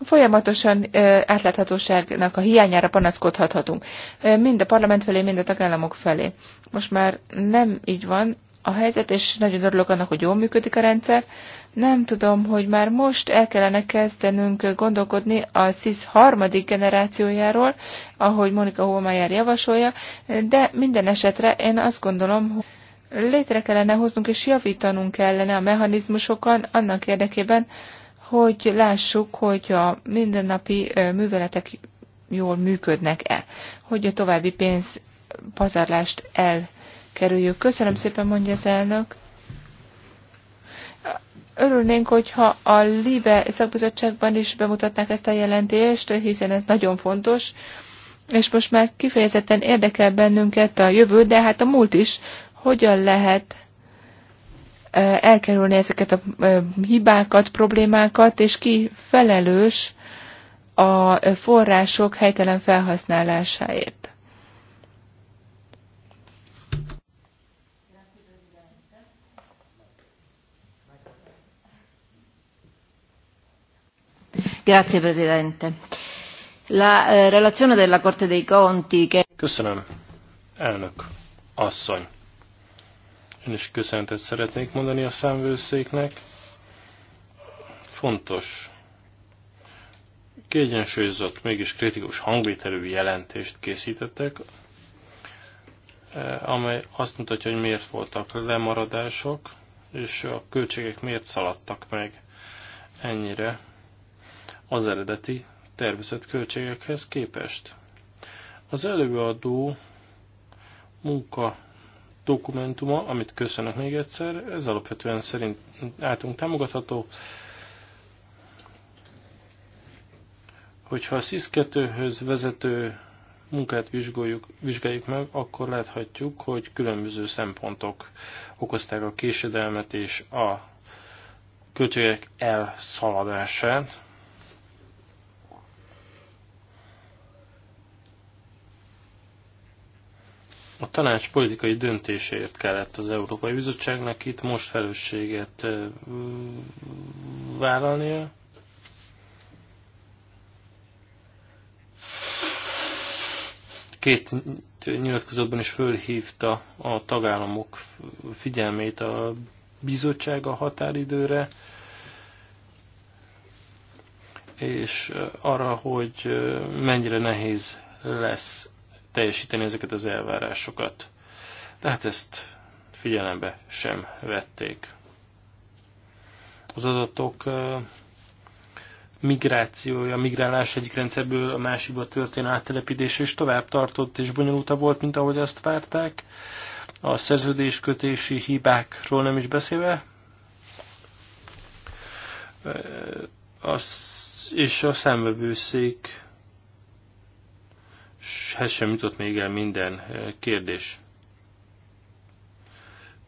Folyamatosan átláthatóságnak a hiányára panaszkodhatunk, mind a parlament felé, mind a tagállamok felé. Most már nem így van, a helyzet, és nagyon örülök annak, hogy jól működik a rendszer. Nem tudom, hogy már most el kellene kezdenünk gondolkodni a SZISZ harmadik generációjáról, ahogy Monika Holmeyer javasolja, de minden esetre én azt gondolom, hogy létre kellene hoznunk és javítanunk kellene a mechanizmusokon annak érdekében, hogy lássuk, hogy a mindennapi műveletek jól működnek-e, hogy a további pénz pazarlást el kerüljük. Köszönöm szépen, mondja az elnök. Örülnénk, hogyha a LIBE szakbizottságban is bemutatnák ezt a jelentést, hiszen ez nagyon fontos, és most már kifejezetten érdekel bennünket a jövő, de hát a múlt is, hogyan lehet elkerülni ezeket a hibákat, problémákat, és ki felelős a források helytelen felhasználásáért. Grazie, Presidente. La eh, relazione della Corte dei Conti che... Köszönöm, elnök asszony. Én is köszönetet szeretnék mondani a számvőszéknek. Fontos, kiegyensúlyozott, mégis kritikus hangvételű jelentést készítettek, eh, amely azt mutatja, hogy miért voltak lemaradások, és a költségek miért szaladtak meg ennyire az eredeti tervezett költségekhez képest. Az előadó munka dokumentuma, amit köszönök még egyszer, ez alapvetően szerint általunk támogatható, hogyha a SIS-2-höz vezető munkát vizsgáljuk, vizsgáljuk meg, akkor láthatjuk, hogy különböző szempontok okozták a késedelmet és a költségek elszaladását. A tanács politikai döntéséért kellett az Európai Bizottságnak itt most felelősséget vállalnia. Két nyilatkozatban is fölhívta a tagállamok figyelmét a bizottság a határidőre, és arra, hogy mennyire nehéz lesz teljesíteni ezeket az elvárásokat. Tehát ezt figyelembe sem vették. Az adatok migrációja, migrálás egyik rendszerből a másikba történő áttelepítés is tovább tartott és bonyolultabb volt, mint ahogy azt várták. A szerződéskötési hibákról nem is beszélve, az, és a számvevőszék ez sem jutott még el minden eh, kérdés.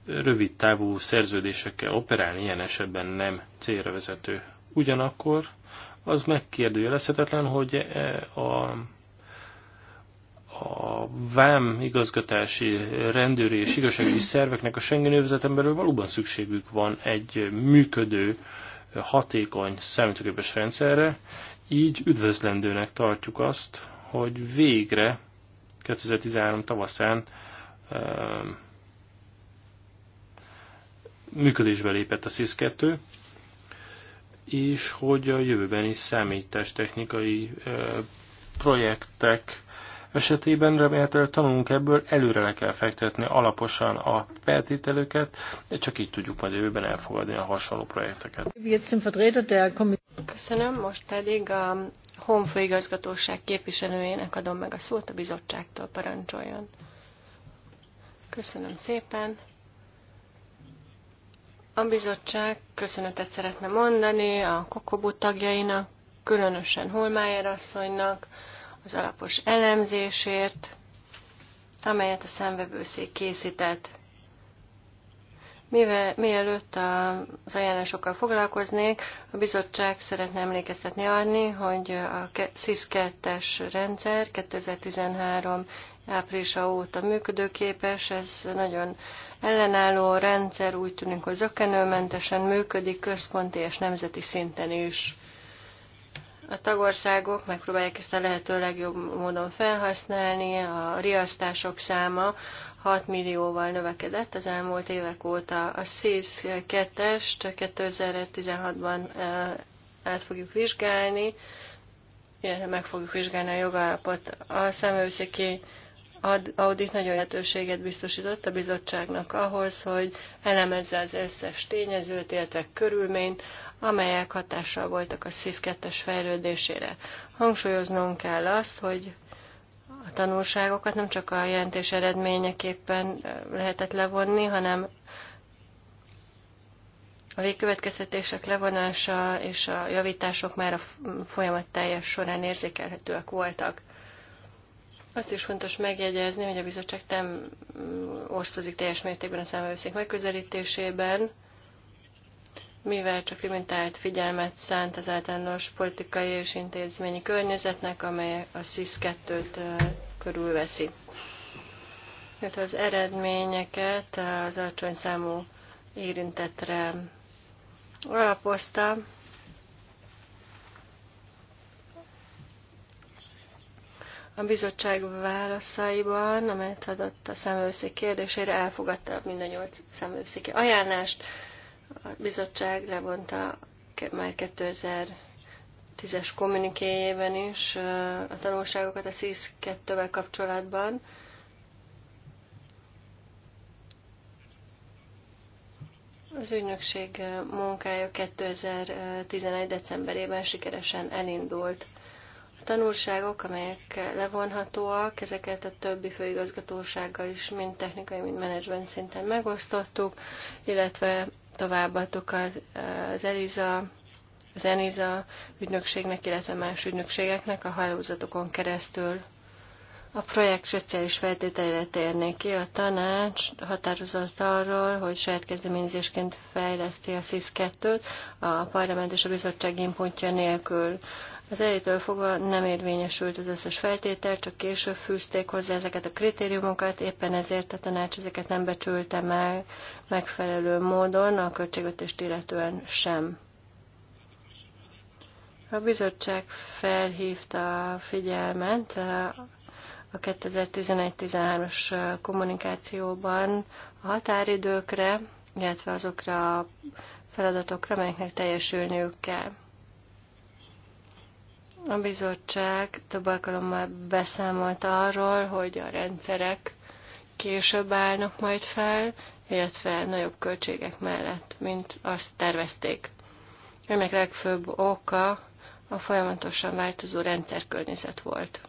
Rövid távú szerződésekkel operálni ilyen esetben nem célra vezető. Ugyanakkor az megkérdőjelezhetetlen, hogy eh, a a vám igazgatási, rendőri és igazságügyi szerveknek a Schengen övezeten belül valóban szükségük van egy működő, hatékony számítógépes rendszerre, így üdvözlendőnek tartjuk azt, hogy végre 2013 tavaszán um, működésbe lépett a SIS-2, és hogy a jövőben is számítástechnikai uh, projektek esetében remélhetőleg tanulunk ebből, előre le kell fektetni alaposan a feltételőket, csak így tudjuk majd jövőben elfogadni a hasonló projekteket. Köszönöm, most pedig a honfőigazgatóság képviselőjének adom meg a szót a bizottságtól, parancsoljon. Köszönöm szépen. A bizottság köszönetet szeretne mondani a Kokobú tagjainak, különösen Holmájer asszonynak, az alapos elemzésért, amelyet a szemvevőszék készített. Mivel, mielőtt az ajánlásokkal foglalkoznék, a bizottság szeretne emlékeztetni arni, hogy a SIS 2 es rendszer 2013 áprilisa óta működőképes, ez nagyon ellenálló rendszer, úgy tűnik, hogy zökkenőmentesen működik központi és nemzeti szinten is. A tagországok megpróbálják ezt a lehető legjobb módon felhasználni, a riasztások száma 6 millióval növekedett az elmúlt évek óta. A SZISZ 2-est 2016-ban át fogjuk vizsgálni, meg fogjuk vizsgálni a jogállapot. A szemőszéki audit nagyon lehetőséget biztosított a bizottságnak ahhoz, hogy elemezze az összes tényezőt, illetve körülményt, amelyek hatással voltak a SZISZ 2-es fejlődésére. Hangsúlyoznunk kell azt, hogy a tanulságokat, nem csak a jelentés eredményeképpen lehetett levonni, hanem a végkövetkeztetések levonása és a javítások már a folyamat teljes során érzékelhetőek voltak. Azt is fontos megjegyezni, hogy a bizottság nem mm, osztozik teljes mértékben a számvevőszék megközelítésében, mivel csak limitált figyelmet szánt az általános politikai és intézményi környezetnek, amely a SZIS-2-t körülveszi. mert hát az eredményeket az alacsony számú érintetre alapozta. A bizottság válaszaiban, amelyet adott a szemőszék kérdésére, elfogadta mind a nyolc szemőszéki ajánlást, a bizottság levonta már 2010-es kommunikéjében is a tanulságokat a SZISZ 2-vel kapcsolatban. Az ügynökség munkája 2011. decemberében sikeresen elindult. A tanulságok, amelyek levonhatóak, ezeket a többi főigazgatósággal is mind technikai, mind menedzsment szinten megosztottuk, illetve továbbadtuk az, az ELISA, az ENISA ügynökségnek, illetve más ügynökségeknek a hálózatokon keresztül. A projekt szociális feltételére térnék ki. A tanács határozott arról, hogy saját kezdeményezésként fejleszti a SZIS-2-t a parlament és a bizottság inputja nélkül. Az elejétől fogva nem érvényesült az összes feltétel, csak később fűzték hozzá ezeket a kritériumokat, éppen ezért a tanács ezeket nem becsülte meg megfelelő módon, a költségvetést illetően sem. A bizottság felhívta a figyelmet a 2011-13-as kommunikációban a határidőkre, illetve azokra a feladatokra, amelyeknek teljesülniük kell. A bizottság több alkalommal beszámolt arról, hogy a rendszerek később állnak majd fel, illetve nagyobb költségek mellett, mint azt tervezték. Ennek legfőbb oka a folyamatosan változó rendszerkörnyezet volt.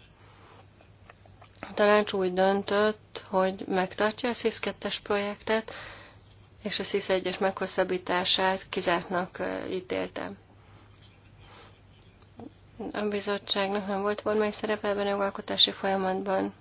A tanács úgy döntött, hogy megtartja a SZISZ 2 projektet, és a SZISZ 1-es meghosszabbítását kizártnak ítélte. A bizottságnak nem volt formai szerepe ebben a jogalkotási folyamatban.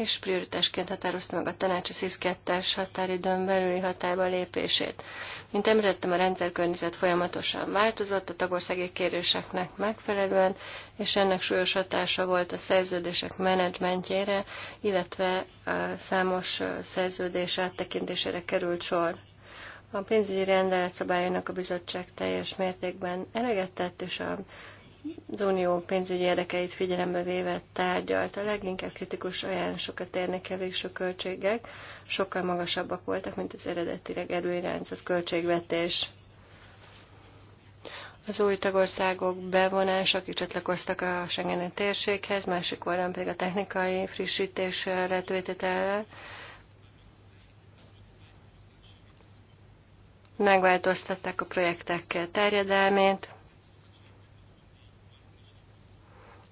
és prioritásként határozta meg a tanács a SZISZ 2-es határidőn belüli hatályba lépését. Mint említettem, a rendszerkörnyezet folyamatosan változott a tagországi kéréseknek megfelelően, és ennek súlyos hatása volt a szerződések menedzsmentjére, illetve a számos szerződés áttekintésére került sor. A pénzügyi rendelet szabályainak a bizottság teljes mértékben eleget tett, és a az unió pénzügyi érdekeit figyelembe véve tárgyalt. A leginkább kritikus ajánlásokat érnek el végső költségek, sokkal magasabbak voltak, mint az eredetileg előirányzott költségvetés. Az új tagországok bevonása, akik csatlakoztak a Schengeni térséghez, másik oldalon pedig a technikai frissítés lehetővétetellel, megváltoztatták a projektek terjedelmét,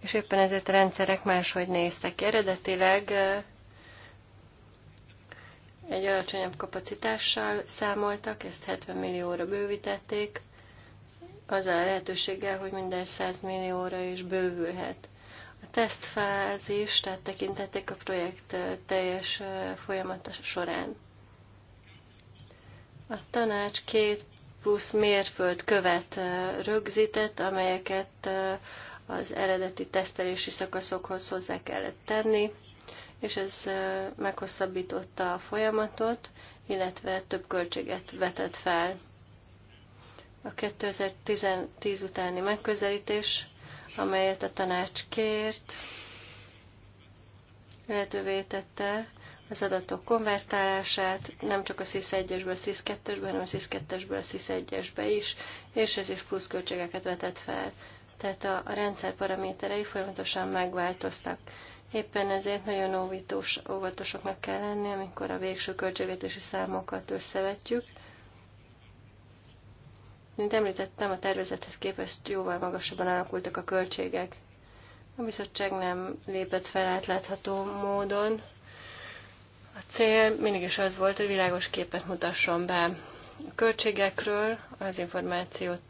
és éppen ezért a rendszerek máshogy néztek ki. Eredetileg egy alacsonyabb kapacitással számoltak, ezt 70 millióra bővítették, azzal a lehetőséggel, hogy minden 100 millióra is bővülhet. A tesztfázis, tehát tekintették a projekt teljes folyamata során. A tanács két plusz mérföld követ rögzített, amelyeket az eredeti tesztelési szakaszokhoz hozzá kellett tenni, és ez meghosszabbította a folyamatot, illetve több költséget vetett fel. A 2010 utáni megközelítés, amelyet a tanács kért, lehetővé tette az adatok konvertálását, nem csak a SIS 1-esből a SIS 2-esbe, hanem a SIS 2-esből a SIS 1-esbe is, és ez is plusz költségeket vetett fel tehát a, a rendszer paraméterei folyamatosan megváltoztak. Éppen ezért nagyon óvítós, óvatosoknak kell lenni, amikor a végső költségvetési számokat összevetjük. Mint említettem, a tervezethez képest jóval magasabban alakultak a költségek. A bizottság nem lépett fel átlátható módon. A cél mindig is az volt, hogy világos képet mutasson be a költségekről az információt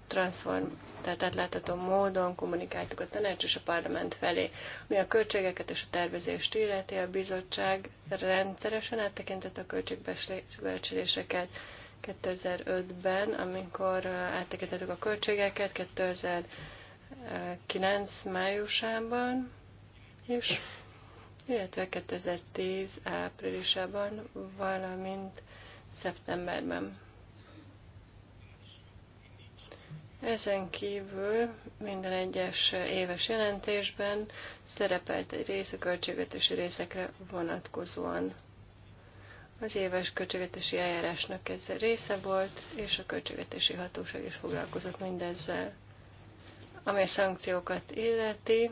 tehát átlátható módon kommunikáltuk a tanács és a parlament felé. Mi a költségeket és a tervezést illeti, a bizottság rendszeresen áttekintett a költségbecsüléseket 2005-ben, amikor uh, áttekintettük a költségeket 2009 májusában is, illetve 2010 áprilisában, valamint szeptemberben. Ezen kívül minden egyes éves jelentésben szerepelt egy rész a költségvetési részekre vonatkozóan. Az éves költségvetési eljárásnak ez része volt, és a költségvetési hatóság is foglalkozott mindezzel. Ami a szankciókat illeti,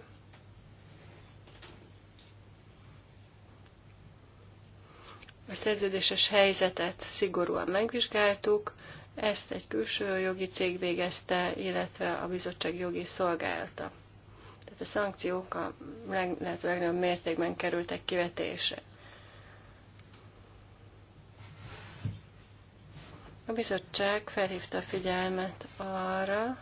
a szerződéses helyzetet szigorúan megvizsgáltuk, ezt egy külső jogi cég végezte, illetve a bizottság jogi szolgálata. Tehát a szankciók a leg, lehető legnagyobb mértékben kerültek kivetése. A bizottság felhívta a figyelmet arra,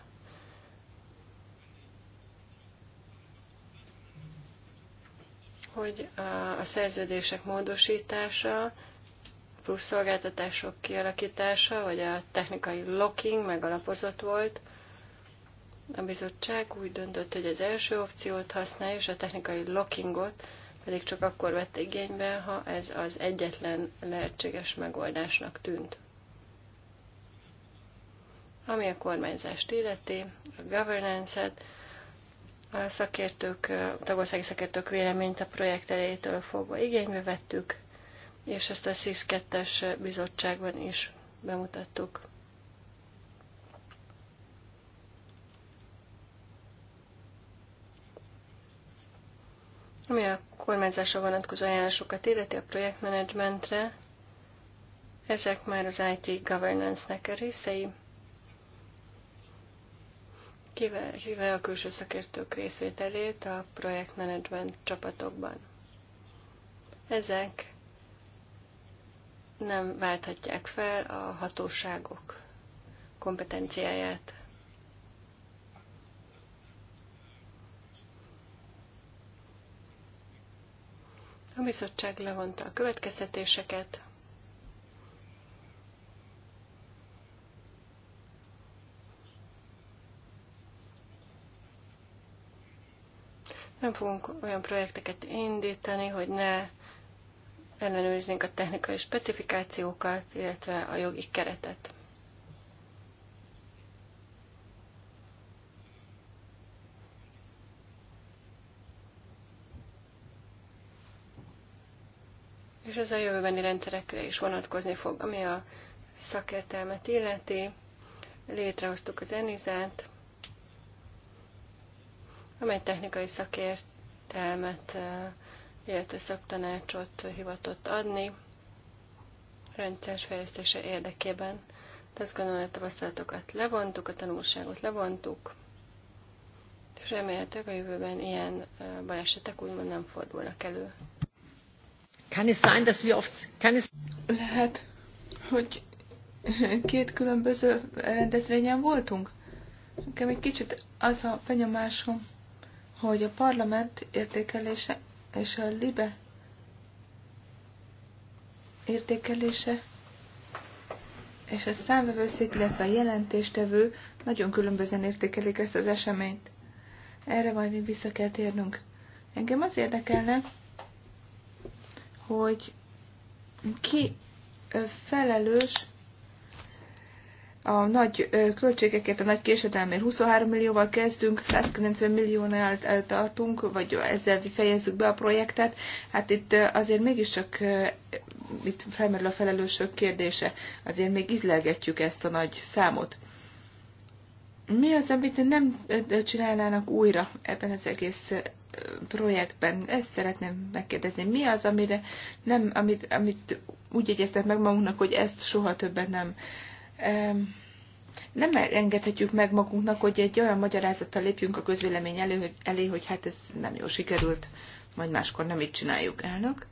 hogy a szerződések módosítása plusz szolgáltatások kialakítása, vagy a technikai locking megalapozott volt. A bizottság úgy döntött, hogy az első opciót használja, és a technikai lockingot pedig csak akkor vette igénybe, ha ez az egyetlen lehetséges megoldásnak tűnt. Ami a kormányzást illeti, a governance-et, a szakértők, a tagországi szakértők véleményt a projekt elejétől fogva igénybe vettük, és ezt a SZISZ 2-es bizottságban is bemutattuk. Ami a kormányzásra vonatkozó ajánlásokat illeti a projektmenedzsmentre, ezek már az IT governance-nek részei, kivel, kivel a külső szakértők részvételét a projektmenedzsment csapatokban. Ezek nem válthatják fel a hatóságok kompetenciáját. A bizottság levonta a következtetéseket. Nem fogunk olyan projekteket indítani, hogy ne ellenőriznénk a technikai specifikációkat, illetve a jogi keretet. És ez a jövőbeni rendszerekre is vonatkozni fog, ami a szakértelmet illeti. Létrehoztuk az Enizát, amely technikai szakértelmet eh, illetve szaktanácsot hivatott adni rendszeres fejlesztése érdekében. De azt gondolom, hogy a tapasztalatokat levontuk, a tanulságot levontuk, és remélhetőleg a jövőben ilyen balesetek úgymond nem fordulnak elő. dass wir oft... Lehet, hogy két különböző rendezvényen voltunk. Nekem egy kicsit az a benyomásom, hogy a parlament értékelése és a libe értékelése és a számvevőszék, illetve a jelentéstevő nagyon különbözően értékelik ezt az eseményt. Erre majd még vissza kell térnünk. Engem az érdekelne, hogy ki felelős a nagy költségeket, a nagy késedelmért 23 millióval kezdünk, 190 milliónál tartunk, vagy ezzel fejezzük be a projektet. Hát itt azért mégiscsak itt felmerül a felelősök kérdése, azért még izlegetjük ezt a nagy számot. Mi az, amit nem csinálnának újra ebben az egész projektben? Ezt szeretném megkérdezni. Mi az, amire nem, amit, amit úgy jegyeztek meg magunknak, hogy ezt soha többet nem nem engedhetjük meg magunknak, hogy egy olyan magyarázattal lépjünk a közvélemény elő, elé, hogy hát ez nem jól sikerült, majd máskor nem így csináljuk elnök.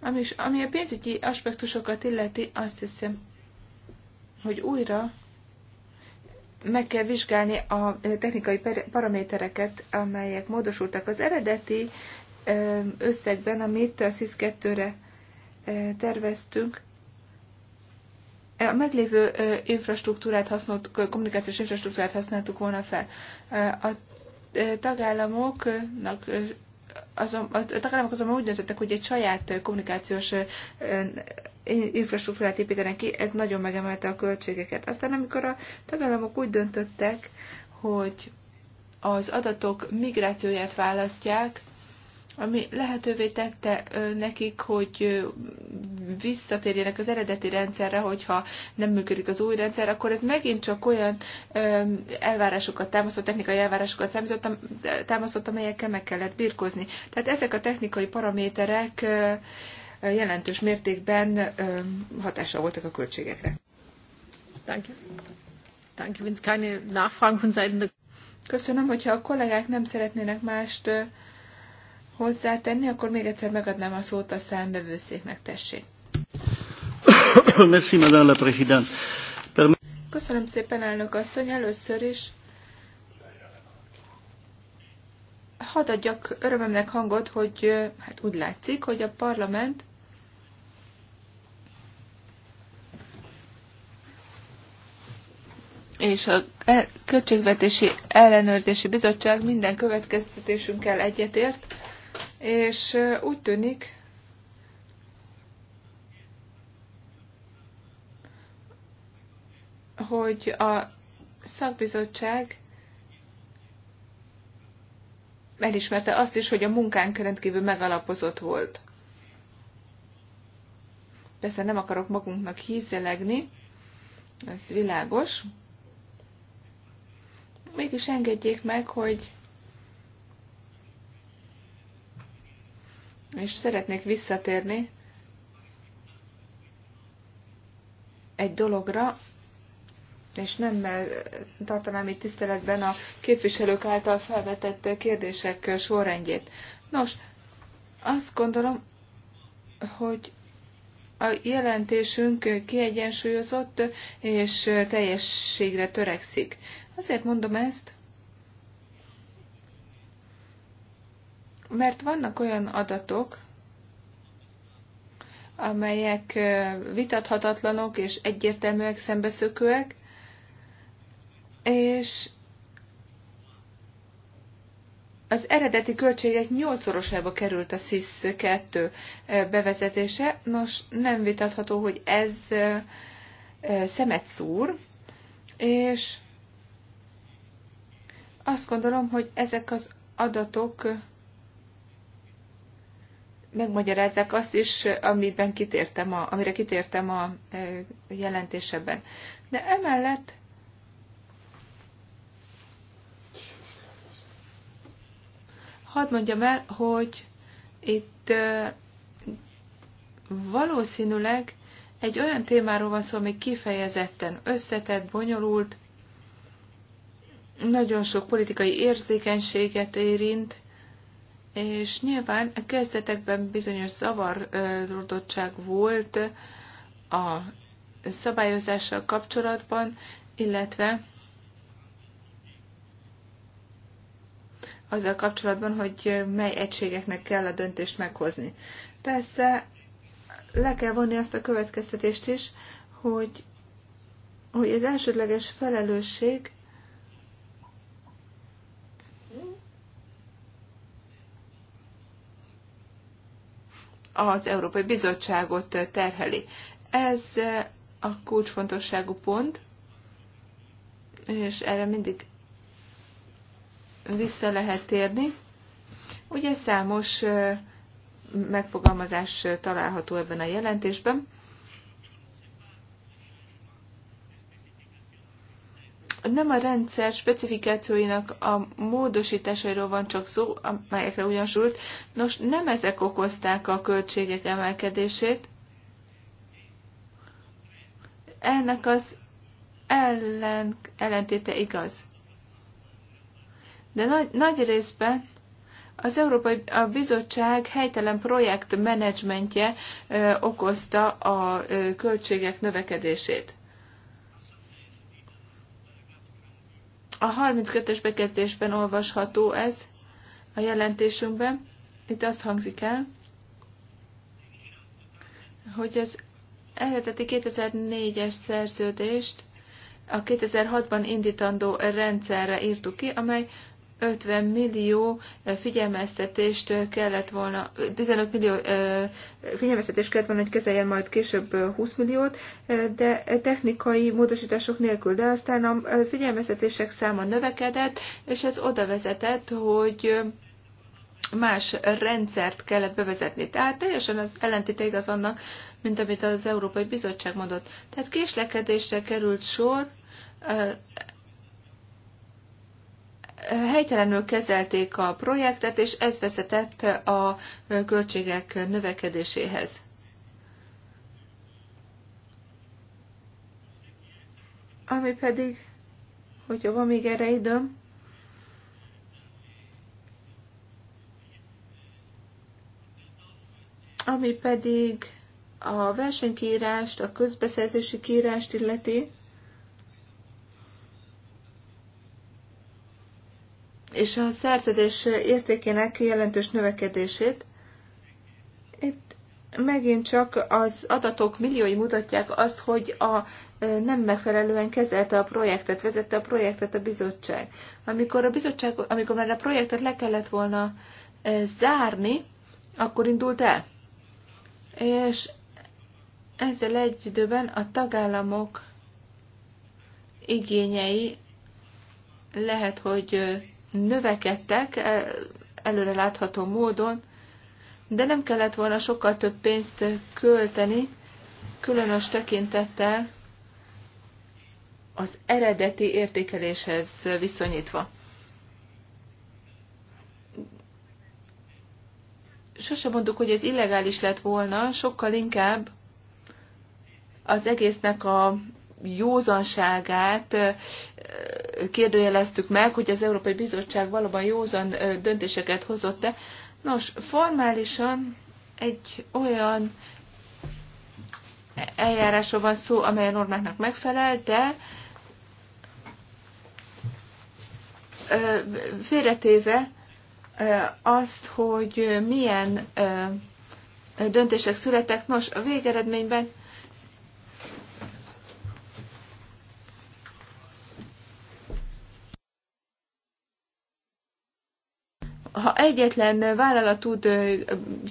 Ami, ami a pénzügyi aspektusokat illeti, azt hiszem, hogy újra meg kell vizsgálni a eh, technikai paramétereket, amelyek módosultak az eredeti eh, összegben, amit a sis 2-re eh, terveztünk a meglévő infrastruktúrát használt, kommunikációs infrastruktúrát használtuk volna fel. A tagállamoknak azon, a tagállamok azonban úgy döntöttek, hogy egy saját kommunikációs infrastruktúrát építenek ki, ez nagyon megemelte a költségeket. Aztán amikor a tagállamok úgy döntöttek, hogy az adatok migrációját választják, ami lehetővé tette nekik, hogy visszatérjenek az eredeti rendszerre, hogyha nem működik az új rendszer, akkor ez megint csak olyan elvárásokat támasztott, technikai elvárásokat támasztott, amelyekkel meg kellett birkozni. Tehát ezek a technikai paraméterek jelentős mértékben hatással voltak a költségekre. Danke. Danke, wenn es keine von Seiten Köszönöm, hogyha a kollégák nem szeretnének mást hozzátenni, akkor még egyszer megadnám a szót a számbevőszéknek, tessék. [coughs] Merci, madame la présidente. Köszönöm szépen, elnök asszony, először is. Hadd adjak örömömnek hangot, hogy hát úgy látszik, hogy a parlament és a Költségvetési Ellenőrzési Bizottság minden következtetésünkkel egyetért, és úgy tűnik, hogy a szakbizottság elismerte azt is, hogy a munkánk rendkívül megalapozott volt. Persze nem akarok magunknak hízelegni, ez világos. Mégis engedjék meg, hogy És szeretnék visszatérni egy dologra, és nem tartanám itt tiszteletben a képviselők által felvetett kérdések sorrendjét. Nos, azt gondolom, hogy a jelentésünk kiegyensúlyozott és teljességre törekszik. Azért mondom ezt, Mert vannak olyan adatok, amelyek vitathatatlanok és egyértelműek, szembeszökőek, és az eredeti költségek nyolcszorosába került a SIS-2 bevezetése. Nos, nem vitatható, hogy ez szemet szúr, és azt gondolom, hogy ezek az adatok megmagyarázzák azt is, amiben kitértem a, amire kitértem a e, jelentésebben. De emellett hadd mondjam el, hogy itt e, valószínűleg egy olyan témáról van szó, ami kifejezetten összetett, bonyolult, nagyon sok politikai érzékenységet érint, és nyilván a kezdetekben bizonyos zavarodottság volt a szabályozással kapcsolatban, illetve azzal kapcsolatban, hogy mely egységeknek kell a döntést meghozni. Persze le kell vonni azt a következtetést is, hogy, hogy az elsődleges felelősség az Európai Bizottságot terheli. Ez a kulcsfontosságú pont, és erre mindig vissza lehet térni. Ugye számos megfogalmazás található ebben a jelentésben. nem a rendszer specifikációinak a módosításairól van csak szó, amelyekre ugyan Nos, nem ezek okozták a költségek emelkedését. Ennek az ellen, ellentéte igaz. De nagy, nagy részben az Európai a Bizottság helytelen projektmenedzsmentje okozta a ö, költségek növekedését. A 32-es bekezdésben olvasható ez a jelentésünkben. Itt az hangzik el, hogy az eredeti 2004-es szerződést a 2006-ban indítandó rendszerre írtuk ki, amely 50 millió figyelmeztetést kellett volna, 15 millió figyelmeztetést kellett volna, hogy kezeljen majd később 20 milliót, de technikai módosítások nélkül, de aztán a figyelmeztetések száma növekedett, és ez oda vezetett, hogy más rendszert kellett bevezetni. Tehát teljesen az ellentéte igaz annak, mint amit az Európai Bizottság mondott. Tehát késlekedésre került sor, helytelenül kezelték a projektet, és ez vezetett a költségek növekedéséhez. Ami pedig, hogyha van még erre időm, ami pedig a versenykírást, a közbeszerzési kírást illeti, és a szerződés értékének jelentős növekedését. Itt megint csak az adatok milliói mutatják azt, hogy a nem megfelelően kezelte a projektet, vezette a projektet a bizottság. Amikor, a bizottság, amikor már a projektet le kellett volna zárni, akkor indult el. És ezzel egy időben a tagállamok igényei lehet, hogy növekedtek e, előre látható módon, de nem kellett volna sokkal több pénzt költeni, különös tekintettel az eredeti értékeléshez viszonyítva. Sose mondtuk, hogy ez illegális lett volna, sokkal inkább az egésznek a józanságát e, kérdőjeleztük meg, hogy az Európai Bizottság valóban józan döntéseket hozott-e. Nos, formálisan egy olyan eljárásról van szó, amely a normáknak megfelel, de félretéve azt, hogy milyen döntések születtek, nos, a végeredményben ha egyetlen vállalat tud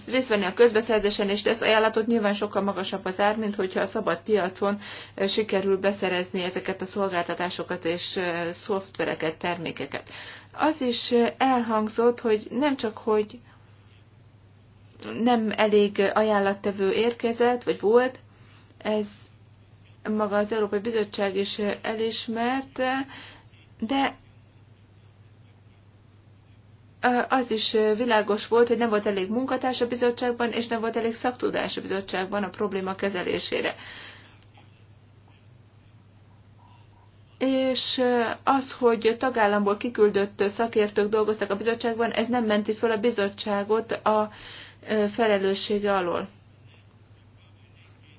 részt venni a közbeszerzésen, és tesz ajánlatot, nyilván sokkal magasabb az ár, mint hogyha a szabad piacon sikerül beszerezni ezeket a szolgáltatásokat és szoftvereket, termékeket. Az is elhangzott, hogy nem csak, hogy nem elég ajánlattevő érkezett, vagy volt, ez maga az Európai Bizottság is elismerte, de az is világos volt, hogy nem volt elég munkatárs a bizottságban, és nem volt elég szaktudás a bizottságban a probléma kezelésére. És az, hogy tagállamból kiküldött szakértők dolgoztak a bizottságban, ez nem menti föl a bizottságot a felelőssége alól.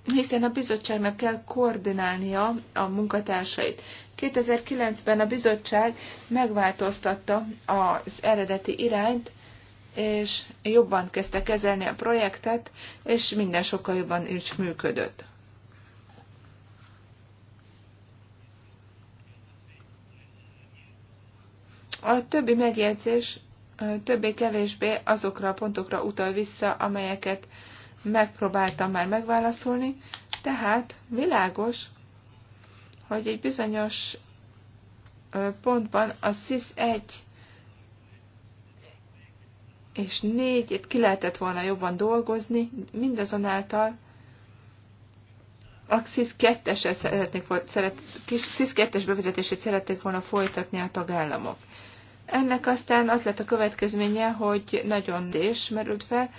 Hiszen a bizottságnak kell koordinálnia a munkatársait. 2009-ben a bizottság megváltoztatta az eredeti irányt, és jobban kezdte kezelni a projektet, és minden sokkal jobban is működött. A többi megjegyzés többé-kevésbé azokra a pontokra utal vissza, amelyeket megpróbáltam már megválaszolni, tehát világos, hogy egy bizonyos pontban a SIS 1 és 4, itt ki lehetett volna jobban dolgozni, mindazonáltal a SIS 2 szeretnék, szeret, bevezetését szerették volna folytatni a tagállamok. Ennek aztán az lett a következménye, hogy nagyon és merült fel,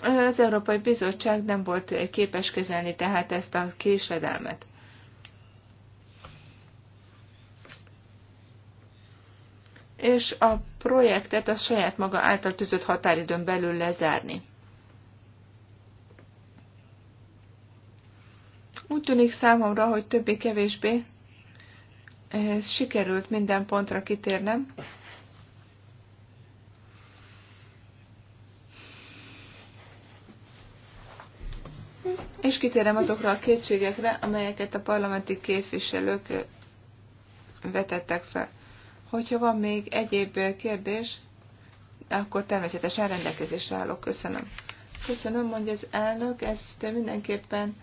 az Európai Bizottság nem volt képes kezelni tehát ezt a késedelmet. és a projektet a saját maga által tűzött határidőn belül lezárni. Úgy tűnik számomra, hogy többé-kevésbé sikerült minden pontra kitérnem. És kitérem azokra a kétségekre, amelyeket a parlamenti képviselők vetettek fel. Hogyha van még egyéb kérdés, akkor természetesen rendelkezésre állok. Köszönöm. Köszönöm, mondja az elnök, ezt mindenképpen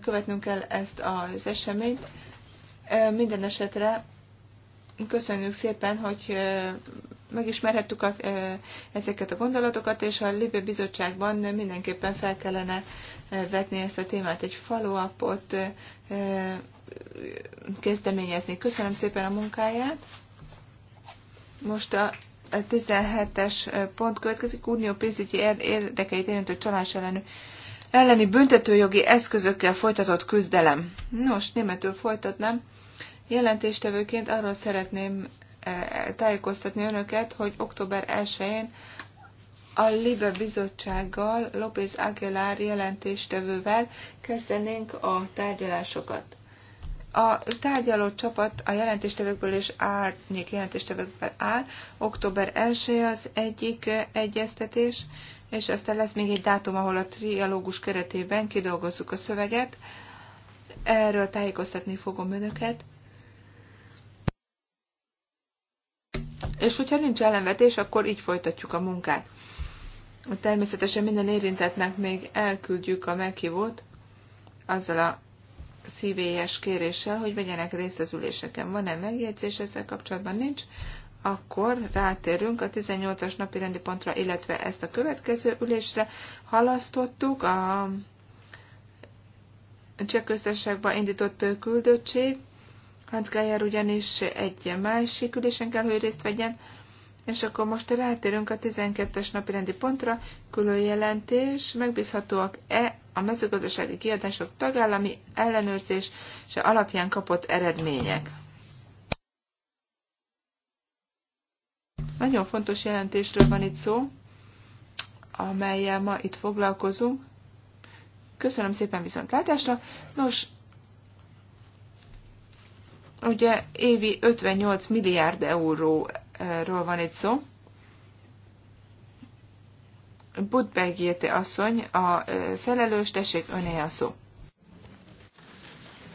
követnünk kell ezt az eseményt. Minden esetre köszönjük szépen, hogy megismerhettük a, ezeket a gondolatokat, és a Libé Bizottságban mindenképpen fel kellene vetni ezt a témát, egy faluapot kezdeményezni. Köszönöm szépen a munkáját. Most a 17-es pont következik, unió pénzügyi érdekeit érintő csalás ellenő elleni büntetőjogi eszközökkel folytatott küzdelem. Nos, németül folytatnám. Jelentéstevőként arról szeretném tájékoztatni önöket, hogy október 1-én a Libe bizottsággal, López Aguilar jelentéstevővel kezdenénk a tárgyalásokat. A tárgyaló csapat a jelentéstevőkből és árnyék jelentéstevőkből áll. Október 1 az egyik egyeztetés, és aztán lesz még egy dátum, ahol a trialógus keretében kidolgozzuk a szöveget. Erről tájékoztatni fogom önöket. És hogyha nincs ellenvetés, akkor így folytatjuk a munkát. Természetesen minden érintetnek még elküldjük a meghívót azzal a szívélyes kéréssel, hogy vegyenek részt az üléseken. Van-e megjegyzés ezzel kapcsolatban? Nincs. Akkor rátérünk a 18-as napi rendi pontra, illetve ezt a következő ülésre halasztottuk. A Cseh indított küldöttség Hans Geyer ugyanis egy másik ülésen kell, hogy részt vegyen, és akkor most rátérünk a 12-es napi rendi pontra, külön jelentés, megbízhatóak-e a mezőgazdasági kiadások tagállami ellenőrzés és alapján kapott eredmények. Nagyon fontos jelentésről van itt szó, amelyel ma itt foglalkozunk. Köszönöm szépen viszontlátásra. Nos, Ugye évi 58 milliárd euróról van itt szó. Budbergéte asszony, a felelős, tessék öné a szó.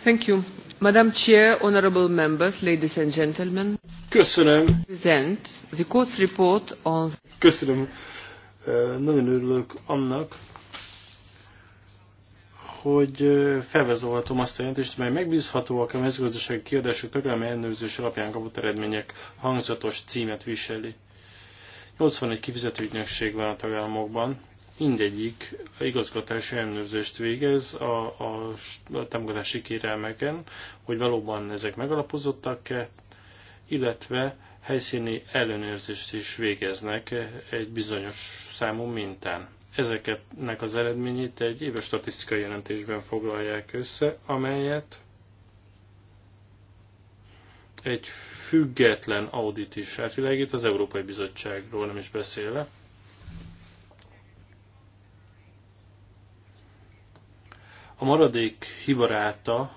Thank you. Madam Chair, honorable members, ladies and gentlemen. Köszönöm. Present the court's report on... Köszönöm. Nagyon örülök annak, hogy felvezolhatom azt a jelentést, mely megbízhatóak a mezőgazdasági kiadások tagállami ellenőrzés alapján kapott eredmények hangzatos címet viseli. 81 ügynökség van a tagállamokban, mindegyik igazgatási ellenőrzést végez a, a, a támogatási kérelmeken, hogy valóban ezek megalapozottak-e, illetve helyszíni ellenőrzést is végeznek egy bizonyos számú mintán ezeketnek az eredményét egy éves statisztikai jelentésben foglalják össze, amelyet egy független audit is átvilágít, az Európai Bizottságról nem is beszélve. A maradék hibaráta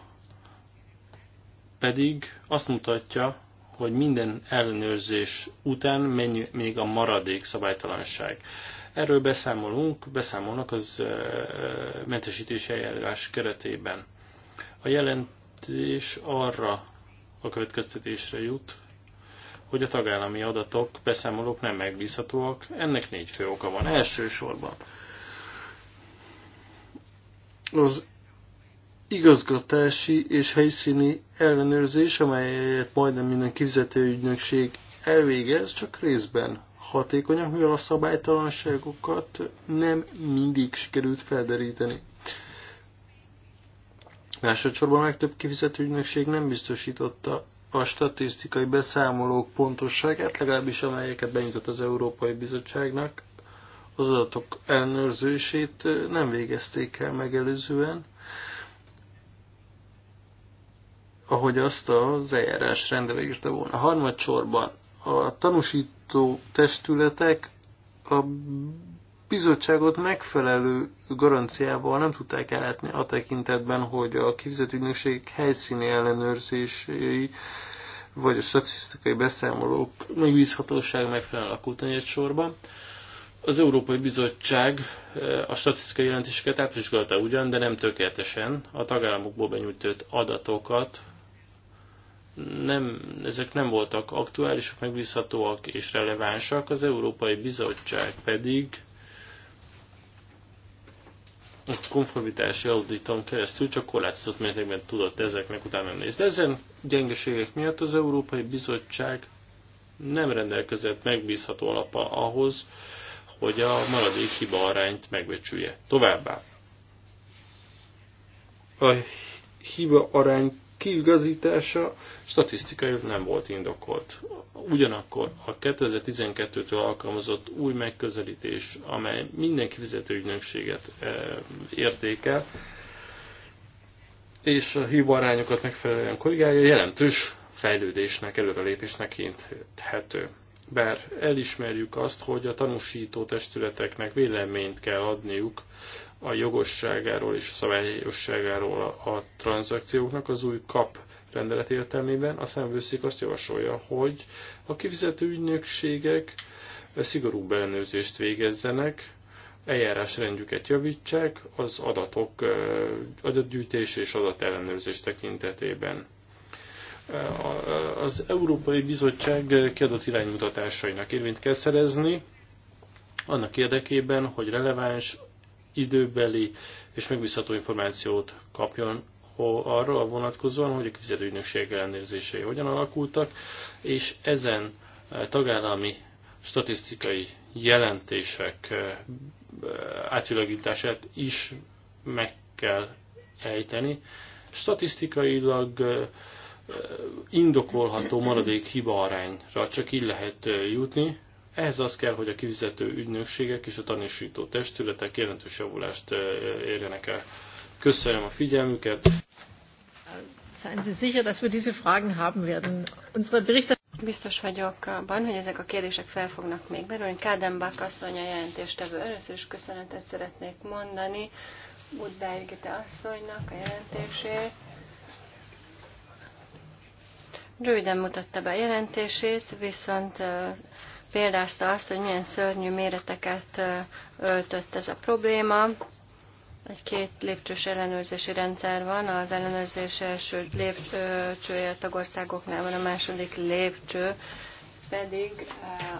pedig azt mutatja, hogy minden ellenőrzés után mennyi még a maradék szabálytalanság. Erről beszámolunk, beszámolnak az mentesítési eljárás keretében. A jelentés arra a következtetésre jut, hogy a tagállami adatok, beszámolók nem megbízhatóak. Ennek négy fő oka van. Elsősorban az igazgatási és helyszíni ellenőrzés, amelyet majdnem minden kifizetőügynökség elvégez, csak részben hatékonyak, mivel a szabálytalanságokat nem mindig sikerült felderíteni. Másodszorban a legtöbb kifizető ügynökség nem biztosította a statisztikai beszámolók pontosságát, legalábbis amelyeket benyújtott az Európai Bizottságnak, az adatok ellenőrzését nem végezték el megelőzően, ahogy azt az eljárás rendelésre volna. Harmadsorban a tanúsít irányító testületek a bizottságot megfelelő garanciával nem tudták elhetni a tekintetben, hogy a kifizetőügynökség helyszíni ellenőrzései vagy a statisztikai beszámolók megbízhatóság megfelelően alakult egy sorban. Az Európai Bizottság eh, a statisztikai jelentéseket átvizsgálta ugyan, de nem tökéletesen. A tagállamokból benyújtott adatokat nem, ezek nem voltak aktuálisak, megbízhatóak és relevánsak, az Európai Bizottság pedig a konformitási auditon keresztül csak korlátozott mértékben tudott ezeknek utána nézni. Ezen gyengeségek miatt az Európai Bizottság nem rendelkezett megbízható alapa ahhoz, hogy a maradék hiba arányt megbecsülje. Továbbá. A hiba arány kiigazítása statisztikai nem volt indokolt. Ugyanakkor a 2012-től alkalmazott új megközelítés, amely minden fizetőügynökséget eh, értékel, és a hibarányokat megfelelően korrigálja, jelentős fejlődésnek, előrelépésnek kinthető. Bár elismerjük azt, hogy a tanúsító testületeknek véleményt kell adniuk a jogosságáról és a szabályosságáról a, a tranzakcióknak az új kap rendelet értelmében. A szemvőszék azt javasolja, hogy a kifizető ügynökségek szigorú beellenőrzést végezzenek, eljárásrendjüket javítsák az adatok adatgyűjtés és adatellenőrzés tekintetében. Az Európai Bizottság kiadott iránymutatásainak érvényt kell szerezni, annak érdekében, hogy releváns időbeli és megbízható információt kapjon arról a vonatkozóan, hogy a fizetőügynökség ellenőrzései hogyan alakultak, és ezen e, tagállami statisztikai jelentések e, átvilágítását is meg kell ejteni. Statisztikailag e, indokolható maradék arányra csak így lehet jutni, ez az kell, hogy a kifizető ügynökségek és a tanúsító testületek jelentős javulást eh, érjenek el. Köszönöm a figyelmüket. Biztos vagyok abban, hogy ezek a kérdések fel fognak még merülni. Kádembák asszony a jelentéstevő. Először is köszönetet szeretnék mondani Budbergite asszonynak a jelentését. Röviden mutatta be a jelentését, viszont eh, példázta azt, hogy milyen szörnyű méreteket öltött ez a probléma. Egy két lépcsős ellenőrzési rendszer van, az ellenőrzés első lépcsője a tagországoknál van, a második lépcső pedig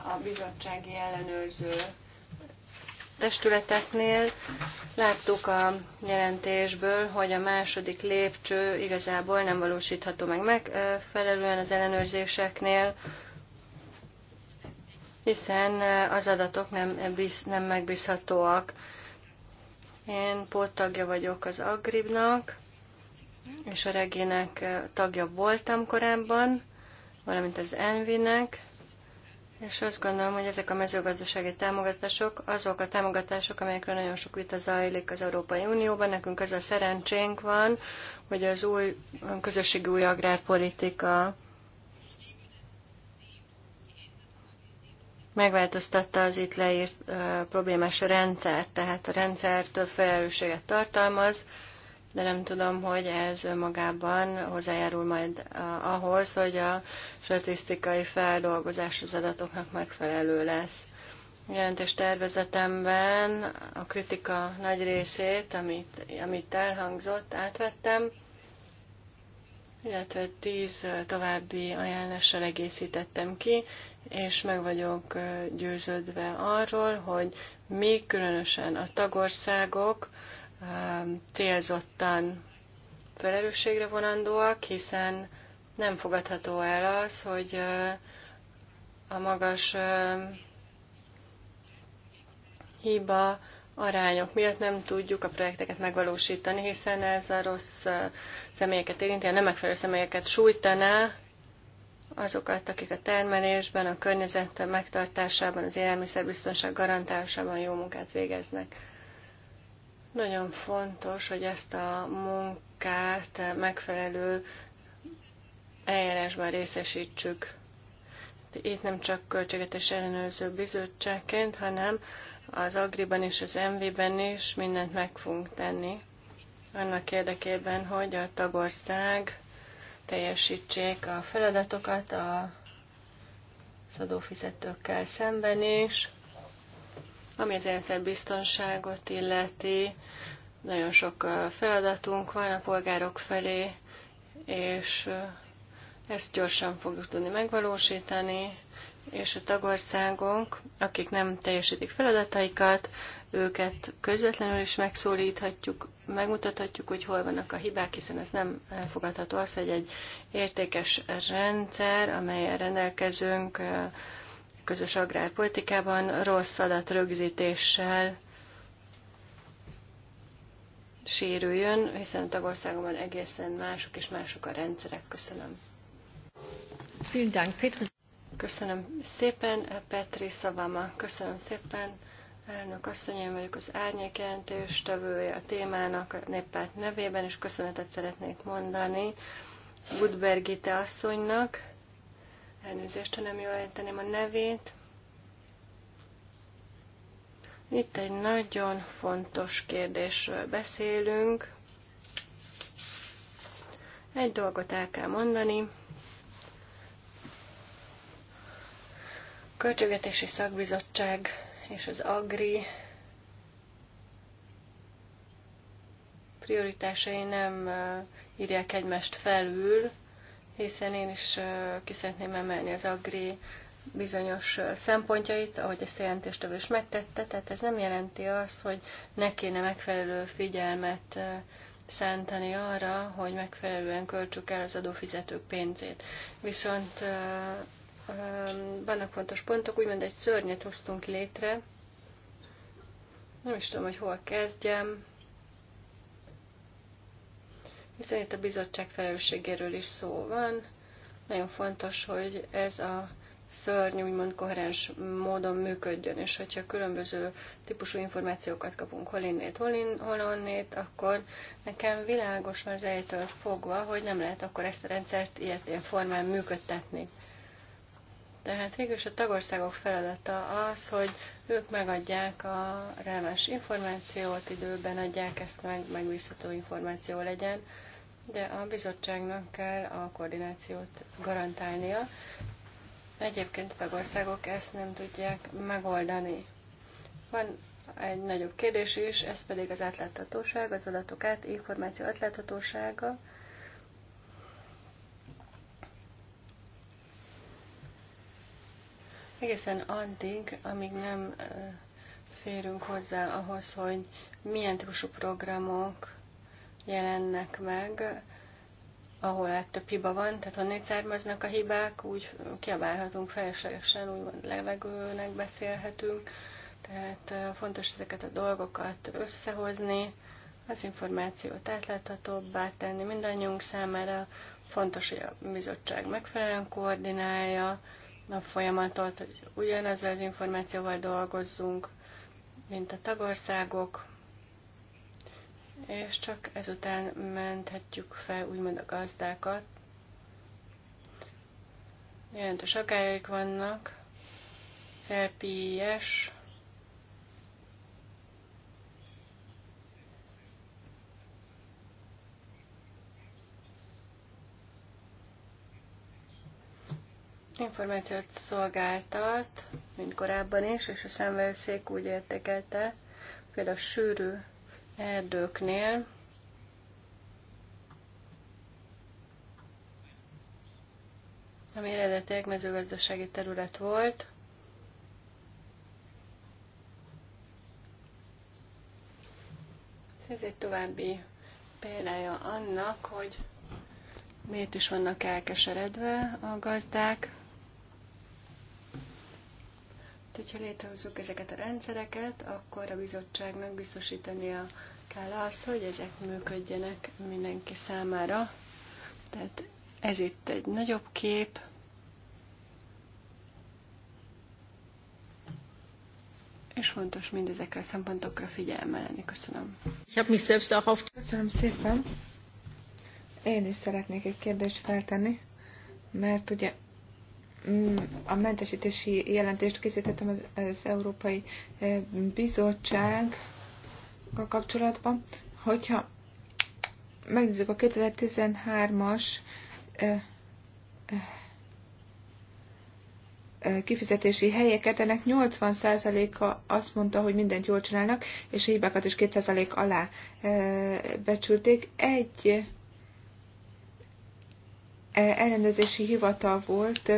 a bizottsági ellenőrző testületeknél. Láttuk a jelentésből, hogy a második lépcső igazából nem valósítható meg megfelelően az ellenőrzéseknél, hiszen eh, az adatok nem, nem megbízhatóak. Én póttagja vagyok az Agribnak, és a regének eh, tagja voltam korábban, valamint az Envinek, és azt gondolom, hogy ezek a mezőgazdasági támogatások azok a támogatások, amelyekről nagyon sok vita zajlik az Európai Unióban. Nekünk az a szerencsénk van, hogy az új közösségi új agrárpolitika megváltoztatta az itt leírt problémás rendszert, tehát a rendszer több felelősséget tartalmaz, de nem tudom, hogy ez magában hozzájárul majd ahhoz, hogy a statisztikai feldolgozás az adatoknak megfelelő lesz. A jelentés tervezetemben a kritika nagy részét, amit, amit elhangzott, átvettem, illetve tíz további ajánlással egészítettem ki, és meg vagyok győződve arról, hogy még különösen a tagországok célzottan felelősségre vonandóak, hiszen nem fogadható el az, hogy a magas hiba arányok miatt nem tudjuk a projekteket megvalósítani, hiszen ez a rossz személyeket érinti, a nem megfelelő személyeket sújtaná, azokat, akik a termelésben, a környezet megtartásában, az élelmiszerbiztonság garantálásában jó munkát végeznek. Nagyon fontos, hogy ezt a munkát megfelelő eljárásban részesítsük. Itt nem csak költségetes ellenőrző bizottságként, hanem az Agriban és az MV-ben is mindent meg fogunk tenni. Annak érdekében, hogy a tagország teljesítsék a feladatokat a adófizetőkkel szemben is. Ami az biztonságot illeti, nagyon sok feladatunk van a polgárok felé, és ezt gyorsan fogjuk tudni megvalósítani, és a tagországok, akik nem teljesítik feladataikat, őket közvetlenül is megszólíthatjuk, megmutathatjuk, hogy hol vannak a hibák, hiszen ez nem elfogadható az, hogy egy értékes rendszer, amelyen rendelkezünk közös agrárpolitikában rossz adatrögzítéssel sérüljön, hiszen a tagországokban egészen mások és mások a rendszerek. Köszönöm. Vielen Dank, Köszönöm szépen, Petri Szavama. Köszönöm szépen, elnök asszony, én vagyok az árnyékjelentés tevője a témának a néppárt nevében, és köszönetet szeretnék mondani Budbergite asszonynak. Elnézést, ha nem jól érteném a nevét. Itt egy nagyon fontos kérdésről beszélünk. Egy dolgot el kell mondani. Költségvetési Szakbizottság és az Agri prioritásai nem írják egymást felül, hiszen én is ki szeretném emelni az Agri bizonyos szempontjait, ahogy ezt a jelentéstevő is megtette, tehát ez nem jelenti azt, hogy ne kéne megfelelő figyelmet szántani arra, hogy megfelelően költsük el az adófizetők pénzét. Viszont vannak fontos pontok, úgymond egy szörnyet hoztunk létre. Nem is tudom, hogy hol kezdjem. Hiszen itt a bizottság felelősségéről is szó van. Nagyon fontos, hogy ez a szörny úgymond koherens módon működjön, és hogyha különböző típusú információkat kapunk hol innét, hol, in, hol onnét, akkor nekem világos már az fogva, hogy nem lehet akkor ezt a rendszert ilyetén formán működtetni. Tehát végül is a tagországok feladata az, hogy ők megadják a rámes információt, időben adják ezt meg, megbízható információ legyen, de a bizottságnak kell a koordinációt garantálnia. Egyébként a tagországok ezt nem tudják megoldani. Van egy nagyobb kérdés is, ez pedig az átláthatóság, az adatok át, információ átláthatósága, egészen addig, amíg nem férünk hozzá ahhoz, hogy milyen típusú programok jelennek meg, ahol legtöbb hát hiba van, tehát honnét származnak a hibák, úgy kiabálhatunk feleslegesen, úgymond levegőnek beszélhetünk, tehát fontos ezeket a dolgokat összehozni, az információt átláthatóbbá tenni mindannyiunk számára, fontos, hogy a bizottság megfelelően koordinálja a folyamatot, hogy ugyanaz az információval dolgozzunk, mint a tagországok, és csak ezután menthetjük fel úgymond a gazdákat. Jelentős agályaik vannak, az információt szolgáltat, mint korábban is, és a szemvelőszék úgy értékelte, például a sűrű erdőknél, ami eredetileg mezőgazdasági terület volt, Ez egy további példája annak, hogy miért is vannak elkeseredve a gazdák, tehát, hogyha létrehozzuk ezeket a rendszereket, akkor a bizottságnak biztosítania kell azt, hogy ezek működjenek mindenki számára. Tehát ez itt egy nagyobb kép. És fontos mindezekre a szempontokra figyelmelni. Köszönöm. Köszönöm szépen. Én is szeretnék egy kérdést feltenni, mert ugye Mm, a mentesítési jelentést készítettem az, az Európai e, bizottsággal kapcsolatban, hogyha megnézzük a 2013-as e, e, kifizetési helyeket, ennek 80%-a azt mondta, hogy mindent jól csinálnak, és a hibákat is 2% alá becsülték. Egy ellenőrzési hivatal volt,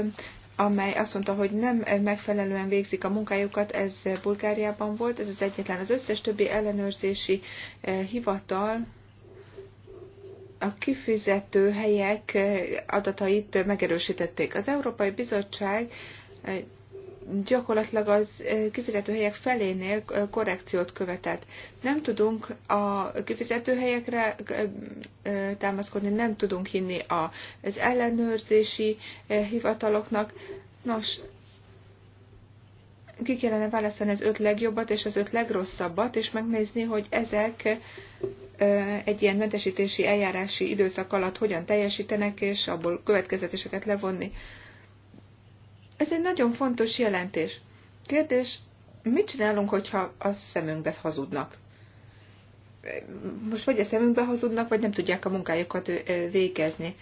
amely azt mondta, hogy nem megfelelően végzik a munkájukat, ez Bulgáriában volt, ez az egyetlen. Az összes többi ellenőrzési eh, hivatal a kifizető helyek eh, adatait megerősítették. Az Európai Bizottság eh, gyakorlatilag az kifizetőhelyek felénél korrekciót követett. Nem tudunk a kifizetőhelyekre támaszkodni, nem tudunk hinni az ellenőrzési hivataloknak. Nos, ki kellene választani az öt legjobbat és az öt legrosszabbat, és megnézni, hogy ezek egy ilyen mentesítési eljárási időszak alatt hogyan teljesítenek, és abból következetéseket levonni. Ez egy nagyon fontos jelentés. Kérdés, mit csinálunk, hogyha a szemünkbe hazudnak? Most vagy a szemünkbe hazudnak, vagy nem tudják a munkájukat végezni.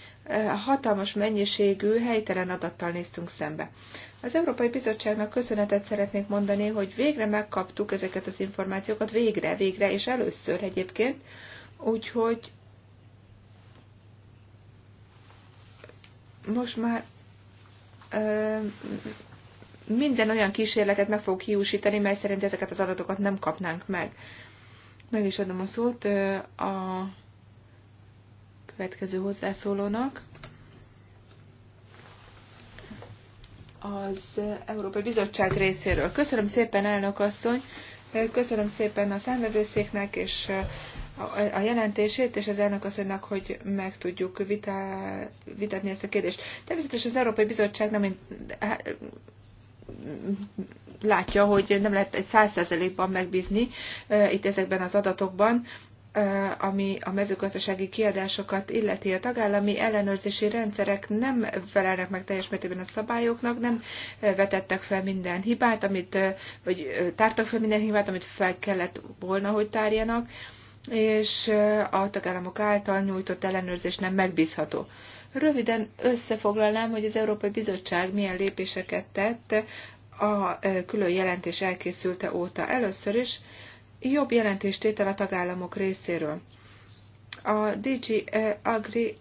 Hatalmas mennyiségű, helytelen adattal néztünk szembe. Az Európai Bizottságnak köszönetet szeretnék mondani, hogy végre megkaptuk ezeket az információkat, végre, végre, és először egyébként, úgyhogy most már minden olyan kísérletet meg fogok hiúsítani, mely szerint ezeket az adatokat nem kapnánk meg. Meg is adom a szót a következő hozzászólónak. Az Európai Bizottság részéről. Köszönöm szépen, elnök asszony! Köszönöm szépen a számvevőszéknek és a jelentését, és az elnök asszonynak, hogy meg tudjuk vitá, vitatni ezt a kérdést. Természetesen az Európai Bizottság nem látja, hogy nem lehet egy száz százalékban megbízni itt ezekben az adatokban, ami a mezőgazdasági kiadásokat illeti a tagállami ellenőrzési rendszerek nem felelnek meg teljes mértékben a szabályoknak, nem vetettek fel minden hibát, amit, vagy tártak fel minden hibát, amit fel kellett volna, hogy tárjanak és a tagállamok által nyújtott ellenőrzés nem megbízható. Röviden összefoglalnám, hogy az Európai Bizottság milyen lépéseket tett a külön jelentés elkészülte óta. Először is jobb jelentéstétel a tagállamok részéről. A DG Agri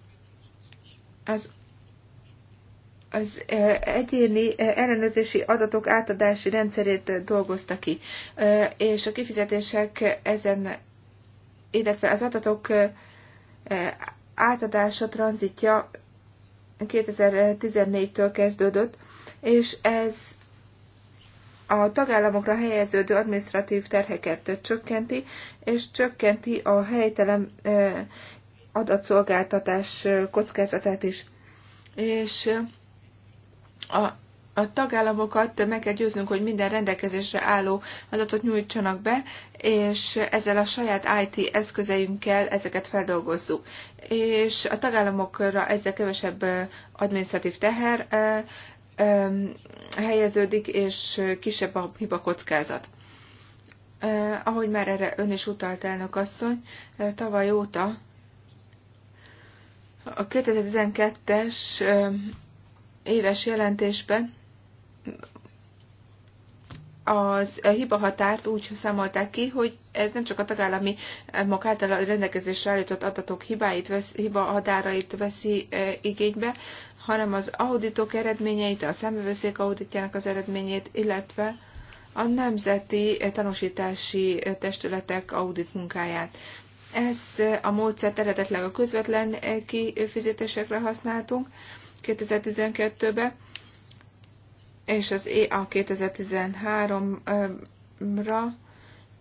az az egyéni ellenőrzési adatok átadási rendszerét dolgozta ki, és a kifizetések ezen illetve az adatok átadása, tranzitja 2014-től kezdődött, és ez a tagállamokra helyeződő administratív terheket csökkenti, és csökkenti a helytelen adatszolgáltatás kockázatát is. És a a tagállamokat meg kell győznünk, hogy minden rendelkezésre álló adatot nyújtsanak be, és ezzel a saját IT eszközeinkkel ezeket feldolgozzuk. És a tagállamokra ezzel kevesebb adminisztratív teher helyeződik, és kisebb a hibakockázat. Ahogy már erre ön is utalt, elnök asszony, tavaly óta a 2012-es éves jelentésben az hiba határt úgy számolták ki, hogy ez nem csak a tagállami mag által a rendelkezésre állított adatok hibáit vesz, hiba határait veszi e, igénybe, hanem az auditok eredményeit, a szemüveszék auditjának az eredményét, illetve a nemzeti tanúsítási testületek audit munkáját. Ez a módszert eredetleg a közvetlen kifizetésekre használtunk 2012-ben, és az EA 2013-ra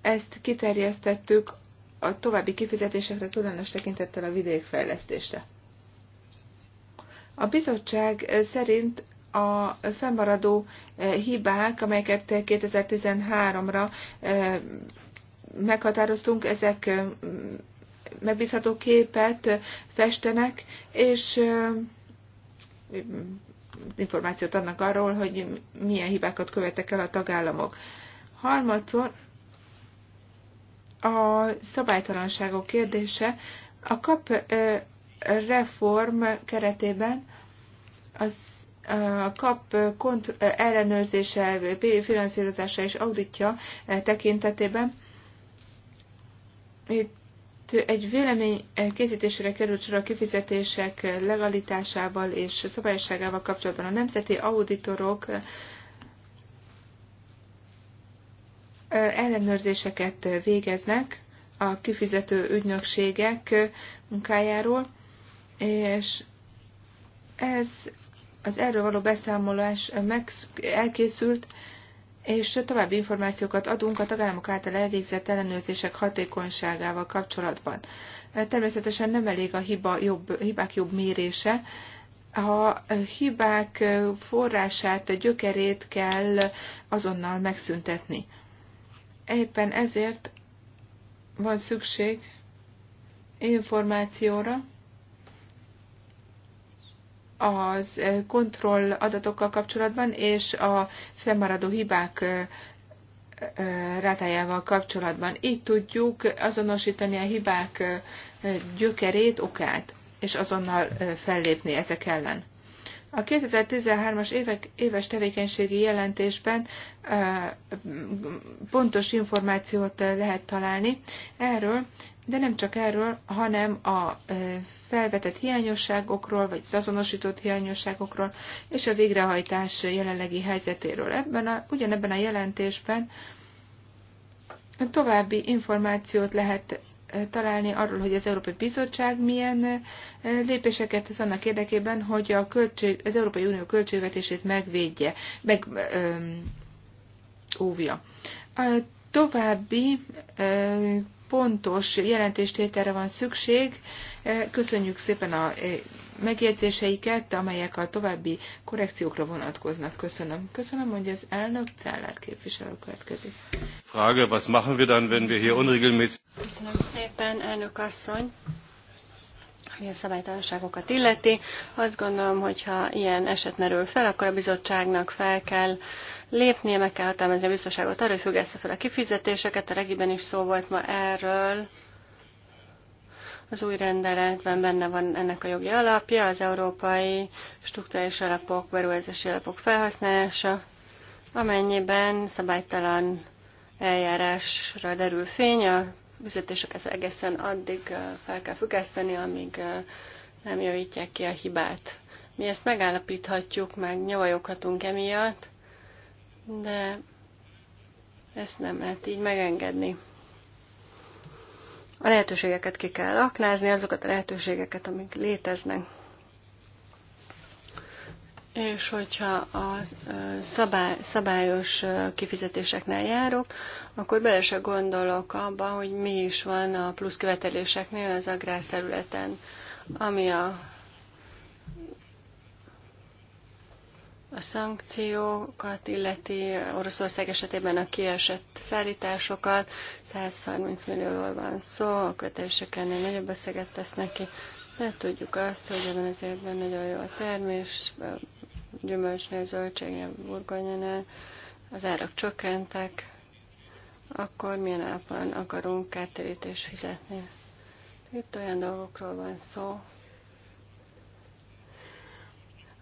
ezt kiterjesztettük a további kifizetésekre, különös tekintettel a vidékfejlesztésre. A bizottság szerint a fennmaradó e, hibák, amelyeket 2013-ra e, meghatároztunk, ezek e, megbízható képet festenek, és információt adnak arról, hogy milyen hibákat követtek el a tagállamok. Harmadszor a szabálytalanságok kérdése a kap reform keretében az a kap kont- ellenőrzése, finanszírozása és auditja tekintetében itt itt egy vélemény készítésére került sor a kifizetések legalitásával és szabályosságával kapcsolatban. A nemzeti auditorok ellenőrzéseket végeznek a kifizető ügynökségek munkájáról, és ez az erről való beszámolás elkészült, és további információkat adunk a tagállamok által elvégzett ellenőrzések hatékonyságával kapcsolatban. Természetesen nem elég a hiba jobb, hibák jobb mérése, a hibák forrását, gyökerét kell azonnal megszüntetni. Éppen ezért van szükség információra, az eh, kontroll adatokkal kapcsolatban és a fennmaradó hibák eh, eh, rátájával kapcsolatban. Így tudjuk azonosítani a hibák gyökerét, okát, és azonnal fellépni ezek ellen. A 2013-as évek, éves tevékenységi jelentésben pontos információt lehet találni erről, de nem csak erről, hanem a felvetett hiányosságokról, vagy az azonosított hiányosságokról, és a végrehajtás jelenlegi helyzetéről. Ebben a, ugyanebben a jelentésben további információt lehet eh, találni arról, hogy az Európai Bizottság milyen eh, lépéseket tesz annak érdekében, hogy a költség, az Európai Unió költségvetését megvédje, meg öm, óvja. A további eh, pontos jelentéstételre van szükség. E, köszönjük szépen a e, megjegyzéseiket, amelyek a további korrekciókra vonatkoznak. Köszönöm. Köszönöm, hogy az elnök Cellár képviselő következik. Frage, was machen wir dann, wenn wir hier unregelmäßig... Köszönöm szépen, elnök asszony ami a szabálytalanságokat illeti. Azt gondolom, hogyha ilyen eset merül fel, akkor a bizottságnak fel kell lépnie, meg kell hatalmazni a biztonságot arra, hogy függesse fel a kifizetéseket, a regiben is szó volt ma erről. Az új rendeletben benne van ennek a jogi alapja, az európai struktúrális alapok, beruházási alapok felhasználása, amennyiben szabálytalan eljárásra derül fény, a fizetéseket egészen addig fel kell függeszteni, amíg nem javítják ki a hibát. Mi ezt megállapíthatjuk, meg nyavajoghatunk emiatt, de ezt nem lehet így megengedni. A lehetőségeket ki kell aknázni, azokat a lehetőségeket, amik léteznek. És hogyha a szabály, szabályos kifizetéseknél járok, akkor bele se gondolok abba, hogy mi is van a plusz követeléseknél az agrárterületen, ami a a szankciókat illeti, Oroszország esetében a kiesett szállításokat, 130 millióról van szó, a kötelések ennél nagyobb összeget tesznek neki, De tudjuk azt, hogy ebben az évben nagyon jó a termés, gyümölcsnél, zöldségnél, burgonyánál, az árak csökkentek, akkor milyen alapon akarunk kártérítést fizetni. Itt olyan dolgokról van szó,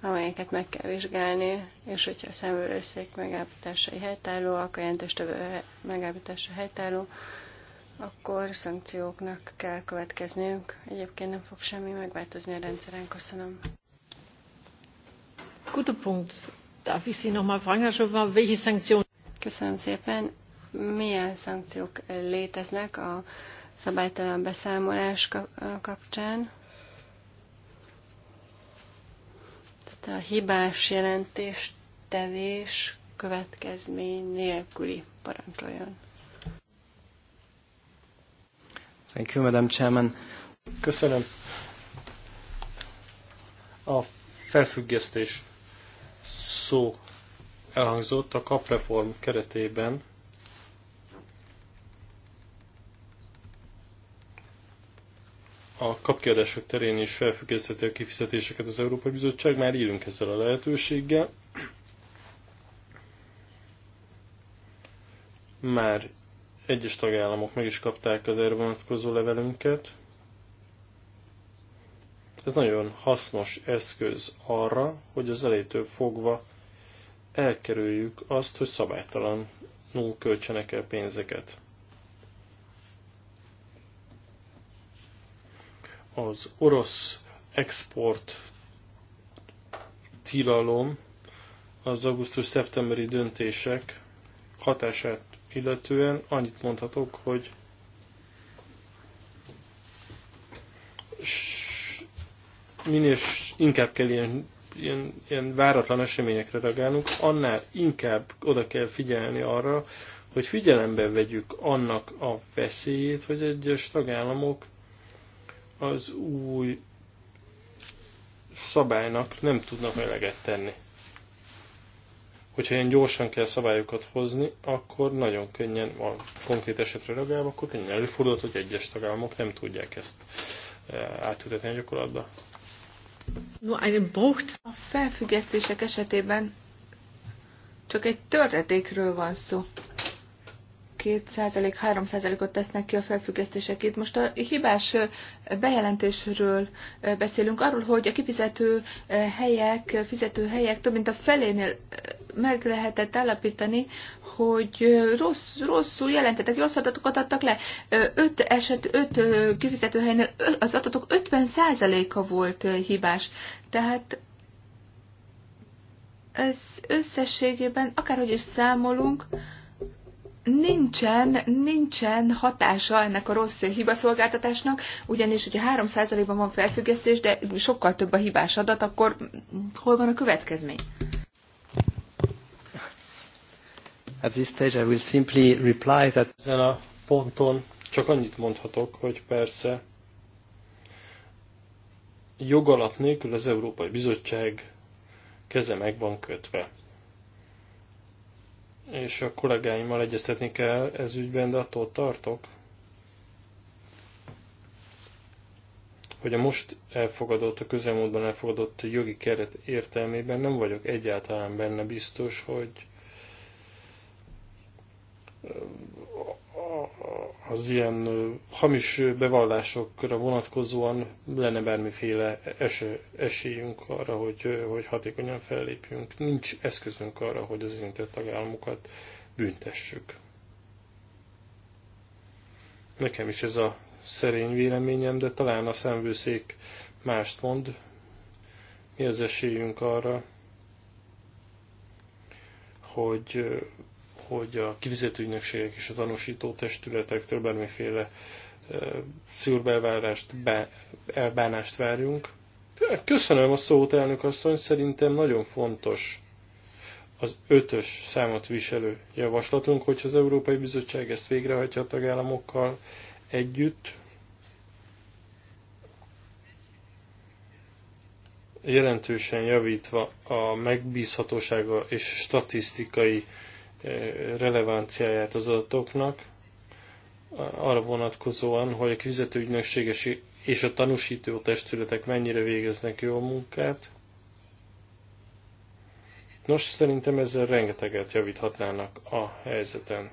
amelyeket meg kell vizsgálni, és hogyha a szemvőszék megállapításai helytálló, a jelentéstevő megállapítása helytálló, akkor szankcióknak kell következniük. Egyébként nem fog semmi megváltozni a rendszeren. Köszönöm. Punkt. Darf ich Sie nochmal fragen, Herr welche Sanktionen? Köszönöm szépen. Milyen szankciók léteznek a szabálytalan beszámolás kapcsán? a hibás jelentés tevés következmény nélküli parancsoljon. Thank you, Madam Chairman. Köszönöm. A felfüggesztés szó elhangzott a kapreform keretében a kapkiadások terén is felfüggesztheti a kifizetéseket az Európai Bizottság, már írunk ezzel a lehetőséggel. Már egyes tagállamok meg is kapták az erre vonatkozó levelünket. Ez nagyon hasznos eszköz arra, hogy az elejétől fogva elkerüljük azt, hogy szabálytalanul költsenek el pénzeket. az orosz export tilalom, az augusztus-szeptemberi döntések hatását illetően annyit mondhatok, hogy minél inkább kell ilyen, ilyen, ilyen váratlan eseményekre reagálnunk, annál inkább oda kell figyelni arra, hogy figyelembe vegyük annak a veszélyét, hogy egyes tagállamok az új szabálynak nem tudnak eleget tenni. Hogyha ilyen gyorsan kell szabályokat hozni, akkor nagyon könnyen, a konkrét esetre reagálva, akkor könnyen előfordulhat, hogy egyes tagállamok nem tudják ezt eh, átültetni a gyakorlatba. a felfüggesztések esetében csak egy törletékről van szó. 2%-3%-ot tesznek ki a felfüggesztések itt. Most a hibás bejelentésről beszélünk, arról, hogy a kifizető helyek, fizető helyek több mint a felénél meg lehetett állapítani, hogy rossz, rosszul jelentettek, rossz adatokat adtak le. Öt eset, öt kifizetőhelynél az adatok 50%-a volt hibás. Tehát ez összességében, akárhogy is számolunk, nincsen, nincsen hatása ennek a rossz hibaszolgáltatásnak, ugyanis, hogyha 3%-ban van felfüggesztés, de sokkal több a hibás adat, akkor hol van a következmény? At this stage I will simply reply that... Ezen a ponton csak annyit mondhatok, hogy persze jogalat nélkül az Európai Bizottság keze meg van kötve és a kollégáimmal egyeztetni kell ez ügyben, de attól tartok, hogy a most elfogadott, a közelmúltban elfogadott jogi keret értelmében nem vagyok egyáltalán benne biztos, hogy az ilyen hamis bevallásokra vonatkozóan lenne bármiféle es esélyünk arra, hogy, hogy hatékonyan fellépjünk. Nincs eszközünk arra, hogy az érintett tagállamokat büntessük. Nekem is ez a szerény véleményem, de talán a szemvőszék mást mond. Mi az esélyünk arra, hogy hogy a ügynökségek és a tanúsító testületektől bármiféle szűrbelvárást, elbánást várjunk. Köszönöm a szót, elnök asszony, szerintem nagyon fontos az ötös számot viselő javaslatunk, hogy az Európai Bizottság ezt végrehajtja a tagállamokkal együtt. jelentősen javítva a megbízhatósága és statisztikai relevanciáját az adatoknak, arra vonatkozóan, hogy a fizetőügynökséges és a tanúsító testületek mennyire végeznek jó munkát. Nos, szerintem ezzel rengeteget javíthatnának a helyzeten.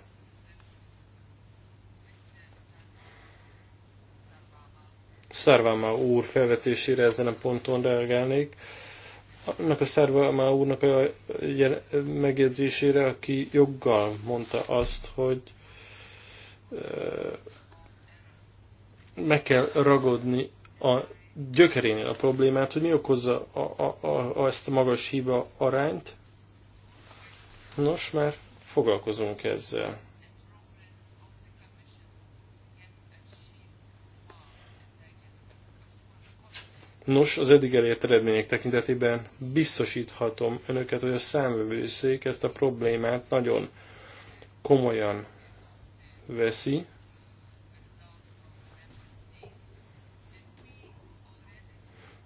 Szárváma úr felvetésére ezen a ponton reagálnék annak a Szárvámá úrnak a megjegyzésére, aki joggal mondta azt, hogy meg kell ragadni a gyökerénél a problémát, hogy mi okozza a, a, a, a ezt a magas hiba arányt. Nos, már foglalkozunk ezzel. Nos, az eddig elért eredmények tekintetében biztosíthatom önöket, hogy a számvevőszék ezt a problémát nagyon komolyan veszi,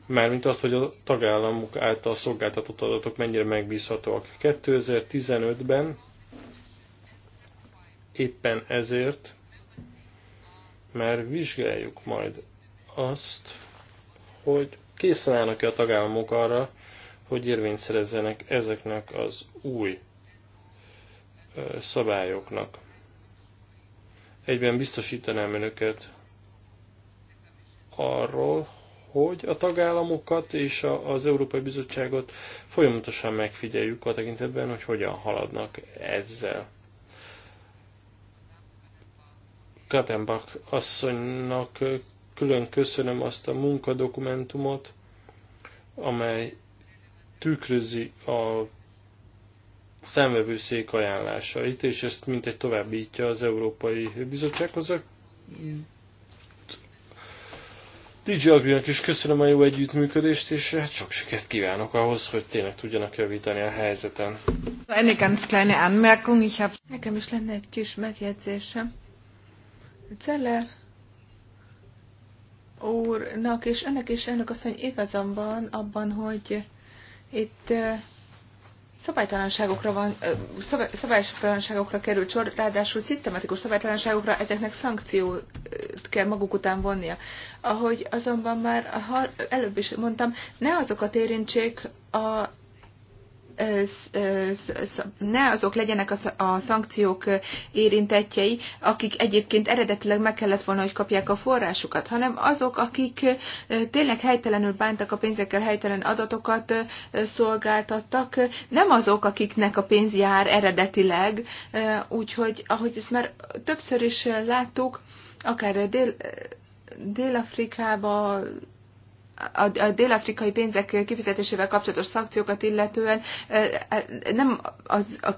mármint azt, hogy a tagállamok által szolgáltatott adatok mennyire megbízhatóak. 2015-ben éppen ezért már vizsgáljuk majd azt, hogy készen állnak-e a tagállamok arra, hogy érvényt szerezzenek ezeknek az új szabályoknak. Egyben biztosítanám önöket arról, hogy a tagállamokat és az Európai Bizottságot folyamatosan megfigyeljük a tekintetben, hogy hogyan haladnak ezzel. Katenbach asszonynak külön köszönöm azt a munkadokumentumot, amely tükrözi a szemvevőszék ajánlásait, és ezt mintegy továbbítja az Európai Bizottsághoz. DJ Agrinak is köszönöm a jó együttműködést, és hát sok sikert kívánok ahhoz, hogy tényleg tudjanak javítani a helyzeten. Eine ganz kleine Anmerkung, ich hab... Nekem is lenne egy kis megjegyzésem. Zeller úrnak, és önnek is azt asszony igazam van abban, hogy itt szabálytalanságokra, van, szabálytalanságokra került sor, ráadásul szisztematikus szabálytalanságokra ezeknek szankciót kell maguk után vonnia. Ahogy azonban már előbb is mondtam, ne azokat érintsék a ne azok legyenek a szankciók érintettjei, akik egyébként eredetileg meg kellett volna, hogy kapják a forrásukat, hanem azok, akik tényleg helytelenül bántak a pénzekkel, helytelen adatokat szolgáltattak, nem azok, akiknek a pénz jár eredetileg, úgyhogy ahogy ezt már többször is láttuk, akár Dél- dél a, a dél-afrikai pénzek kifizetésével kapcsolatos szankciókat illetően nem az a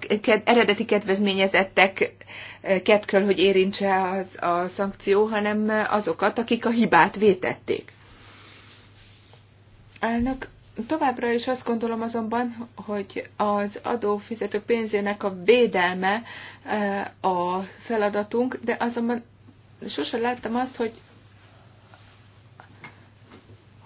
eredeti kedvezményezetteket kell, hogy érintse az, a szankció, hanem azokat, akik a hibát vétették. Elnök, továbbra is azt gondolom azonban, hogy az adófizetők pénzének a védelme a feladatunk, de azonban sose láttam azt, hogy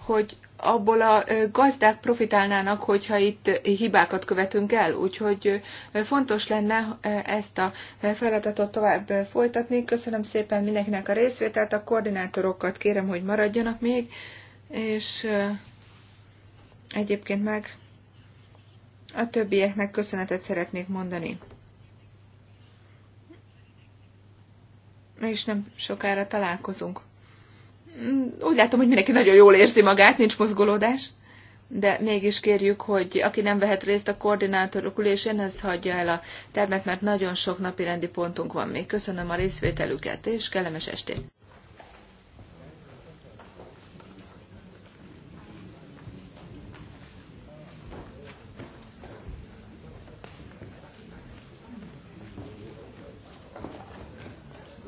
hogy abból a gazdák profitálnának, hogyha itt hibákat követünk el. Úgyhogy fontos lenne ezt a feladatot tovább folytatni. Köszönöm szépen mindenkinek a részvételt, a koordinátorokat kérem, hogy maradjanak még, és egyébként meg a többieknek köszönetet szeretnék mondani. És nem sokára találkozunk úgy látom, hogy mindenki nagyon jól érzi magát, nincs mozgolódás, de mégis kérjük, hogy aki nem vehet részt a koordinátorok ülésén, ez hagyja el a termet, mert nagyon sok napi rendi pontunk van még. Köszönöm a részvételüket, és kellemes estét!